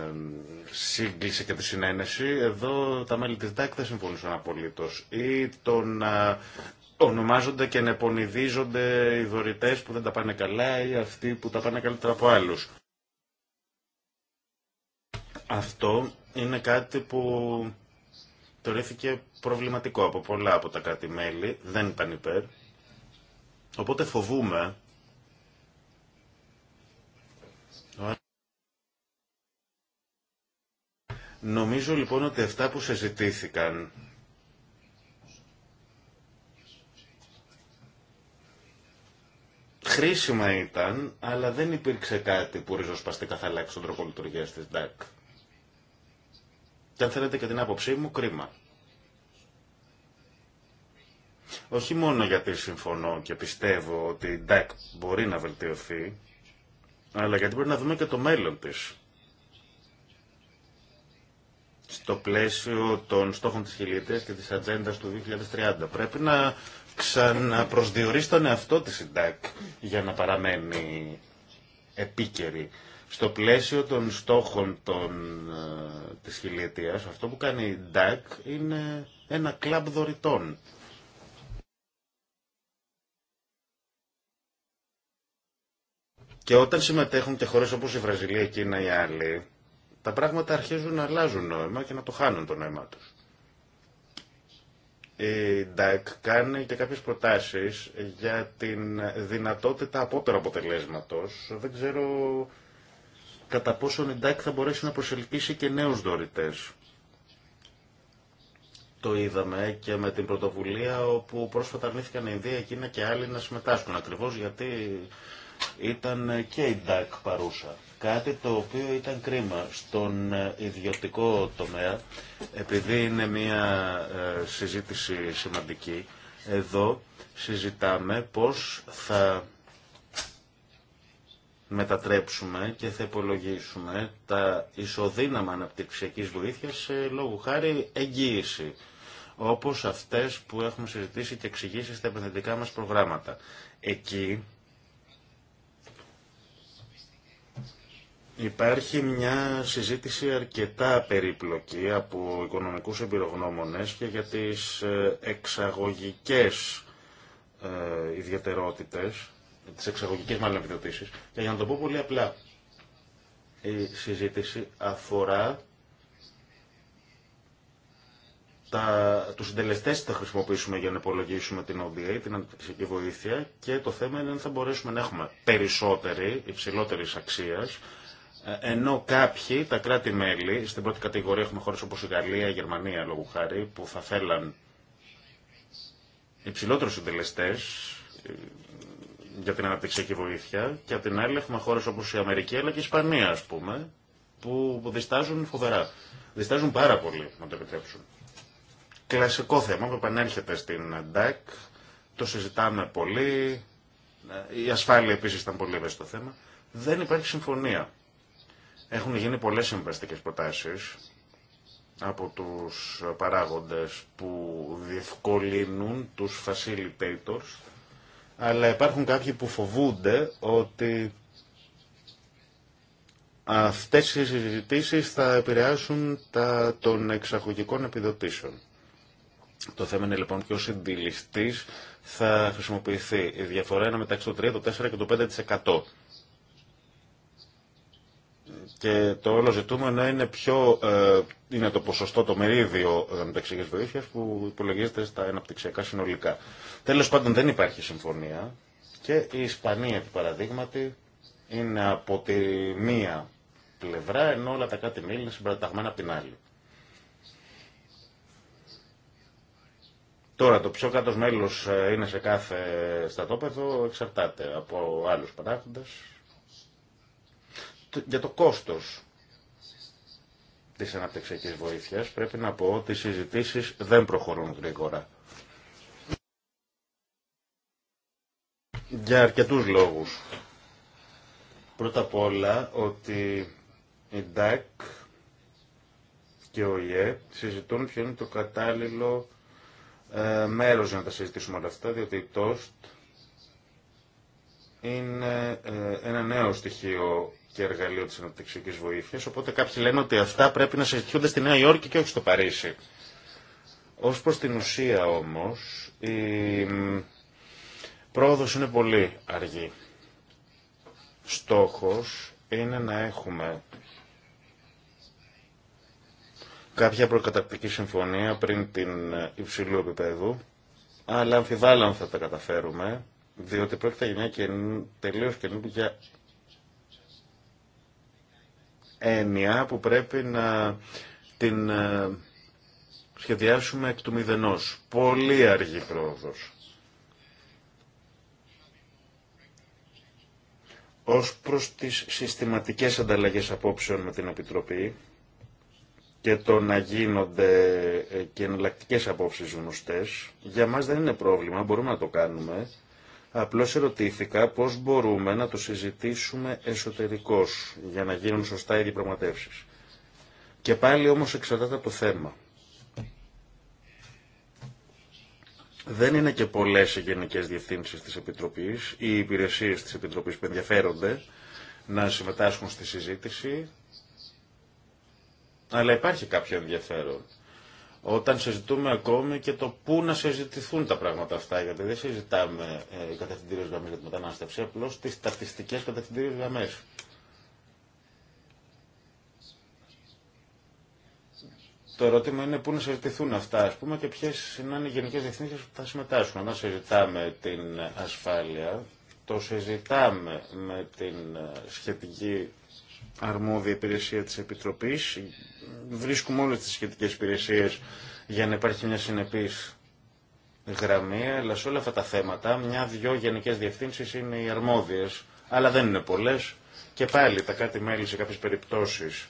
σύγκληση και τη συνένεση. Εδώ τα μέλη τη ΔΑΚ δεν συμφωνούσαν απολύτω. Ή το να ε, ονομάζονται και να επωνυδίζονται οι δωρητέ που δεν τα πάνε καλά ή αυτοί που τα πάνε καλύτερα από άλλου. Αυτό είναι κάτι που θεωρήθηκε προβληματικό από πολλά από τα κράτη-μέλη. Δεν ήταν υπέρ. Οπότε φοβούμε Νομίζω λοιπόν ότι αυτά που συζητήθηκαν χρήσιμα ήταν, αλλά δεν υπήρξε κάτι που ριζοσπαστικά θα αλλάξει τον τρόπο λειτουργία τη ΔΑΚ. Και αν θέλετε και την άποψή μου, κρίμα. Όχι μόνο γιατί συμφωνώ και πιστεύω ότι η ΔΑΚ μπορεί να βελτιωθεί, αλλά γιατί πρέπει να δούμε και το μέλλον της στο πλαίσιο των στόχων της χιλιετίας και της ατζέντα του 2030. Πρέπει να ξαναπροσδιορίσει τον εαυτό της η ΝΤΑΚ για να παραμένει επίκαιρη. Στο πλαίσιο των στόχων των, ε, της χιλιετίας, αυτό που κάνει η ΝΤΑΚ είναι ένα κλαμπ δωρητών. Και όταν συμμετέχουν και χώρες όπως η Βραζιλία, η Κίνα ή άλλοι, τα πράγματα αρχίζουν να αλλάζουν νόημα και να το χάνουν το νόημά τους. Η ΝΤΑΚ κάνει και κάποιες προτάσεις για την δυνατότητα απότερο αποτελέσματος. Δεν ξέρω κατά πόσον η ΝΤΑΚ θα μπορέσει να προσελκύσει και νέους δωρητές. Το είδαμε και με την πρωτοβουλία όπου πρόσφατα αρνήθηκαν η Ινδία, η και άλλοι να συμμετάσχουν ακριβώς γιατί ήταν και η ΝΤΑΚ παρούσα. Κάτι το οποίο ήταν κρίμα στον ε, ιδιωτικό τομέα, επειδή είναι μια ε, συζήτηση σημαντική, εδώ συζητάμε πώς θα μετατρέψουμε και θα υπολογίσουμε τα ισοδύναμα αναπτυξιακής βοήθειας σε λόγου χάρη εγγύηση, όπως αυτές που έχουμε συζητήσει και εξηγήσει στα επενδυτικά μας προγράμματα. Εκεί Υπάρχει μια συζήτηση αρκετά περίπλοκη από οικονομικούς εμπειρογνώμονες και για τις ε, εξαγωγικές ε, ιδιαιτερότητες, τις εξαγωγικές μάλλον επιδοτήσεις. Και για να το πω πολύ απλά, η συζήτηση αφορά τα, τους συντελεστές που θα χρησιμοποιήσουμε για να υπολογίσουμε την ODA, την αντιπτυξιακή βοήθεια και το θέμα είναι αν θα μπορέσουμε να έχουμε περισσότερη, υψηλότερη αξίας, ε, ενώ κάποιοι, τα κράτη-μέλη, στην πρώτη κατηγορία έχουμε χώρες όπως η Γαλλία, η Γερμανία λόγου χάρη, που θα θέλαν υψηλότερου συντελεστέ ε, για την αναπτυξιακή βοήθεια και από την άλλη έχουμε χώρες όπως η Αμερική αλλά και η Ισπανία ας πούμε που διστάζουν φοβερά. Διστάζουν πάρα πολύ να το επιτρέψουν. Κλασικό θέμα που επανέρχεται στην ΝΤΑΚ, το συζητάμε πολύ, ε, η ασφάλεια επίσης ήταν πολύ ευαίσθητο θέμα. Δεν υπάρχει συμφωνία έχουν γίνει πολλές συμβαστικέ προτάσεις από τους παράγοντες που διευκολύνουν τους facilitators, αλλά υπάρχουν κάποιοι που φοβούνται ότι αυτές οι συζητήσεις θα επηρεάσουν τα των εξαγωγικών επιδοτήσεων. Το θέμα είναι λοιπόν ποιο συντηρητή θα χρησιμοποιηθεί. Η διαφορά είναι μεταξύ του 3, το 4 και το 5%. Και το όλο ζητούμενο είναι ποιο ε, είναι το ποσοστό, το μερίδιο ε, μεταξύ βοήθεια που υπολογίζεται στα αναπτυξιακά συνολικά. Τέλο πάντων δεν υπάρχει συμφωνία και η Ισπανία, επί παραδείγματι, είναι από τη μία πλευρά ενώ όλα τα κάτι μέλη είναι συμπαραταγμένα από την άλλη. Τώρα το πιο κάτω μέλο ε, είναι σε κάθε στατόπεδο εξαρτάται από άλλου παράγοντε για το κόστος της αναπτυξιακής βοήθειας, πρέπει να πω ότι οι συζητήσεις δεν προχωρούν γρήγορα. Για αρκετούς λόγους. Πρώτα απ' όλα ότι η ΝΤΑΚ και ο ΙΕ συζητούν ποιο είναι το κατάλληλο ε, μέρος για να τα συζητήσουμε όλα αυτά, διότι η τόστ είναι ε, ένα νέο στοιχείο και εργαλείο της αναπτυξιακής βοήθειας, οπότε κάποιοι λένε ότι αυτά πρέπει να συζητιούνται στη Νέα Υόρκη και όχι στο Παρίσι. Ως προς την ουσία όμως, η πρόοδος είναι πολύ αργή. Στόχος είναι να έχουμε κάποια προκατακτική συμφωνία πριν την υψηλού επίπεδου, αλλά αν θα τα καταφέρουμε, διότι πρόκειται για μια τελείω καινούργια έννοια που πρέπει να την ε, σχεδιάσουμε εκ του μηδενός. Πολύ αργή πρόοδος. Ως προς τις συστηματικές ανταλλαγές απόψεων με την Επιτροπή και το να γίνονται ε, και εναλλακτικές απόψεις γνωστές, για μας δεν είναι πρόβλημα, μπορούμε να το κάνουμε Απλώς ερωτήθηκα πώς μπορούμε να το συζητήσουμε εσωτερικώς για να γίνουν σωστά οι διαπραγματεύσεις. Και πάλι όμως εξαρτάται από το θέμα. Δεν είναι και πολλές οι γενικές διευθύνσεις της Επιτροπής ή οι υπηρεσίες της Επιτροπής που ενδιαφέρονται να συμμετάσχουν στη συζήτηση, αλλά υπάρχει κάποιο ενδιαφέρον όταν συζητούμε ακόμη και το πού να συζητηθούν τα πράγματα αυτά, γιατί δεν συζητάμε ε, κατευθυντήριες γραμμές για τη μετανάστευση, απλώ τις στατιστικές κατευθυντήριες γραμμές. Το ερώτημα είναι πού να συζητηθούν αυτά, α πούμε, και ποιες να είναι οι γενικές διευθύνσει που θα συμμετάσχουν. Όταν συζητάμε την ασφάλεια, το συζητάμε με την ε, σχετική αρμόδια υπηρεσία της Επιτροπής βρίσκουμε όλες τις σχετικές υπηρεσίε για να υπάρχει μια συνεπής γραμμή, αλλά σε όλα αυτά τα θέματα μια-δυο γενικές διευθύνσεις είναι οι αρμόδιες, αλλά δεν είναι πολλές και πάλι τα κάτι μέλη σε κάποιες περιπτώσεις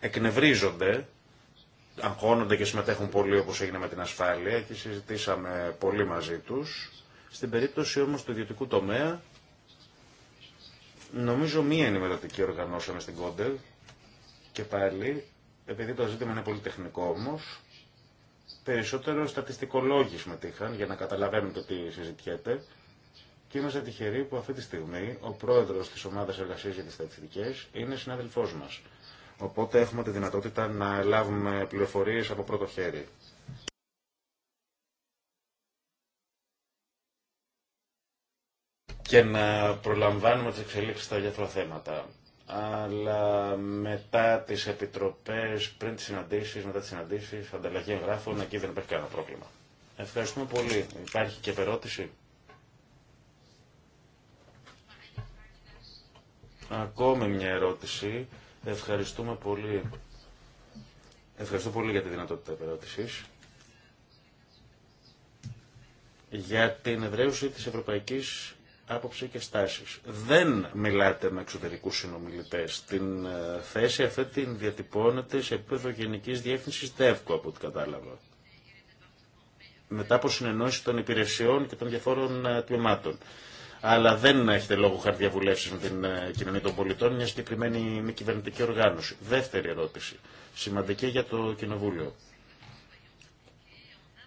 εκνευρίζονται, αγχώνονται και συμμετέχουν πολύ όπως έγινε με την ασφάλεια και συζητήσαμε πολύ μαζί τους. Στην περίπτωση όμως του ιδιωτικού τομέα, νομίζω μία ενημερωτική οργανώσαμε στην Κόντελ, και πάλι, επειδή το ζήτημα είναι πολύ τεχνικό όμως, περισσότερο στατιστικολόγοι συμμετείχαν για να καταλαβαίνουν το τι συζητιέται και είμαστε τυχεροί που αυτή τη στιγμή ο πρόεδρος της ομάδας Εργασία για τις στατιστικές είναι συνάδελφός μας. Οπότε έχουμε τη δυνατότητα να λάβουμε πληροφορίες από πρώτο χέρι. και να προλαμβάνουμε τις εξελίξεις στα διάφορα θέματα αλλά μετά τις επιτροπές, πριν τις συναντήσεις, μετά τις συναντήσεις, ανταλλαγή εγγράφων, εκεί δεν υπάρχει κανένα πρόβλημα. Ευχαριστούμε πολύ. Υπάρχει και περώτηση. Ακόμη μια ερώτηση. Ευχαριστούμε πολύ. Ευχαριστώ πολύ για τη δυνατότητα επερώτησης. Για την εδραίωση της Ευρωπαϊκής άποψη και στάσει. Δεν μιλάτε με εξωτερικούς συνομιλητές. Την ε, θέση αυτή την διατυπώνεται σε επίπεδο γενική διεύθυνση ΔΕΒΚΟ, από ό,τι κατάλαβα. Μετά από συνεννόηση των υπηρεσιών και των διαφόρων ε, τμήματων. Αλλά δεν έχετε λόγο χαρδιαβουλεύσεις με την ε, κοινωνία των πολιτών, μια συγκεκριμένη μη κυβερνητική οργάνωση. Δεύτερη ερώτηση, σημαντική για το Κοινοβούλιο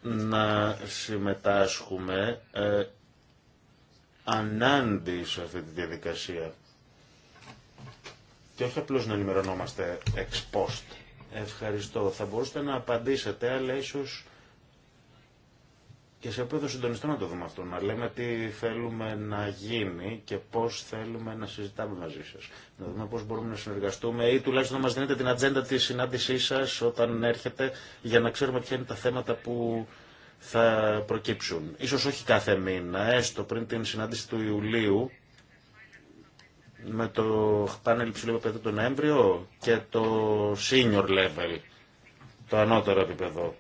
να συμμετάσχουμε ανάντι σε αυτή τη διαδικασία. Και όχι απλώς να ενημερωνόμαστε ex post. Ευχαριστώ. Θα μπορούσατε να απαντήσετε, αλλά ίσως και σε επίπεδο συντονιστό να το δούμε αυτό. Να λέμε τι θέλουμε να γίνει και πώ θέλουμε να συζητάμε μαζί σα. Να δούμε πώ μπορούμε να συνεργαστούμε ή τουλάχιστον να μα δίνετε την ατζέντα τη συνάντησή σα όταν έρχεται για να ξέρουμε ποια είναι τα θέματα που θα προκύψουν. Ίσως όχι κάθε μήνα, έστω πριν την συνάντηση του Ιουλίου, με το πάνελ υψηλού επίπεδο τον Νοέμβριο και το senior level, το ανώτερο επίπεδο.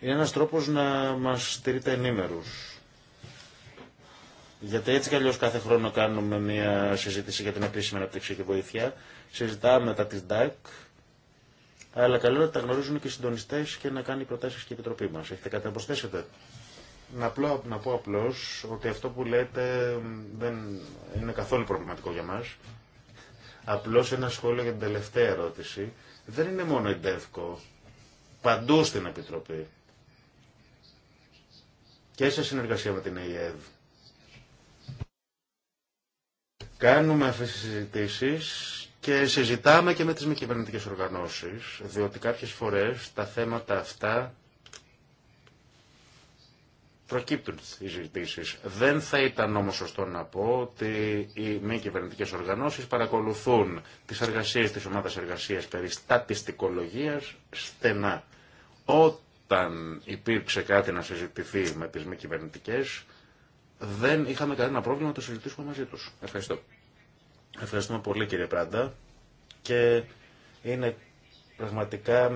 Είναι ένας τρόπος να μας τα ενήμερους. Γιατί έτσι κι κάθε χρόνο κάνουμε μια συζήτηση για την επίσημη και βοήθεια. Συζητάμε τα της ΔΑΚ αλλά καλό είναι ότι τα γνωρίζουν και οι συντονιστέ και να κάνει προτάσει και η Επιτροπή μα. Έχετε κάτι να προσθέσετε. Να, να πω απλώ ότι αυτό που λέτε δεν είναι καθόλου προβληματικό για μα. Απλώ ένα σχόλιο για την τελευταία ερώτηση. Δεν είναι μόνο η ΔΕΦΚΟ. Παντού στην Επιτροπή. Και σε συνεργασία με την ΑΕΔ. Κάνουμε αυτές τις συζητήσεις και συζητάμε και με τις μη κυβερνητικέ οργανώσεις, διότι κάποιες φορές τα θέματα αυτά προκύπτουν στις συζητήσει. Δεν θα ήταν όμω σωστό να πω ότι οι μη κυβερνητικέ οργανώσεις παρακολουθούν τι εργασίε της ομάδα εργασία περί στατιστικολογία στενά. Όταν υπήρξε κάτι να συζητηθεί με τι μη κυβερνητικέ, δεν είχαμε κανένα πρόβλημα να το συζητήσουμε μαζί του. Ευχαριστώ. Ευχαριστούμε πολύ κύριε Πράντα και είναι πραγματικά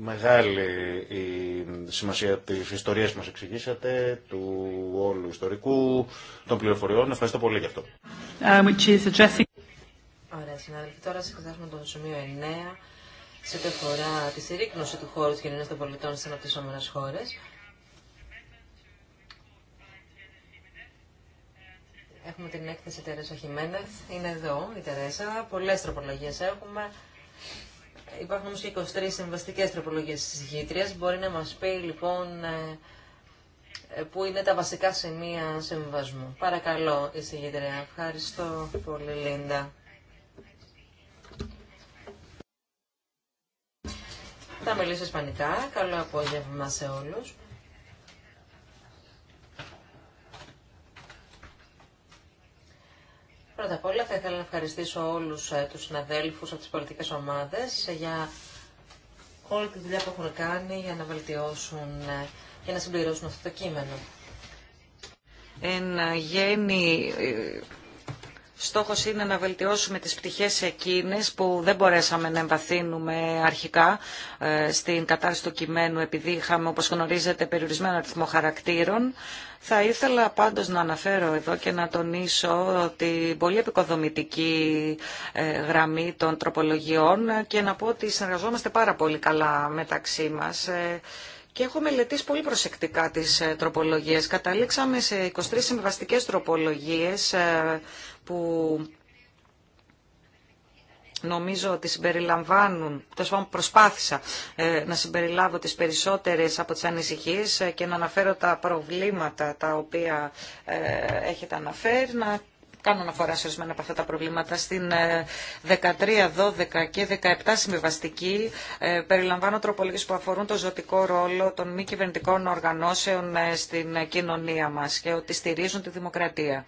μεγάλη η σημασία της ιστορίας που μας εξηγήσατε, του όλου ιστορικού, των πληροφοριών. Ευχαριστώ πολύ γι' αυτό. Uh, Ωραία συνάδελφοι, τώρα συζητάσουμε το σημείο 9 σε ό,τι αφορά τη συρρήκνωση του χώρου της κοινωνίας των πολιτών στις αναπτυσσόμενες χώρες. Έχουμε την έκθεση Τερέσα Χιμένεθ. Είναι εδώ η Τερέσα. Πολλές τροπολογίες έχουμε. Υπάρχουν όμω και 23 συμβαστικέ τροπολογίες τη ηγήτρια. Μπορεί να μας πει λοιπόν ε, ε, που είναι τα βασικά σημεία συμβασμού. Παρακαλώ, εισηγήτρια. Ευχαριστώ πολύ, Λίντα. Θα μιλήσω ισπανικά. Καλό απόγευμα σε όλους. Πρώτα απ' όλα θα ήθελα να ευχαριστήσω όλους ε, τους συναδέλφους από τις πολιτικές ομάδες για όλη τη δουλειά που έχουν κάνει για να βελτιώσουν και ε, να συμπληρώσουν αυτό το κείμενο. Εν γέννη ε, Στόχος είναι να βελτιώσουμε τις πτυχές εκείνες που δεν μπορέσαμε να εμβαθύνουμε αρχικά ε, στην κατάσταση του κειμένου επειδή είχαμε, όπως γνωρίζετε, περιορισμένο αριθμό χαρακτήρων. Θα ήθελα πάντως να αναφέρω εδώ και να τονίσω ότι πολύ επικοδομητική ε, γραμμή των τροπολογιών και να πω ότι συνεργαζόμαστε πάρα πολύ καλά μεταξύ μας ε, και έχω μελετήσει πολύ προσεκτικά τις τροπολογίες. Καταλήξαμε σε 23 συμβαστικές τροπολογίες που νομίζω ότι συμπεριλαμβάνουν, τόσο πάντων προσπάθησα ε, να συμπεριλάβω τις περισσότερες από τις ανησυχίες ε, και να αναφέρω τα προβλήματα τα οποία ε, έχετε αναφέρει, να κάνω αναφορά σε ορισμένα από αυτά τα προβλήματα. Στην 13, 12 και 17 συμβιβαστική περιλαμβάνω τροπολογίες που αφορούν το ζωτικό ρόλο των μη κυβερνητικών οργανώσεων στην κοινωνία μας και ότι στηρίζουν τη δημοκρατία.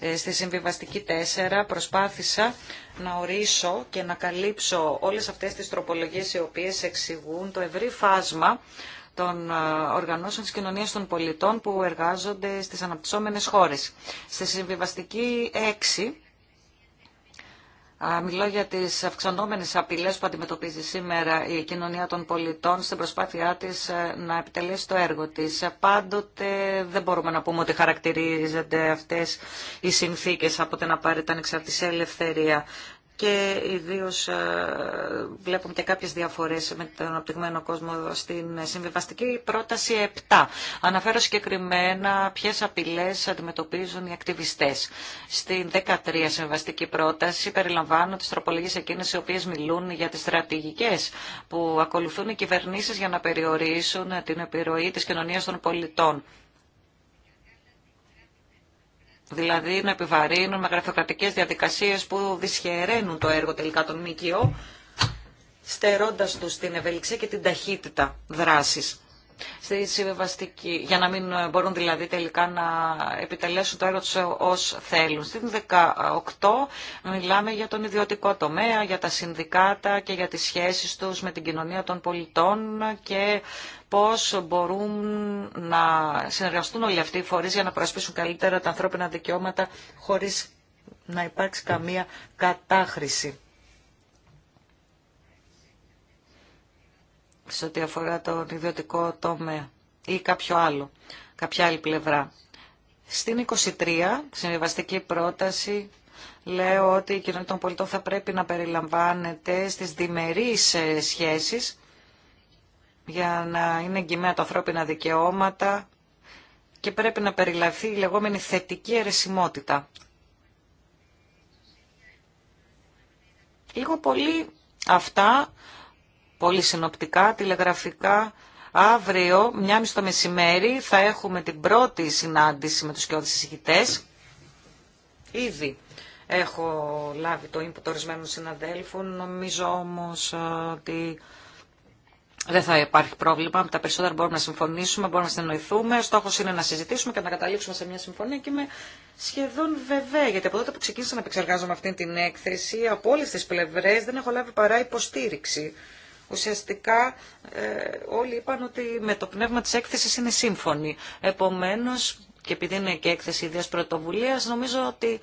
Ε, στη συμβιβαστική 4 προσπάθησα να ορίσω και να καλύψω όλες αυτές τις τροπολογίες οι οποίες εξηγούν το ευρύ φάσμα των ε, οργανώσεων της κοινωνίας των πολιτών που εργάζονται στις αναπτυσσόμενες χώρες. Στη συμβιβαστική 6 Μιλώ για τι αυξανόμενε απειλέ που αντιμετωπίζει σήμερα η κοινωνία των πολιτών στην προσπάθειά της ε, να επιτελέσει το έργο της. Ε, πάντοτε δεν μπορούμε να πούμε ότι χαρακτηρίζονται αυτές οι συνθήκες από την απαραίτητα ανεξαρτησία ελευθερία και ιδίω ε, βλέπουμε και κάποιες διαφορές με τον αναπτυγμένο κόσμο στην συμβιβαστική πρόταση 7. Αναφέρω συγκεκριμένα ποιες απειλές αντιμετωπίζουν οι ακτιβιστές. Στην 13 συμβιβαστική πρόταση περιλαμβάνω τις τροπολογίες εκείνες οι οποίες μιλούν για τις στρατηγικές που ακολουθούν οι κυβερνήσεις για να περιορίσουν την επιρροή της κοινωνίας των πολιτών δηλαδή να επιβαρύνουν με γραφειοκρατικές διαδικασίες που δυσχεραίνουν το έργο τελικά των ΜΚΟ, στερώντας τους την ευελιξία και την ταχύτητα δράσης στη συμβιβαστική, για να μην ε, μπορούν δηλαδή τελικά να επιτελέσουν το έργο τους ε, ως θέλουν. Στην 18 μιλάμε για τον ιδιωτικό τομέα, για τα συνδικάτα και για τις σχέσεις τους με την κοινωνία των πολιτών και πώς μπορούν να συνεργαστούν όλοι αυτοί οι φορείς για να προσπίσουν καλύτερα τα ανθρώπινα δικαιώματα χωρίς να υπάρξει καμία κατάχρηση. σε ό,τι αφορά τον ιδιωτικό τομέα ή κάποιο άλλο, κάποια άλλη πλευρά. Στην 23, συμβιβαστική πρόταση, λέω ότι η κοινωνία των πολιτών θα πρέπει να περιλαμβάνεται στις διμερείς ε, σχέσεις για να είναι εγκυμένα τα ανθρώπινα δικαιώματα και πρέπει να περιλαφθεί η λεγόμενη θετική αιρεσιμότητα. Λίγο πολύ αυτά πολύ συνοπτικά, τηλεγραφικά. Αύριο, μια μισή μεσημέρι, θα έχουμε την πρώτη συνάντηση με τους κοιόδης συζητητές. Ήδη έχω λάβει το input ορισμένων συναδέλφων, νομίζω όμως ότι... Δεν θα υπάρχει πρόβλημα. Με τα περισσότερα μπορούμε να συμφωνήσουμε, μπορούμε να συνεννοηθούμε. Στόχο είναι να συζητήσουμε και να καταλήξουμε σε μια συμφωνία και είμαι σχεδόν βεβαία. Γιατί από τότε που ξεκίνησα να επεξεργάζομαι αυτή την έκθεση, από όλε τι πλευρέ δεν έχω λάβει παρά υποστήριξη. Ουσιαστικά ε, όλοι είπαν ότι με το πνεύμα της έκθεσης είναι σύμφωνοι. Επομένως, και επειδή είναι και έκθεση ιδέας πρωτοβουλίας, νομίζω ότι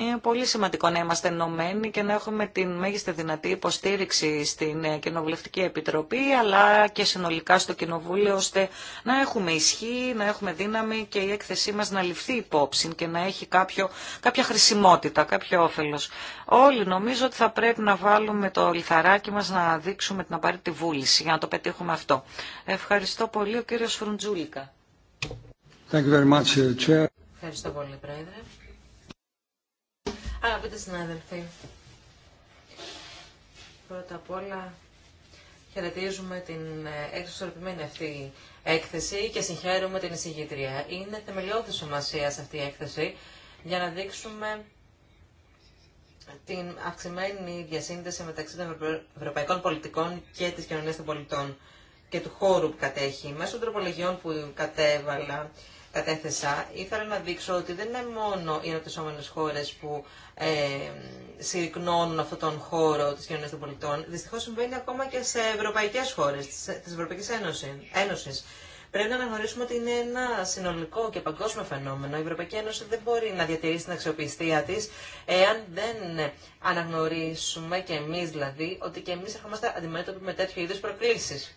είναι πολύ σημαντικό να είμαστε ενωμένοι και να έχουμε την μέγιστη δυνατή υποστήριξη στην ε, Κοινοβουλευτική Επιτροπή αλλά και συνολικά στο Κοινοβούλιο ώστε να έχουμε ισχύ, να έχουμε δύναμη και η έκθεσή μας να ληφθεί υπόψη και να έχει κάποιο, κάποια χρησιμότητα, κάποιο όφελος. Όλοι νομίζω ότι θα πρέπει να βάλουμε το λιθαράκι μας να δείξουμε την απαραίτητη βούληση για να το πετύχουμε αυτό. Ευχαριστώ πολύ ο κύριος Φρουντζούλικα. Uh, Ευχαριστώ πολύ, Πρόεδρε. Αγαπητοί συνάδελφοι, πρώτα απ' όλα χαιρετίζουμε την ε, εξωσορροπημένη αυτή έκθεση και συγχαίρουμε την εισηγήτρια. Είναι θεμελιώδης σημασία αυτή η έκθεση για να δείξουμε την αυξημένη διασύνδεση μεταξύ των ευρωπαϊκών πολιτικών και της κοινωνίας των πολιτών και του χώρου που κατέχει. Μέσω των τροπολογιών που κατέβαλα κατέθεσα, ήθελα να δείξω ότι δεν είναι μόνο οι αναπτυσσόμενες χώρες που ε, συρρυκνώνουν αυτόν τον χώρο της κοινωνίας των πολιτών. Δυστυχώς συμβαίνει ακόμα και σε ευρωπαϊκές χώρες, της Ευρωπαϊκής Ένωσης. Πρέπει να αναγνωρίσουμε ότι είναι ένα συνολικό και παγκόσμιο φαινόμενο. Η Ευρωπαϊκή Ένωση δεν μπορεί να διατηρήσει την αξιοπιστία τη, εάν δεν αναγνωρίσουμε και εμεί δηλαδή ότι και εμεί έχουμε αντιμέτωποι με τέτοιου είδου προκλήσει.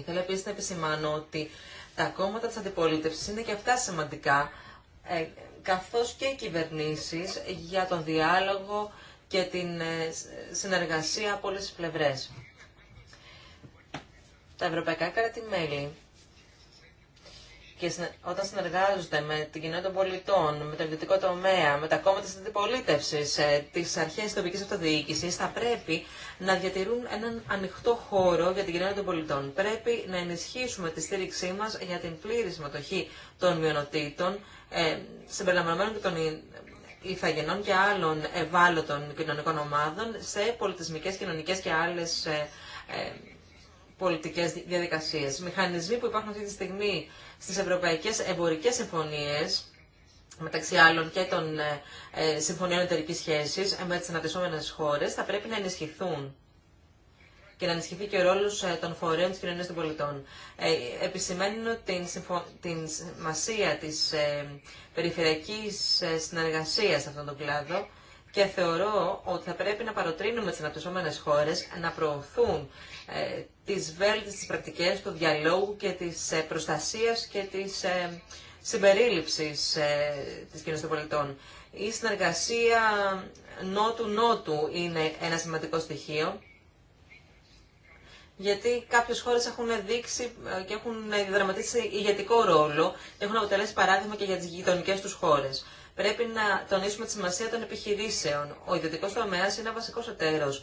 Ήθελα επίση να επισημάνω ότι τα κόμματα της αντιπολίτευσης είναι και αυτά σημαντικά, ε, καθώς και οι κυβερνήσεις για τον διάλογο και την ε, συνεργασία από όλες τις πλευρές. Τα ευρωπαϊκά κράτη-μέλη και όταν συνεργάζονται με την κοινότητα των πολιτών, με τον ιδιωτικό τομέα, με τα κόμματα τη αντιπολίτευση, τι αρχέ της ε, τοπική αυτοδιοίκησης, θα πρέπει να διατηρούν έναν ανοιχτό χώρο για την κοινότητα των πολιτών. Πρέπει να ενισχύσουμε τη στήριξή μα για την πλήρη συμμετοχή των μειονοτήτων, ε, συμπεριλαμβανομένων και των ηθαγενών και άλλων ευάλωτων κοινωνικών ομάδων σε πολιτισμικές, κοινωνικές και άλλε ε, ε, πολιτικές διαδικασίες. Μηχανισμοί που υπάρχουν αυτή τη στιγμή στις ευρωπαϊκές εμπορικές συμφωνίες, μεταξύ άλλων και των ε, ε, συμφωνιών εταιρικής σχέσης ε, με τις αναπτυσσόμενες χώρες, θα πρέπει να ενισχυθούν και να ενισχυθεί και ο ρόλο των φορέων τη κοινωνία των πολιτών. Ε, επισημαίνουν την, συμφω... την σημασία τη ε, περιφερειακή συνεργασία σε αυτόν τον κλάδο και θεωρώ ότι θα πρέπει να παροτρύνουμε τι αναπτυσσόμενε χώρε να προωθούν ε, τις βέλτιστες πρακτικής, του διαλόγου και της ε, προστασίας και της ε, συμπερίληψης της κοινωνίας των πολιτών. Η συνεργασία νότου-νότου είναι ένα σημαντικό στοιχείο, γιατί κάποιες χώρες έχουν δείξει και έχουν δραματίσει ηγετικό ρόλο και έχουν αποτελέσει παράδειγμα και για τις γειτονικές τους χώρες. Πρέπει να τονίσουμε τη σημασία των επιχειρήσεων. Ο ιδιωτικό τομέας είναι ένα βασικό εταίρος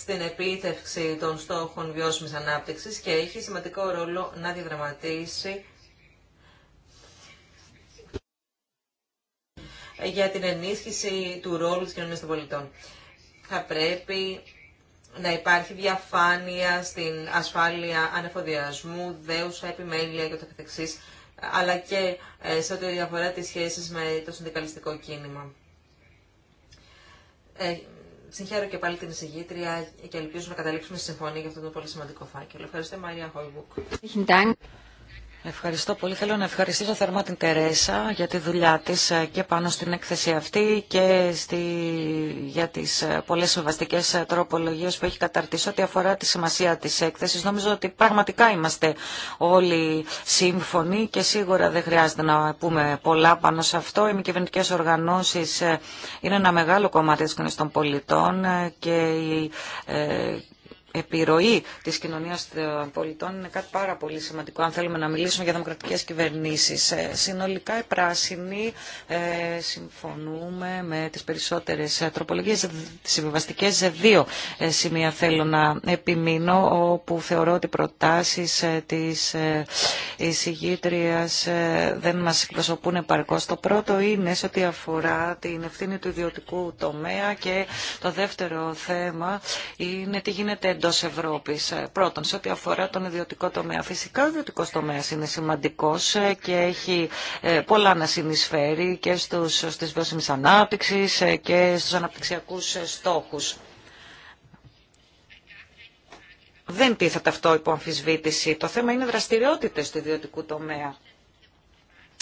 στην επίτευξη των στόχων βιώσιμης ανάπτυξης και έχει σημαντικό ρόλο να διαδραματίσει για την ενίσχυση του ρόλου της κοινωνίας των πολιτών. Θα πρέπει να υπάρχει διαφάνεια στην ασφάλεια ανεφοδιασμού, δέουσα επιμέλεια και το καθεξής, αλλά και ε, σε ό,τι αφορά τις σχέσεις με το συνδικαλιστικό κίνημα. Ε, Συγχαίρω και πάλι την εισηγήτρια και ελπίζω να καταλήξουμε στη συμφωνία για αυτό το πολύ σημαντικό φάκελο. Ευχαριστώ, Μαρία Χόιμπουκ. Ευχαριστώ πολύ. Θέλω να ευχαριστήσω θερμά την Τερέσα για τη δουλειά της ε, και πάνω στην έκθεση αυτή και στη... για τις ε, πολλές συμβαστικές ε, τροπολογίες που έχει καταρτήσει ό,τι αφορά τη σημασία της έκθεσης. Νομίζω ότι πραγματικά είμαστε όλοι σύμφωνοι και σίγουρα δεν χρειάζεται να πούμε πολλά πάνω σε αυτό. Οι μη κυβερνητικέ οργανώσεις είναι ένα μεγάλο κομμάτι της των πολιτών και επιρροή της κοινωνίας των πολιτών είναι κάτι πάρα πολύ σημαντικό αν θέλουμε να μιλήσουμε για δημοκρατικές κυβερνήσεις. Ε, συνολικά οι πράσινοι ε, συμφωνούμε με τις περισσότερες ε, τροπολογίες συμβιβαστικές. Ε, δύο σημεία θέλω να επιμείνω όπου θεωρώ ότι οι προτάσεις της εισηγήτριας δεν μας εκπροσωπούν επαρκώς. Το πρώτο είναι σε ό,τι αφορά την ευθύνη του ιδιωτικού τομέα και το δεύτερο θέμα είναι τι γίνεται εντός Ευρώπης. Ε, πρώτον, σε ό,τι αφορά τον ιδιωτικό τομέα. Φυσικά ο ιδιωτικό τομέας είναι σημαντικός ε, και έχει ε, πολλά να συνεισφέρει και στους, στις βιώσιμες και στους αναπτυξιακούς στόχους. Δεν τίθεται αυτό υπό αμφισβήτηση. Το θέμα είναι δραστηριότητες του ιδιωτικού τομέα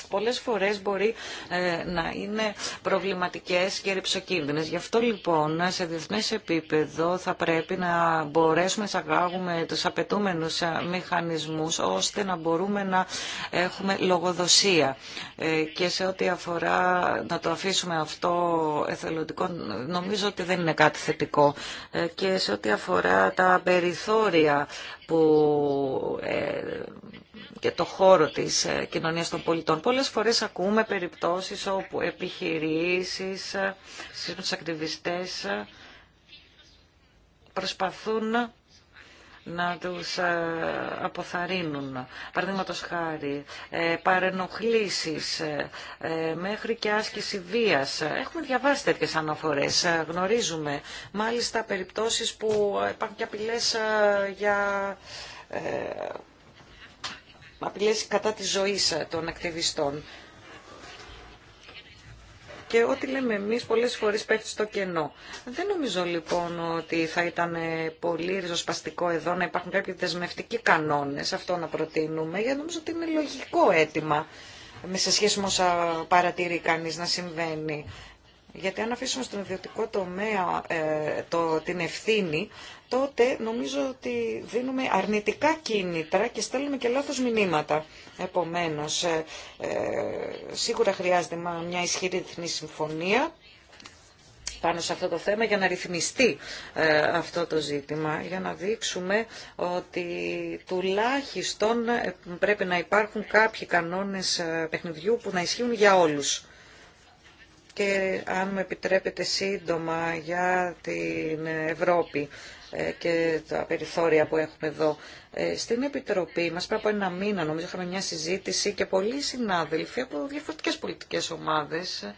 πολλές φορές μπορεί ε, να είναι προβληματικές και ρηψοκίνδυνες. Γι' αυτό λοιπόν σε διεθνές επίπεδο θα πρέπει να μπορέσουμε να εισαγάγουμε τους απαιτούμενους ε, μηχανισμούς ώστε να μπορούμε να έχουμε λογοδοσία ε, και σε ό,τι αφορά να το αφήσουμε αυτό εθελοντικό νομίζω ότι δεν είναι κάτι θετικό και σε ό,τι αφορά τα περιθώρια που και το χώρο της ε, κοινωνίας των πολιτών. Πολλές φορές ακούμε περιπτώσεις όπου επιχειρήσεις, ε, στους ακτιβιστές ε, προσπαθούν να τους αποθαρρύνουν. Παραδείγματο χάρη, παρενοχλήσεις, μέχρι και άσκηση βίας. Έχουμε διαβάσει τέτοιες αναφορές, γνωρίζουμε. Μάλιστα περιπτώσεις που υπάρχουν και απειλές για απειλές κατά της ζωής ε, των ακτιβιστών. Και ό,τι λέμε εμείς πολλές φορές πέφτει στο κενό. Δεν νομίζω λοιπόν ότι θα ήταν ε, πολύ ριζοσπαστικό εδώ να υπάρχουν κάποιοι δεσμευτικοί κανόνες, αυτό να προτείνουμε, γιατί νομίζω ότι είναι λογικό αίτημα ε, σε σχέση με όσα παρατηρεί κανείς να συμβαίνει. Γιατί αν αφήσουμε στον ιδιωτικό τομέα το, την ευθύνη τότε νομίζω ότι δίνουμε αρνητικά κίνητρα και στέλνουμε και λάθος μηνύματα. Επομένως, ε, ε, σίγουρα χρειάζεται μια ισχυρή διεθνή συμφωνία πάνω σε αυτό το θέμα για να ρυθμιστεί ε, αυτό το ζήτημα, για να δείξουμε ότι τουλάχιστον πρέπει να υπάρχουν κάποιοι κανόνες παιχνιδιού που να ισχύουν για όλους. Και αν με επιτρέπετε σύντομα για την Ευρώπη, ε, και τα περιθώρια που έχουμε εδώ. Ε, στην Επιτροπή μας πριν από ένα μήνα νομίζω είχαμε μια συζήτηση και πολλοί συνάδελφοι από διαφορετικές πολιτικές ομάδες ε,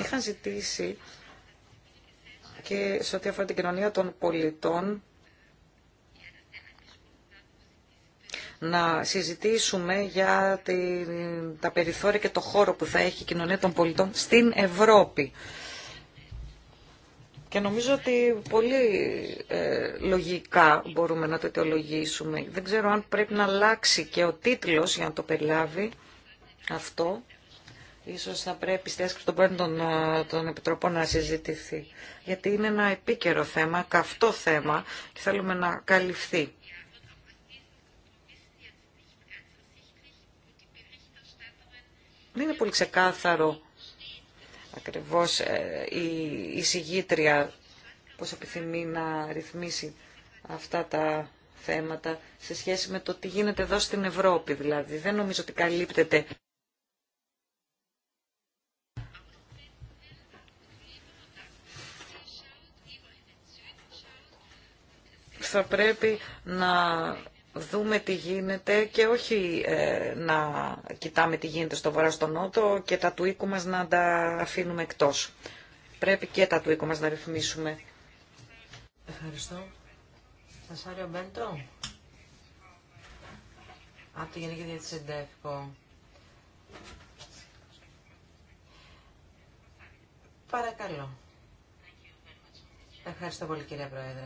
είχαν ζητήσει και σε ό,τι αφορά την κοινωνία των πολιτών να συζητήσουμε για τα περιθώρια και το χώρο που θα έχει η κοινωνία των πολιτών στην Ευρώπη. Και νομίζω ότι πολύ ε, λογικά μπορούμε να το αιτιολογήσουμε. Δεν ξέρω αν πρέπει να αλλάξει και ο τίτλος για να το περιλάβει αυτό. Ίσως θα πρέπει στη διάσκεψη των πρώτων ε, των επιτροπών να συζητηθεί. Γιατί είναι ένα επίκαιρο θέμα, καυτό θέμα και θέλουμε να καλυφθεί. Δεν είναι πολύ ξεκάθαρο ακριβώς ε, η εισηγήτρια πώς επιθυμεί να ρυθμίσει αυτά τα θέματα σε σχέση με το τι γίνεται εδώ στην Ευρώπη δηλαδή. Δεν νομίζω ότι καλύπτεται θα πρέπει να δούμε τι γίνεται και όχι ε, να κοιτάμε τι γίνεται στο βορρά στο νότο και τα του οίκου μας να τα αφήνουμε εκτός. Πρέπει και τα του οίκου μας να ρυθμίσουμε. Ευχαριστώ. Σασάριο Μπέντο. Από τη Γενική Διευθυντή Παρακαλώ. Ευχαριστώ πολύ κύριε Πρόεδρε.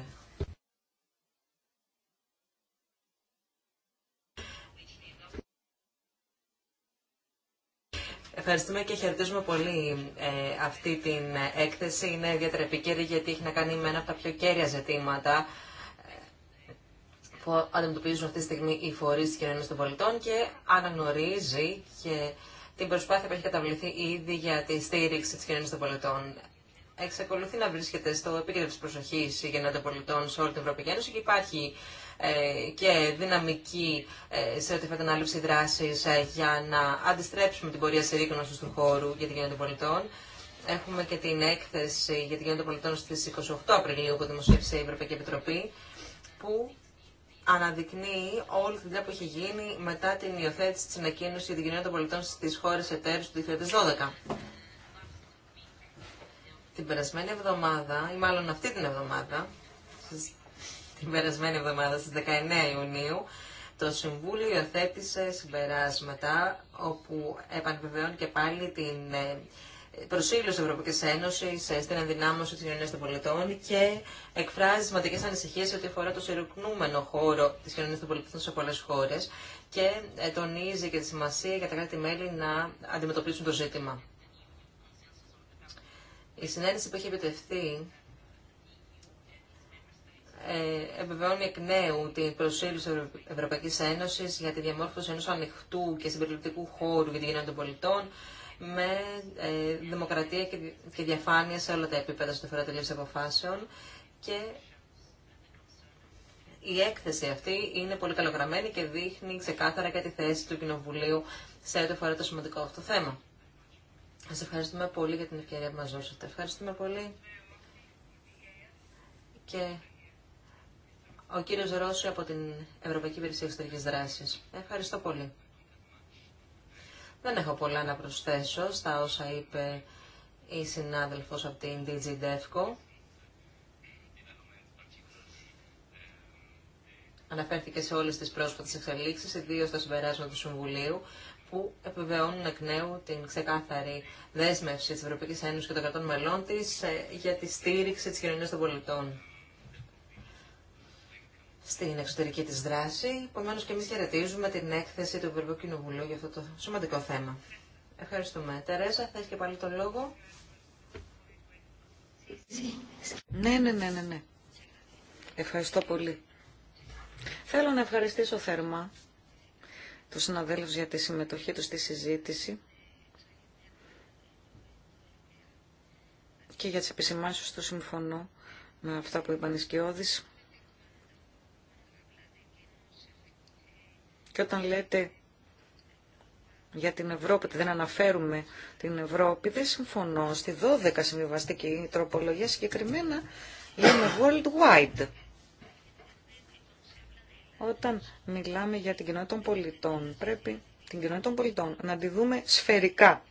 Ευχαριστούμε και χαιρετίζουμε πολύ ε, αυτή την έκθεση. Είναι ιδιαίτερα επικαιρή γιατί έχει να κάνει με ένα από τα πιο κέρια ζητήματα ε, που αντιμετωπίζουν αυτή τη στιγμή οι φορεί τη κοινωνία των πολιτών και αναγνωρίζει και την προσπάθεια που έχει καταβληθεί ήδη για τη στήριξη τη κοινωνία των πολιτών. Εξακολουθεί να βρίσκεται στο επίκεντρο τη προσοχή η κοινωνία των πολιτών σε όλη την Ευρωπαϊκή Ένωση και υπάρχει ε, και δυναμική ε, σε ό,τι αφορά την άλυψη δράση ε, για να αντιστρέψουμε την πορεία συρρήκνωση του χώρου για την κοινωνία των πολιτών. Έχουμε και την έκθεση για την κοινωνία των πολιτών στι 28 Απριλίου που δημοσίευσε η Ευρωπαϊκή Επιτροπή, που αναδεικνύει όλη τη δουλειά που έχει γίνει μετά την υιοθέτηση τη ανακοίνωση για την κοινωνία των πολιτών στι χώρε εταίρου του 2012. Την περασμένη εβδομάδα, ή μάλλον αυτή την εβδομάδα, την περασμένη εβδομάδα στις 19 Ιουνίου, το Συμβούλιο υιοθέτησε συμπεράσματα όπου επανεπιβεβαιώνει και πάλι την ε, προσήλωση της Ευρωπαϊκής Ένωσης ε, στην ενδυνάμωση της κοινωνίας των πολιτών και εκφράζει σημαντικές ανησυχίες ό,τι αφορά το συρρυκνούμενο χώρο της κοινωνίας των πολιτών σε πολλές χώρες και ε, τονίζει και τη σημασία για τα κράτη-μέλη να αντιμετωπίσουν το ζήτημα. Η συνέντευξη που έχει επιτευχθεί ε, επιβεβαιώνει εκ νέου την προσήλωση της Ευρωπαϊκής Ένωσης για τη διαμόρφωση ενός ανοιχτού και συμπεριληπτικού χώρου για την κοινωνία των πολιτών με ε, δημοκρατία και διαφάνεια σε όλα τα επίπεδα στο φορά τελείωση αποφάσεων και η έκθεση αυτή είναι πολύ καλογραμμένη και δείχνει ξεκάθαρα και τη θέση του Κοινοβουλίου σε ό,τι αφορά το σημαντικό αυτό θέμα. Σα ευχαριστούμε πολύ για την ευκαιρία που μας δώσατε. Ευχαριστούμε πολύ και ο κύριος Ρώση από την Ευρωπαϊκή Υπηρεσία Εξωτερικής Δράσης. Ευχαριστώ πολύ. Δεν έχω πολλά να προσθέσω στα όσα είπε η συνάδελφος από την DG DEFCO. Αναφέρθηκε σε όλες τις πρόσφατες εξελίξεις, ιδίω στα συμπεράσματα του Συμβουλίου, που επιβεβαιώνουν εκ νέου την ξεκάθαρη δέσμευση της Ευρωπαϊκής Ένωσης και των κρατών μελών της ε, για τη στήριξη της κοινωνίας των πολιτών στην εξωτερική της δράση. Επομένως και εμείς χαιρετίζουμε την έκθεση του Ευρωπαϊκού Κοινοβουλίου για αυτό το σημαντικό θέμα. Ευχαριστούμε. Τερέζα, θες και πάλι τον λόγο. Ναι, ναι, ναι, ναι, ναι. Ευχαριστώ πολύ. Θέλω να ευχαριστήσω θερμά τους συναδέλφους για τη συμμετοχή τους στη συζήτηση και για τις επισημάνσεις του συμφωνώ με αυτά που είπαν οι σκιώδεις. Και όταν λέτε για την Ευρώπη, ότι δεν αναφέρουμε την Ευρώπη, δεν συμφωνώ. Στη 12 συμβιβαστική τροπολογία συγκεκριμένα λέμε worldwide. Όταν μιλάμε για την κοινότητα των πολιτών, πρέπει την κοινότητα των πολιτών να τη δούμε σφαιρικά.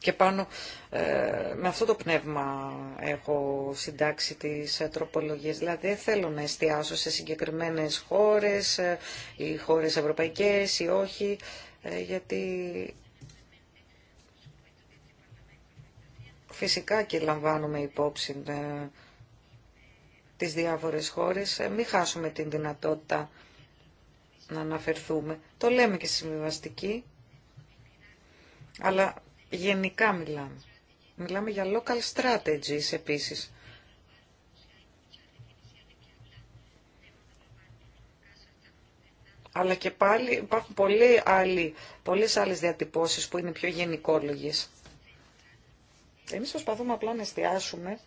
Και πάνω ε, με αυτό το πνεύμα έχω συντάξει τις ε, τροπολογίες. Δηλαδή δεν θέλω να εστιάσω σε συγκεκριμένες χώρες, ή ε, χώρες ευρωπαϊκές ή όχι, γιατί φυσικά και λαμβάνουμε υπόψη τις διάφορες χώρες. Μην χάσουμε την δυνατότητα να αναφερθούμε. Το λέμε και στη συμβιβαστική, αλλά γενικά μιλάμε. Μιλάμε για local strategies επίσης. Αλλά και πάλι υπάρχουν πολλές άλλοι, πολλές άλλες διατυπώσεις που είναι πιο γενικόλογες. Εμείς προσπαθούμε απλά να εστιάσουμε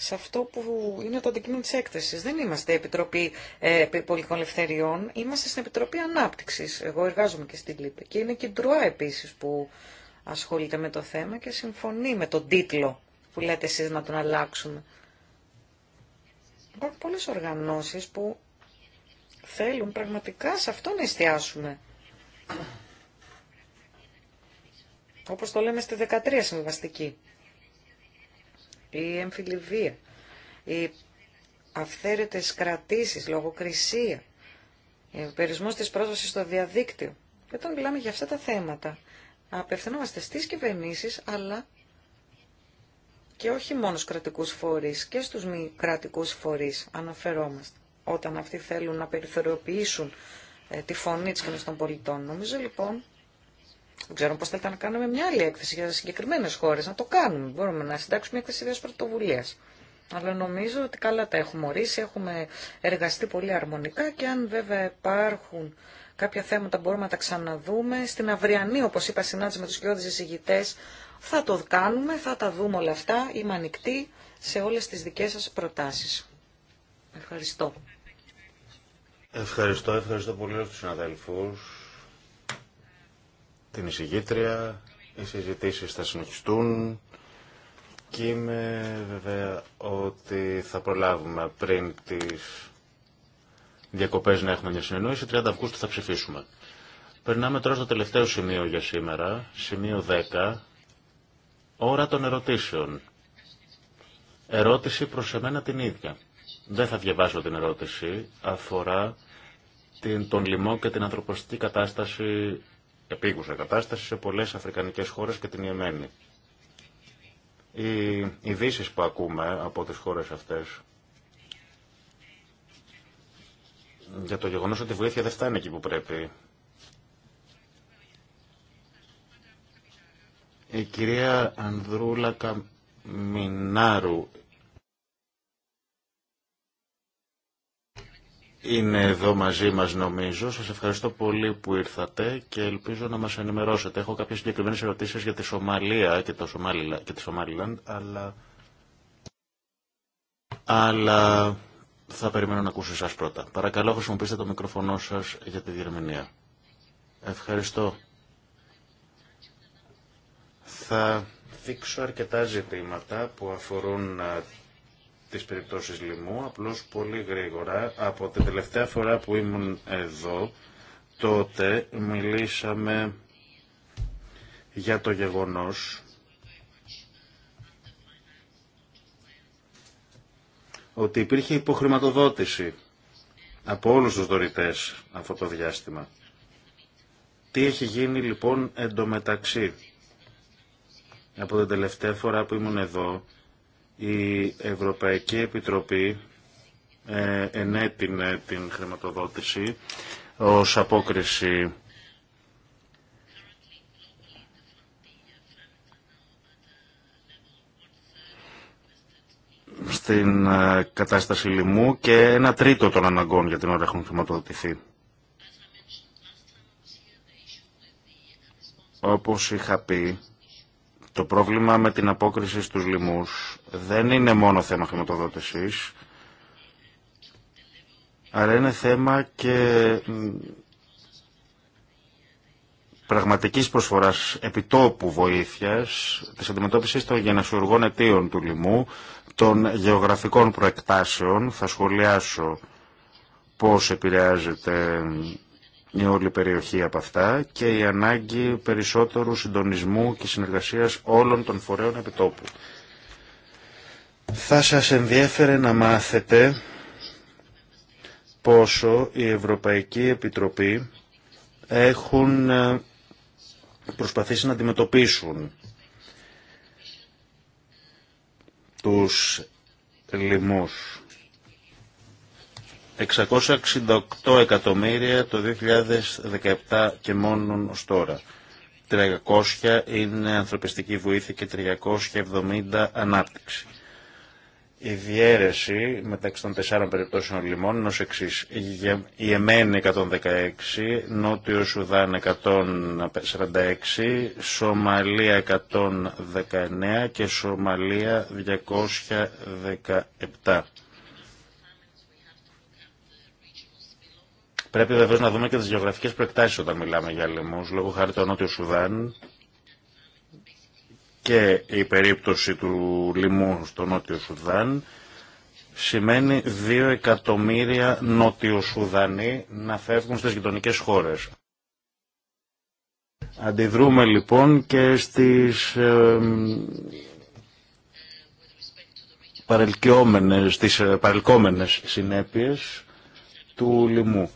σε αυτό που είναι το αντικείμενο τη έκθεσης. Δεν είμαστε Επιτροπή ε, Πολιτικών Ελευθεριών, είμαστε στην Επιτροπή Ανάπτυξης. Εγώ εργάζομαι και στην ΛΥΠΕ και είναι και η επίσης που ασχολείται με το θέμα και συμφωνεί με τον τίτλο που λέτε εσεί να τον αλλάξουμε. Υπάρχουν πολλέ οργανώσεις που θέλουν πραγματικά σε αυτό να εστιάσουμε. Όπως το λέμε στη 13 συμβαστική η εμφυλιβία, οι αυθαίρετες κρατήσεις, λογοκρισία, ο περισμός της πρόσβασης στο διαδίκτυο. Και όταν μιλάμε για αυτά τα θέματα, απευθυνόμαστε στις κυβερνήσεις, αλλά και όχι μόνο στους κρατικούς φορείς, και στους μη κρατικούς φορείς αναφερόμαστε, όταν αυτοί θέλουν να περιθωριοποιήσουν ε, τη φωνή της των πολιτών. Νομίζω λοιπόν δεν ξέρω πώ θέλετε να κάνουμε μια άλλη έκθεση για συγκεκριμένε χώρε. Να το κάνουμε. Μπορούμε να συντάξουμε μια έκθεση ιδέα πρωτοβουλία. Αλλά νομίζω ότι καλά τα έχουμε ορίσει, έχουμε εργαστεί πολύ αρμονικά και αν βέβαια υπάρχουν κάποια θέματα μπορούμε να τα ξαναδούμε. Στην αυριανή, όπως είπα, συνάντηση με τους κοιόδες εισηγητές θα το κάνουμε, θα τα δούμε όλα αυτά. Είμαι ανοιχτή σε όλες τις δικές σας προτάσεις. Ευχαριστώ. Ευχαριστώ, ευχαριστώ πολύ του συναδέλφου την εισηγήτρια. Οι συζητήσεις θα συνεχιστούν και είμαι βέβαια ότι θα προλάβουμε πριν τις διακοπές να έχουμε μια συνεννόηση. 30 Αυγούστου θα ψηφίσουμε. Περνάμε τώρα στο τελευταίο σημείο για σήμερα, σημείο 10, ώρα των ερωτήσεων. Ερώτηση προς εμένα την ίδια. Δεν θα διαβάσω την ερώτηση, αφορά την, τον λοιμό και την ανθρωποστική κατάσταση επίγουσα κατάσταση σε πολλές αφρικανικές χώρες και την Ιεμένη. Οι ειδήσει που ακούμε από τις χώρες αυτές για το γεγονός ότι η βοήθεια δεν φτάνει εκεί που πρέπει. Η κυρία Ανδρούλα Καμινάρου είναι εδώ μαζί μας νομίζω. Σας ευχαριστώ πολύ που ήρθατε και ελπίζω να μας ενημερώσετε. Έχω κάποιες συγκεκριμένες ερωτήσεις για τη Σομαλία και, το Σομάλιλα, και τη Σομάλιλαντ, αλλά... αλλά θα περιμένω να ακούσω εσάς πρώτα. Παρακαλώ χρησιμοποιήστε το μικροφωνό σας για τη διερμηνία. Ευχαριστώ. Θα δείξω αρκετά ζητήματα που αφορούν τις περιπτώσεις λοιμού, απλώς πολύ γρήγορα. Από την τελευταία φορά που ήμουν εδώ, τότε μιλήσαμε για το γεγονός ότι υπήρχε υποχρηματοδότηση από όλους τους δωρητές αυτό το διάστημα. Τι έχει γίνει λοιπόν εντωμεταξύ. Από την τελευταία φορά που ήμουν εδώ, η Ευρωπαϊκή Επιτροπή ε, ενέτεινε την χρηματοδότηση ως απόκριση στην ε, κατάσταση λοιμού και ένα τρίτο των αναγκών για την ώρα έχουν χρηματοδοτηθεί. Όπως είχα πει, το πρόβλημα με την απόκριση στους λοιμούς δεν είναι μόνο θέμα χρηματοδότησης, αλλά είναι θέμα και πραγματικής προσφοράς επιτόπου βοήθειας, της αντιμετώπισης των γενεσιουργών αιτίων του λοιμού, των γεωγραφικών προεκτάσεων. Θα σχολιάσω πώς επηρεάζεται η όλη περιοχή από αυτά και η ανάγκη περισσότερου συντονισμού και συνεργασίας όλων των φορέων επιτόπου. Θα σας ενδιέφερε να μάθετε πόσο η Ευρωπαϊκή Επιτροπή έχουν ε, προσπαθήσει να αντιμετωπίσουν τους λοιμούς. 668 εκατομμύρια το 2017 και μόνον ως τώρα. 300 είναι ανθρωπιστική βοήθεια και 370 ανάπτυξη. Η διαίρεση μεταξύ των τεσσάρων περιπτώσεων λιμών είναι ως εξής. Η Εμένη 116, Νότιο Σουδάν 146, Σομαλία 119 και Σομαλία 217. Πρέπει βεβαίω να δούμε και τις γεωγραφικές προεκτάσει όταν μιλάμε για λαιμού. Λόγω χάρη το Νότιο Σουδάν και η περίπτωση του λοιμού στο Νότιο Σουδάν σημαίνει 2 εκατομμύρια Νότιο-Σουδανοί να φεύγουν στις γειτονικέ χώρες. Αντιδρούμε λοιπόν και στις ε, παρελκόμενες, συνέπειες του λοιμού.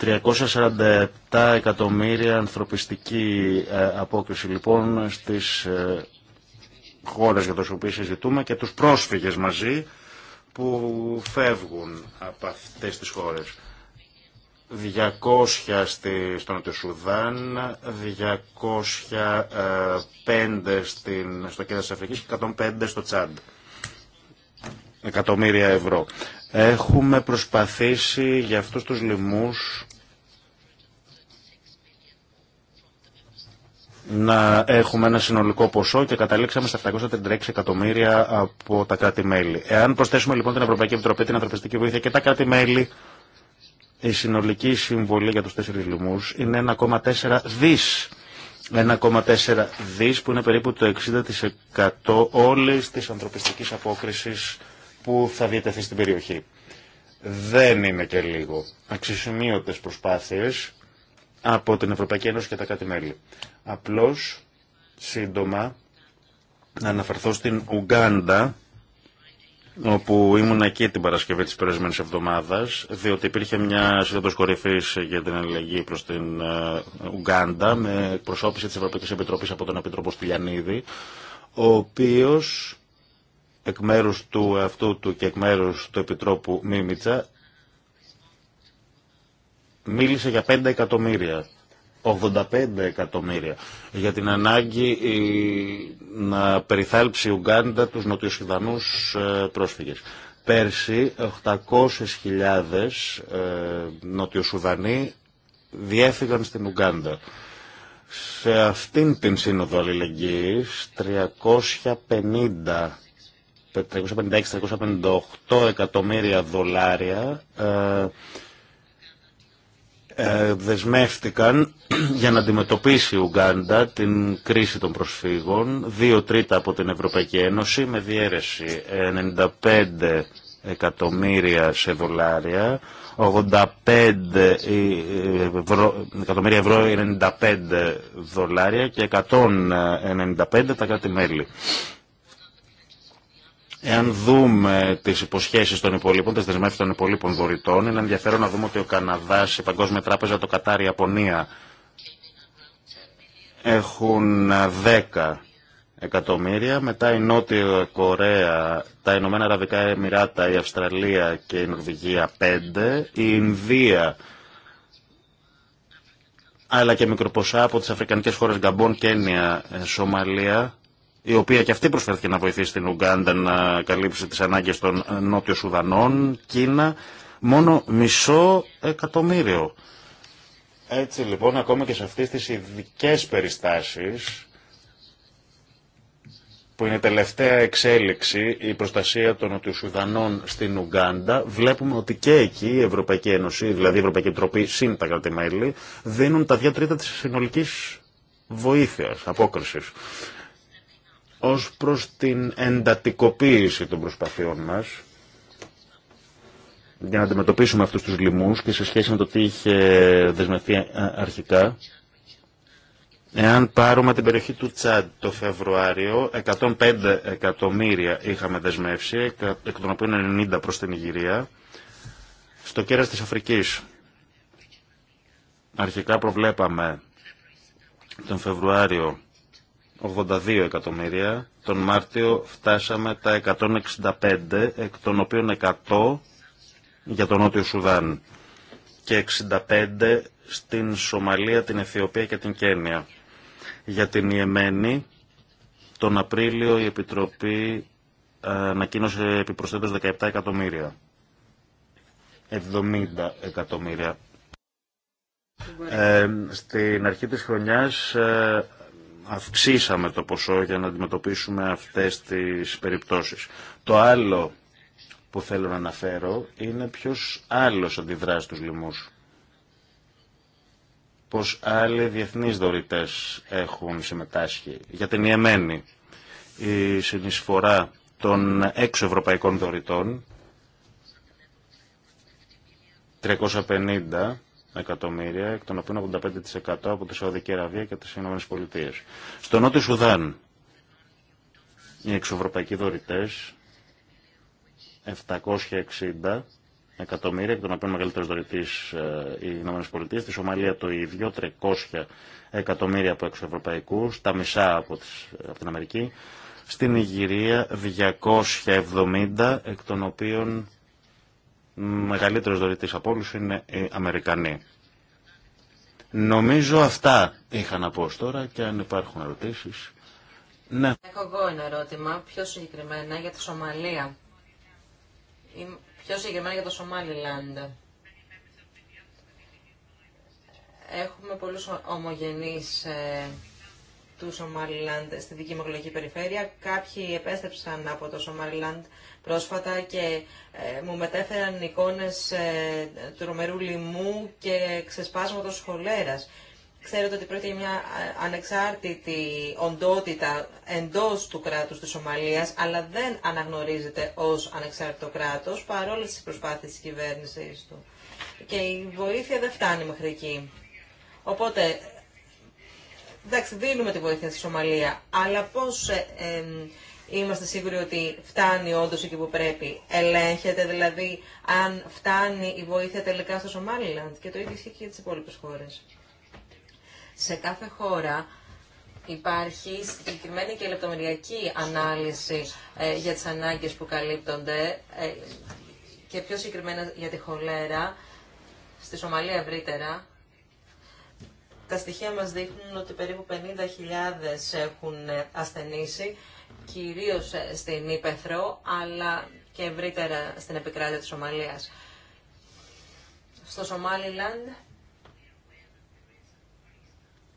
347 εκατομμύρια ανθρωπιστική ε, απόκριση λοιπόν στις ε, χώρες για τους οποίους συζητούμε και τους πρόσφυγες μαζί που φεύγουν από αυτές τις χώρες. 200 στη, στο Νότιο Σουδάν, 205 ε, στην, στο κέντρο της Αφρική και 105 στο Τσάντ. Εκατομμύρια ευρώ. Έχουμε προσπαθήσει για αυτούς τους λοιμούς να έχουμε ένα συνολικό ποσό και καταλήξαμε στα 736 εκατομμύρια από τα κράτη-μέλη. Εάν προσθέσουμε λοιπόν την Ευρωπαϊκή Επιτροπή, την Ανθρωπιστική Βοήθεια και τα κράτη-μέλη, η συνολική συμβολή για τους τέσσερις λοιμούς είναι 1,4 δις. 1,4 δις που είναι περίπου το 60% όλης της ανθρωπιστικής απόκρισης που θα διατεθεί στην περιοχή. Δεν είναι και λίγο. Αξισημείωτες προσπάθειες από την Ευρωπαϊκή Ένωση και τα κάτι μέλη. Απλώς, σύντομα, να αναφερθώ στην Ουγκάντα, όπου ήμουν εκεί την Παρασκευή της περασμένης εβδομάδας, διότι υπήρχε μια σύνοδος κορυφής για την αλληλεγγύη προς την ε, Ουγκάντα, με προσώπηση της Ευρωπαϊκής Επιτροπής από τον Επιτρόπο Στυλιανίδη, ο οποίος εκ μέρους του αυτού του και εκ μέρους του Επιτρόπου Μίμητσα μίλησε για 5 εκατομμύρια. 85 εκατομμύρια για την ανάγκη ε, να περιθάλψει η Ουγγάντα τους νοτιοσυδανούς ε, πρόσφυγες. Πέρσι 800.000 ε, νοτιοσουδανοί διέφυγαν στην Ουγγάντα. Σε αυτήν την σύνοδο αλληλεγγύης 350 356-358 εκατομμύρια δολάρια ε, δεσμεύτηκαν για να αντιμετωπίσει η Ουγγάντα την κρίση των προσφύγων, δύο τρίτα από την Ευρωπαϊκή Ένωση με διέρεση 95 εκατομμύρια σε δολάρια, 85 ευρώ, εκατομμύρια ευρώ 95 δολάρια και 195 τα κρατη μέλη. Εάν δούμε τι υποσχέσει των υπολείπων, τι δεσμεύσει των υπολείπων δωρητών, είναι ενδιαφέρον να δούμε ότι ο Καναδά, η Παγκόσμια Τράπεζα, το Κατάρ, η Ιαπωνία έχουν 10 εκατομμύρια. Μετά η Νότια Κορέα, τα Ηνωμένα Αραβικά Εμμυράτα, η Αυστραλία και η Νορβηγία 5. Η Ινδία, αλλά και μικροποσά από τις Αφρικανικές χώρες Γκαμπών, Κένια, ε, Σομαλία η οποία και αυτή προσφέρθηκε να βοηθήσει την Ουγγάντα να καλύψει τις ανάγκες των Νότιο Σουδανών, Κίνα, μόνο μισό εκατομμύριο. Έτσι λοιπόν, ακόμα και σε αυτές τις ειδικέ περιστάσεις, που είναι τελευταία εξέλιξη η προστασία των Νοτιοσουδανών στην Ουγγάντα, βλέπουμε ότι και εκεί η Ευρωπαϊκή Ένωση, δηλαδή η Ευρωπαϊκή Επιτροπή, συν τα κράτη-μέλη, δίνουν τα δύο τρίτα της συνολικής βοήθειας, απόκρισης ως προς την εντατικοποίηση των προσπαθειών μας για να αντιμετωπίσουμε αυτούς τους λοιμούς και σε σχέση με το τι είχε δεσμευτεί αρχικά. Εάν πάρουμε την περιοχή του Τσάντ το Φεβρουάριο, 105 εκατομμύρια είχαμε δεσμεύσει, εκ των οποίων 90 προς την Ιγυρία, στο κέρας της Αφρικής. Αρχικά προβλέπαμε τον Φεβρουάριο 82 εκατομμύρια. Τον Μάρτιο φτάσαμε τα 165, εκ των οποίων 100 για τον Νότιο Σουδάν και 65 στην Σομαλία, την Αιθιοπία και την Κένια. Για την Ιεμένη, τον Απρίλιο η Επιτροπή ε, ανακοίνωσε επιπροσθέτως 17 εκατομμύρια. 70 εκατομμύρια. Ε, στην αρχή της χρονιάς ε, αυξήσαμε το ποσό για να αντιμετωπίσουμε αυτές τις περιπτώσεις. Το άλλο που θέλω να αναφέρω είναι ποιος άλλος αντιδρά στους λοιμούς. Πως άλλοι διεθνείς δωρητές έχουν συμμετάσχει. Για την Ιεμένη η συνεισφορά των έξω ευρωπαϊκών δωρητών 350 εκατομμύρια, εκ των οποίων 85% από τη Σαουδική Αραβία και τις Ηνωμένες Πολιτείες. Στο Νότιο Σουδάν, οι εξωευρωπαϊκοί δωρητές, 760 εκατομμύρια, εκ των οποίων μεγαλύτερος δωρητής ε, οι Ηνωμένες Πολιτείες, στη Σομαλία το ίδιο, 300 εκατομμύρια από εξωευρωπαϊκούς, τα μισά από, τις, από την Αμερική, στην Ιγυρία 270, εκ των οποίων μεγαλύτερος δωρητής από όλους είναι οι Αμερικανοί. Νομίζω αυτά είχα να πω τώρα και αν υπάρχουν ερωτήσεις. Ναι. Έχω εγώ ένα ερώτημα, πιο συγκεκριμένα για τη Σομαλία. Πιο συγκεκριμένα για το Σομάλιλαντ. Έχουμε πολλούς ομογενείς ε, του Σομάλιλαντ στη δική μου εκλογική περιφέρεια. Κάποιοι επέστρεψαν από το Σομάλιλαντ πρόσφατα και ε, μου μετέφεραν εικόνες ε, του Ρωμερού Λιμού και ξεσπάσματος χολέρας. Ξέρετε ότι πρόκειται για μια ε, ανεξάρτητη οντότητα εντός του κράτους της Σομαλίας, αλλά δεν αναγνωρίζεται ως ανεξάρτητο κράτος, παρόλες τις προσπάθειες της κυβέρνησης του. Και η βοήθεια δεν φτάνει μέχρι εκεί. Οπότε, εντάξει, δίνουμε τη βοήθεια στη Σομαλία, αλλά πώς είμαστε σίγουροι ότι φτάνει όντω εκεί που πρέπει. Ελέγχεται δηλαδή αν φτάνει η βοήθεια τελικά στο Σομάλιλαντ και το ίδιο ισχύει και για τι υπόλοιπε χώρε. Σε κάθε χώρα υπάρχει συγκεκριμένη και λεπτομεριακή ανάλυση ε, για τις ανάγκες που καλύπτονται ε, και πιο συγκεκριμένα για τη χολέρα, στη Σομαλία ευρύτερα. Τα στοιχεία μας δείχνουν ότι περίπου 50.000 έχουν ε, ασθενήσει κυρίως ε, στην Ήπεθρο, αλλά και ευρύτερα στην επικράτεια της Σομαλίας. Στο Σομάλιλαντ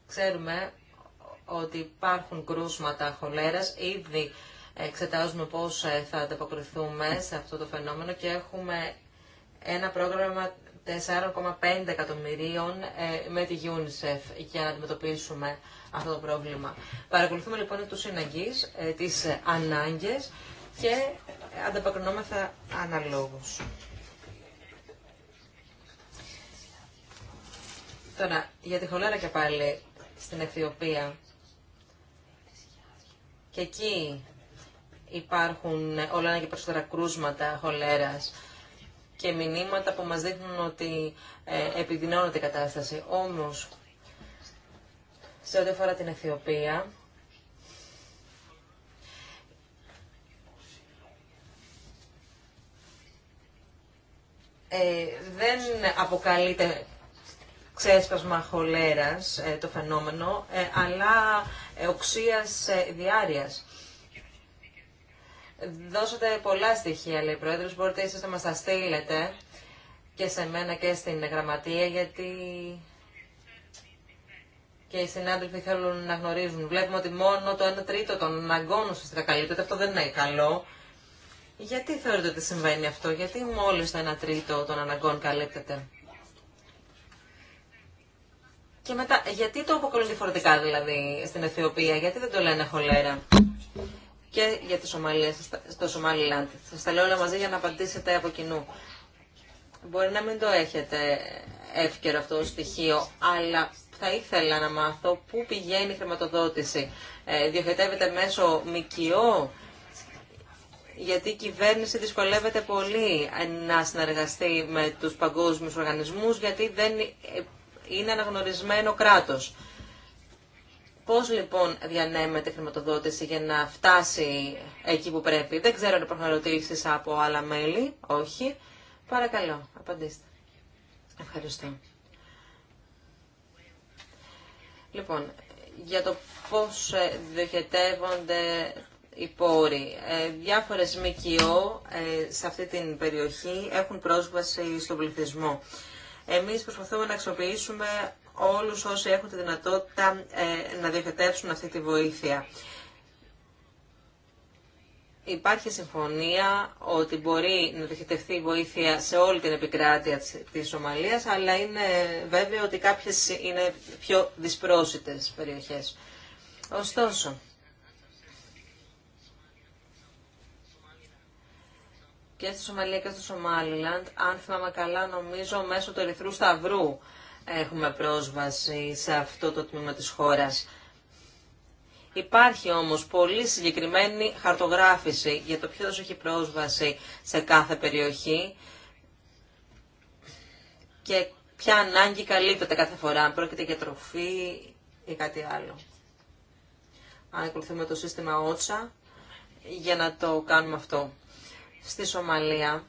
ξέρουμε ότι υπάρχουν κρούσματα χολέρας. Ήδη εξετάζουμε πώς ε, θα ανταποκριθούμε σε αυτό το φαινόμενο και έχουμε ένα πρόγραμμα 4,5 εκατομμυρίων ε, με τη UNICEF για να αντιμετωπίσουμε αυτό το πρόβλημα. Παρακολουθούμε λοιπόν του συναγγεί, ε, τι ανάγκες και ανταπακρινόμεθα αναλόγως. Τώρα, για τη χολέρα και πάλι στην Αιθιοπία. Και εκεί υπάρχουν όλα ένα και περισσότερα κρούσματα χολέρας και μηνύματα που μας δείχνουν ότι ε, επιδεινώνεται η κατάσταση. Όμως, σε ό,τι αφορά την Αιθιοπία. Ε, δεν αποκαλείται ξέσπασμα χολέρας ε, το φαινόμενο, ε, αλλά ε, οξίας διάρειας. Δώσατε πολλά στοιχεία, λέει Πρόεδρος, μπορείτε ίσως να μας τα στείλετε και σε μένα και στην γραμματεία, γιατί και οι συνάδελφοι θέλουν να γνωρίζουν. Βλέπουμε ότι μόνο το 1 τρίτο των αναγκών ουσιαστικά καλύπτεται. Αυτό δεν είναι καλό. Γιατί θεωρείτε ότι συμβαίνει αυτό, γιατί μόλι το 1 τρίτο των αναγκών καλύπτεται. Και μετά, γιατί το αποκαλούν διαφορετικά δηλαδή στην Αιθιοπία, γιατί δεν το λένε χολέρα. Και για τη Σομαλία, στο Σομαλιλάντ. Σα τα λέω όλα μαζί για να απαντήσετε από κοινού. Μπορεί να μην το έχετε εύκαιρο αυτό το στοιχείο, αλλά θα ήθελα να μάθω πού πηγαίνει η χρηματοδότηση. Ε, διοχετεύεται μέσω ΜΚΙΟ, γιατί η κυβέρνηση δυσκολεύεται πολύ ε, να συνεργαστεί με τους παγκόσμιους οργανισμούς, γιατί δεν ε, είναι αναγνωρισμένο κράτος. Πώς λοιπόν διανέμεται η χρηματοδότηση για να φτάσει εκεί που πρέπει. Δεν ξέρω αν υπάρχουν ερωτήσεις από άλλα μέλη. Όχι. Παρακαλώ, απαντήστε. Ευχαριστώ. Λοιπόν, για το πώς ε, διοχετεύονται οι πόροι. Ε, διάφορες ΜΚΟ ε, σε αυτή την περιοχή έχουν πρόσβαση στον πληθυσμό. Εμείς προσπαθούμε να αξιοποιήσουμε όλους όσοι έχουν τη δυνατότητα να διοχετεύσουν αυτή τη βοήθεια υπάρχει συμφωνία ότι μπορεί να η βοήθεια σε όλη την επικράτεια της Σομαλίας, αλλά είναι βέβαιο ότι κάποιες είναι πιο δυσπρόσιτες περιοχές. Ωστόσο, και στη Σομαλία και στο Σομάλιλαντ, αν θυμάμαι καλά, νομίζω μέσω του Ερυθρού Σταυρού έχουμε πρόσβαση σε αυτό το τμήμα της χώρας. Υπάρχει όμως πολύ συγκεκριμένη χαρτογράφηση για το ποιος έχει πρόσβαση σε κάθε περιοχή και ποια ανάγκη καλύπτεται κάθε φορά, αν πρόκειται για τροφή ή κάτι άλλο. Ακολουθούμε το σύστημα OTSA για να το κάνουμε αυτό. Στη Σομαλία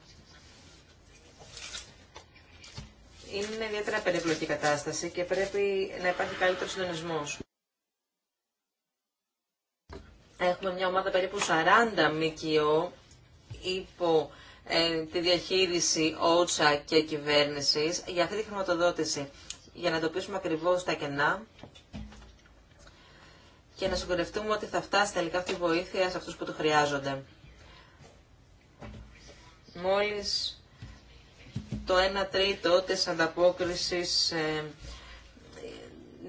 είναι ιδιαίτερα περιπλοκή κατάσταση και πρέπει να υπάρχει καλύτερο συντονισμός. Έχουμε μια ομάδα περίπου 40 ΜΚΟ υπό ε, τη διαχείριση ότσα και κυβέρνησης για αυτή τη χρηματοδότηση. Για να εντοπίσουμε ακριβώς τα κενά και να συγκορευτούμε ότι θα φτάσει τελικά αυτή η βοήθεια σε αυτούς που το χρειάζονται. Μόλις το 1 τρίτο της ανταπόκρισης ε,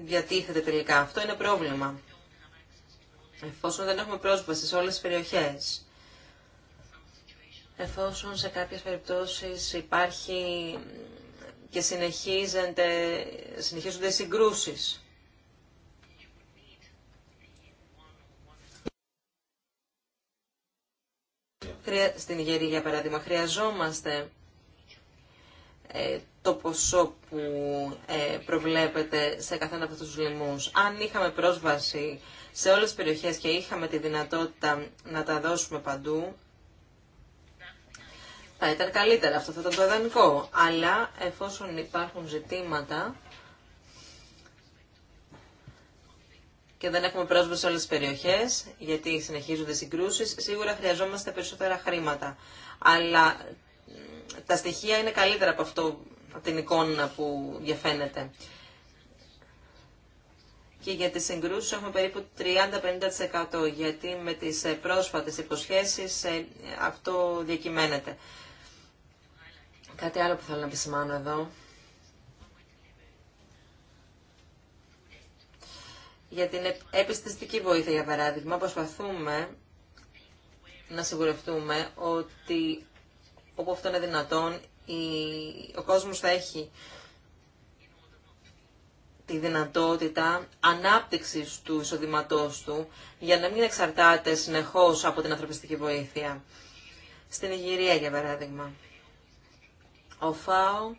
διατίθεται τελικά. Αυτό είναι πρόβλημα εφόσον δεν έχουμε πρόσβαση σε όλες τις περιοχές, εφόσον σε κάποιες περιπτώσεις υπάρχει και συνεχίζονται, συνεχίζονται συγκρούσεις. Στην Ιγερία, για παράδειγμα, χρειαζόμαστε ε, το ποσό που ε, προβλέπεται σε καθένα από αυτούς τους Αν είχαμε πρόσβαση σε όλες τις περιοχές και είχαμε τη δυνατότητα να τα δώσουμε παντού, θα ήταν καλύτερα. Αυτό θα ήταν το ιδανικό. Αλλά εφόσον υπάρχουν ζητήματα και δεν έχουμε πρόσβαση σε όλες τις περιοχές, γιατί συνεχίζονται συγκρούσεις, σίγουρα χρειαζόμαστε περισσότερα χρήματα. Αλλά τα στοιχεία είναι καλύτερα από αυτό, από την εικόνα που διαφαίνεται και για τις συγκρούσεις έχουμε περίπου 30-50% γιατί με τις ε, πρόσφατες υποσχέσεις ε, αυτό διακυμαίνεται. Κάτι άλλο που θέλω να επισημάνω εδώ. Για την επιστηστική βοήθεια, για παράδειγμα, προσπαθούμε να σιγουρευτούμε ότι όπου αυτό είναι δυνατόν, ο κόσμος θα έχει τη δυνατότητα ανάπτυξης του εισοδήματός του για να μην εξαρτάται συνεχώς από την ανθρωπιστική βοήθεια. Στην Ιγυρία, για παράδειγμα, ο ΦΑΟ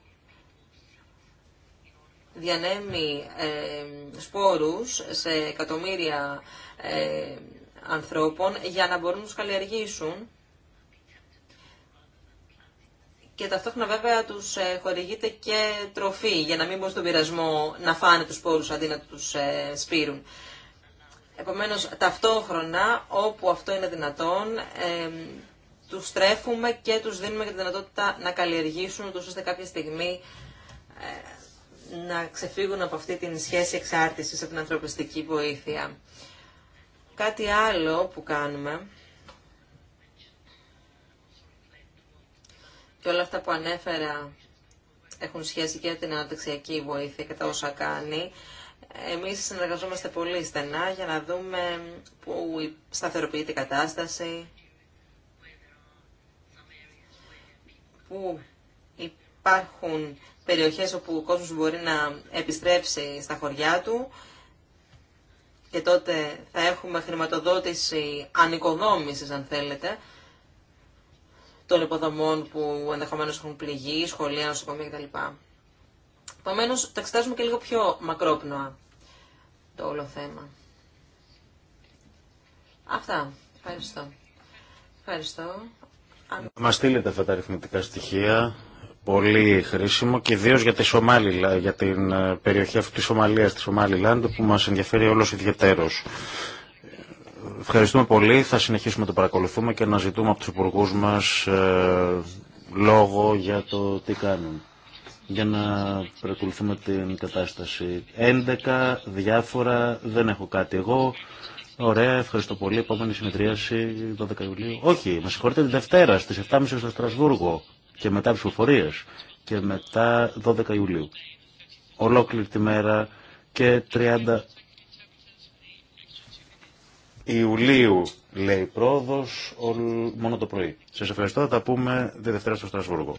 διανέμει ε, σπόρους σε εκατομμύρια ε, ανθρώπων για να μπορούν να τους καλλιεργήσουν και ταυτόχρονα βέβαια τους ε, χορηγείται και τροφή για να μην μπουν στον πειρασμό να φάνε τους πόλους αντί να τους ε, σπείρουν. Επομένως, ταυτόχρονα, όπου αυτό είναι δυνατόν, τους στρέφουμε και τους δίνουμε και τη δυνατότητα να καλλιεργήσουν, τους ώστε κάποια στιγμή ε, να ξεφύγουν από αυτή την σχέση εξάρτησης από την ανθρωπιστική βοήθεια. Κάτι άλλο που κάνουμε και όλα αυτά που ανέφερα έχουν σχέση και την αναπτυξιακή βοήθεια και τα όσα κάνει. Εμείς συνεργαζόμαστε πολύ στενά για να δούμε που σταθεροποιείται η κατάσταση, που υπάρχουν περιοχές όπου ο κόσμος μπορεί να επιστρέψει στα χωριά του και τότε θα έχουμε χρηματοδότηση ανοικοδόμησης αν θέλετε των υποδομών που ενδεχομένω έχουν πληγεί, σχολεία, νοσοκομεία κτλ. Επομένω, τα εξετάζουμε και λίγο πιο μακρόπνοα το όλο θέμα. Αυτά. Ευχαριστώ. Ευχαριστώ. Μα στείλετε αυτά τα αριθμητικά στοιχεία, πολύ χρήσιμο και ιδίω για, για την ε, περιοχή αυτή τη Σομαλίας, τη Σομάλιλάντ, που μα ενδιαφέρει όλο ιδιαίτερο. Ευχαριστούμε πολύ. Θα συνεχίσουμε να το παρακολουθούμε και να ζητούμε από τους υπουργού μας ε, λόγο για το τι κάνουν. Για να παρακολουθούμε την κατάσταση. 11 διάφορα, δεν έχω κάτι εγώ. Ωραία, ευχαριστώ πολύ. Επόμενη συνεδρίαση 12 Ιουλίου. Όχι, με συγχωρείτε τη Δευτέρα στις 7.30 στο Στρασβούργο και μετά ψηφοφορίες και μετά 12 Ιουλίου. Ολόκληρη τη μέρα και 30 Ιουλίου, λέει πρόοδο, μόνο το πρωί. Σα ευχαριστώ. Θα τα πούμε τη Δευτέρα στο Στρασβούργο.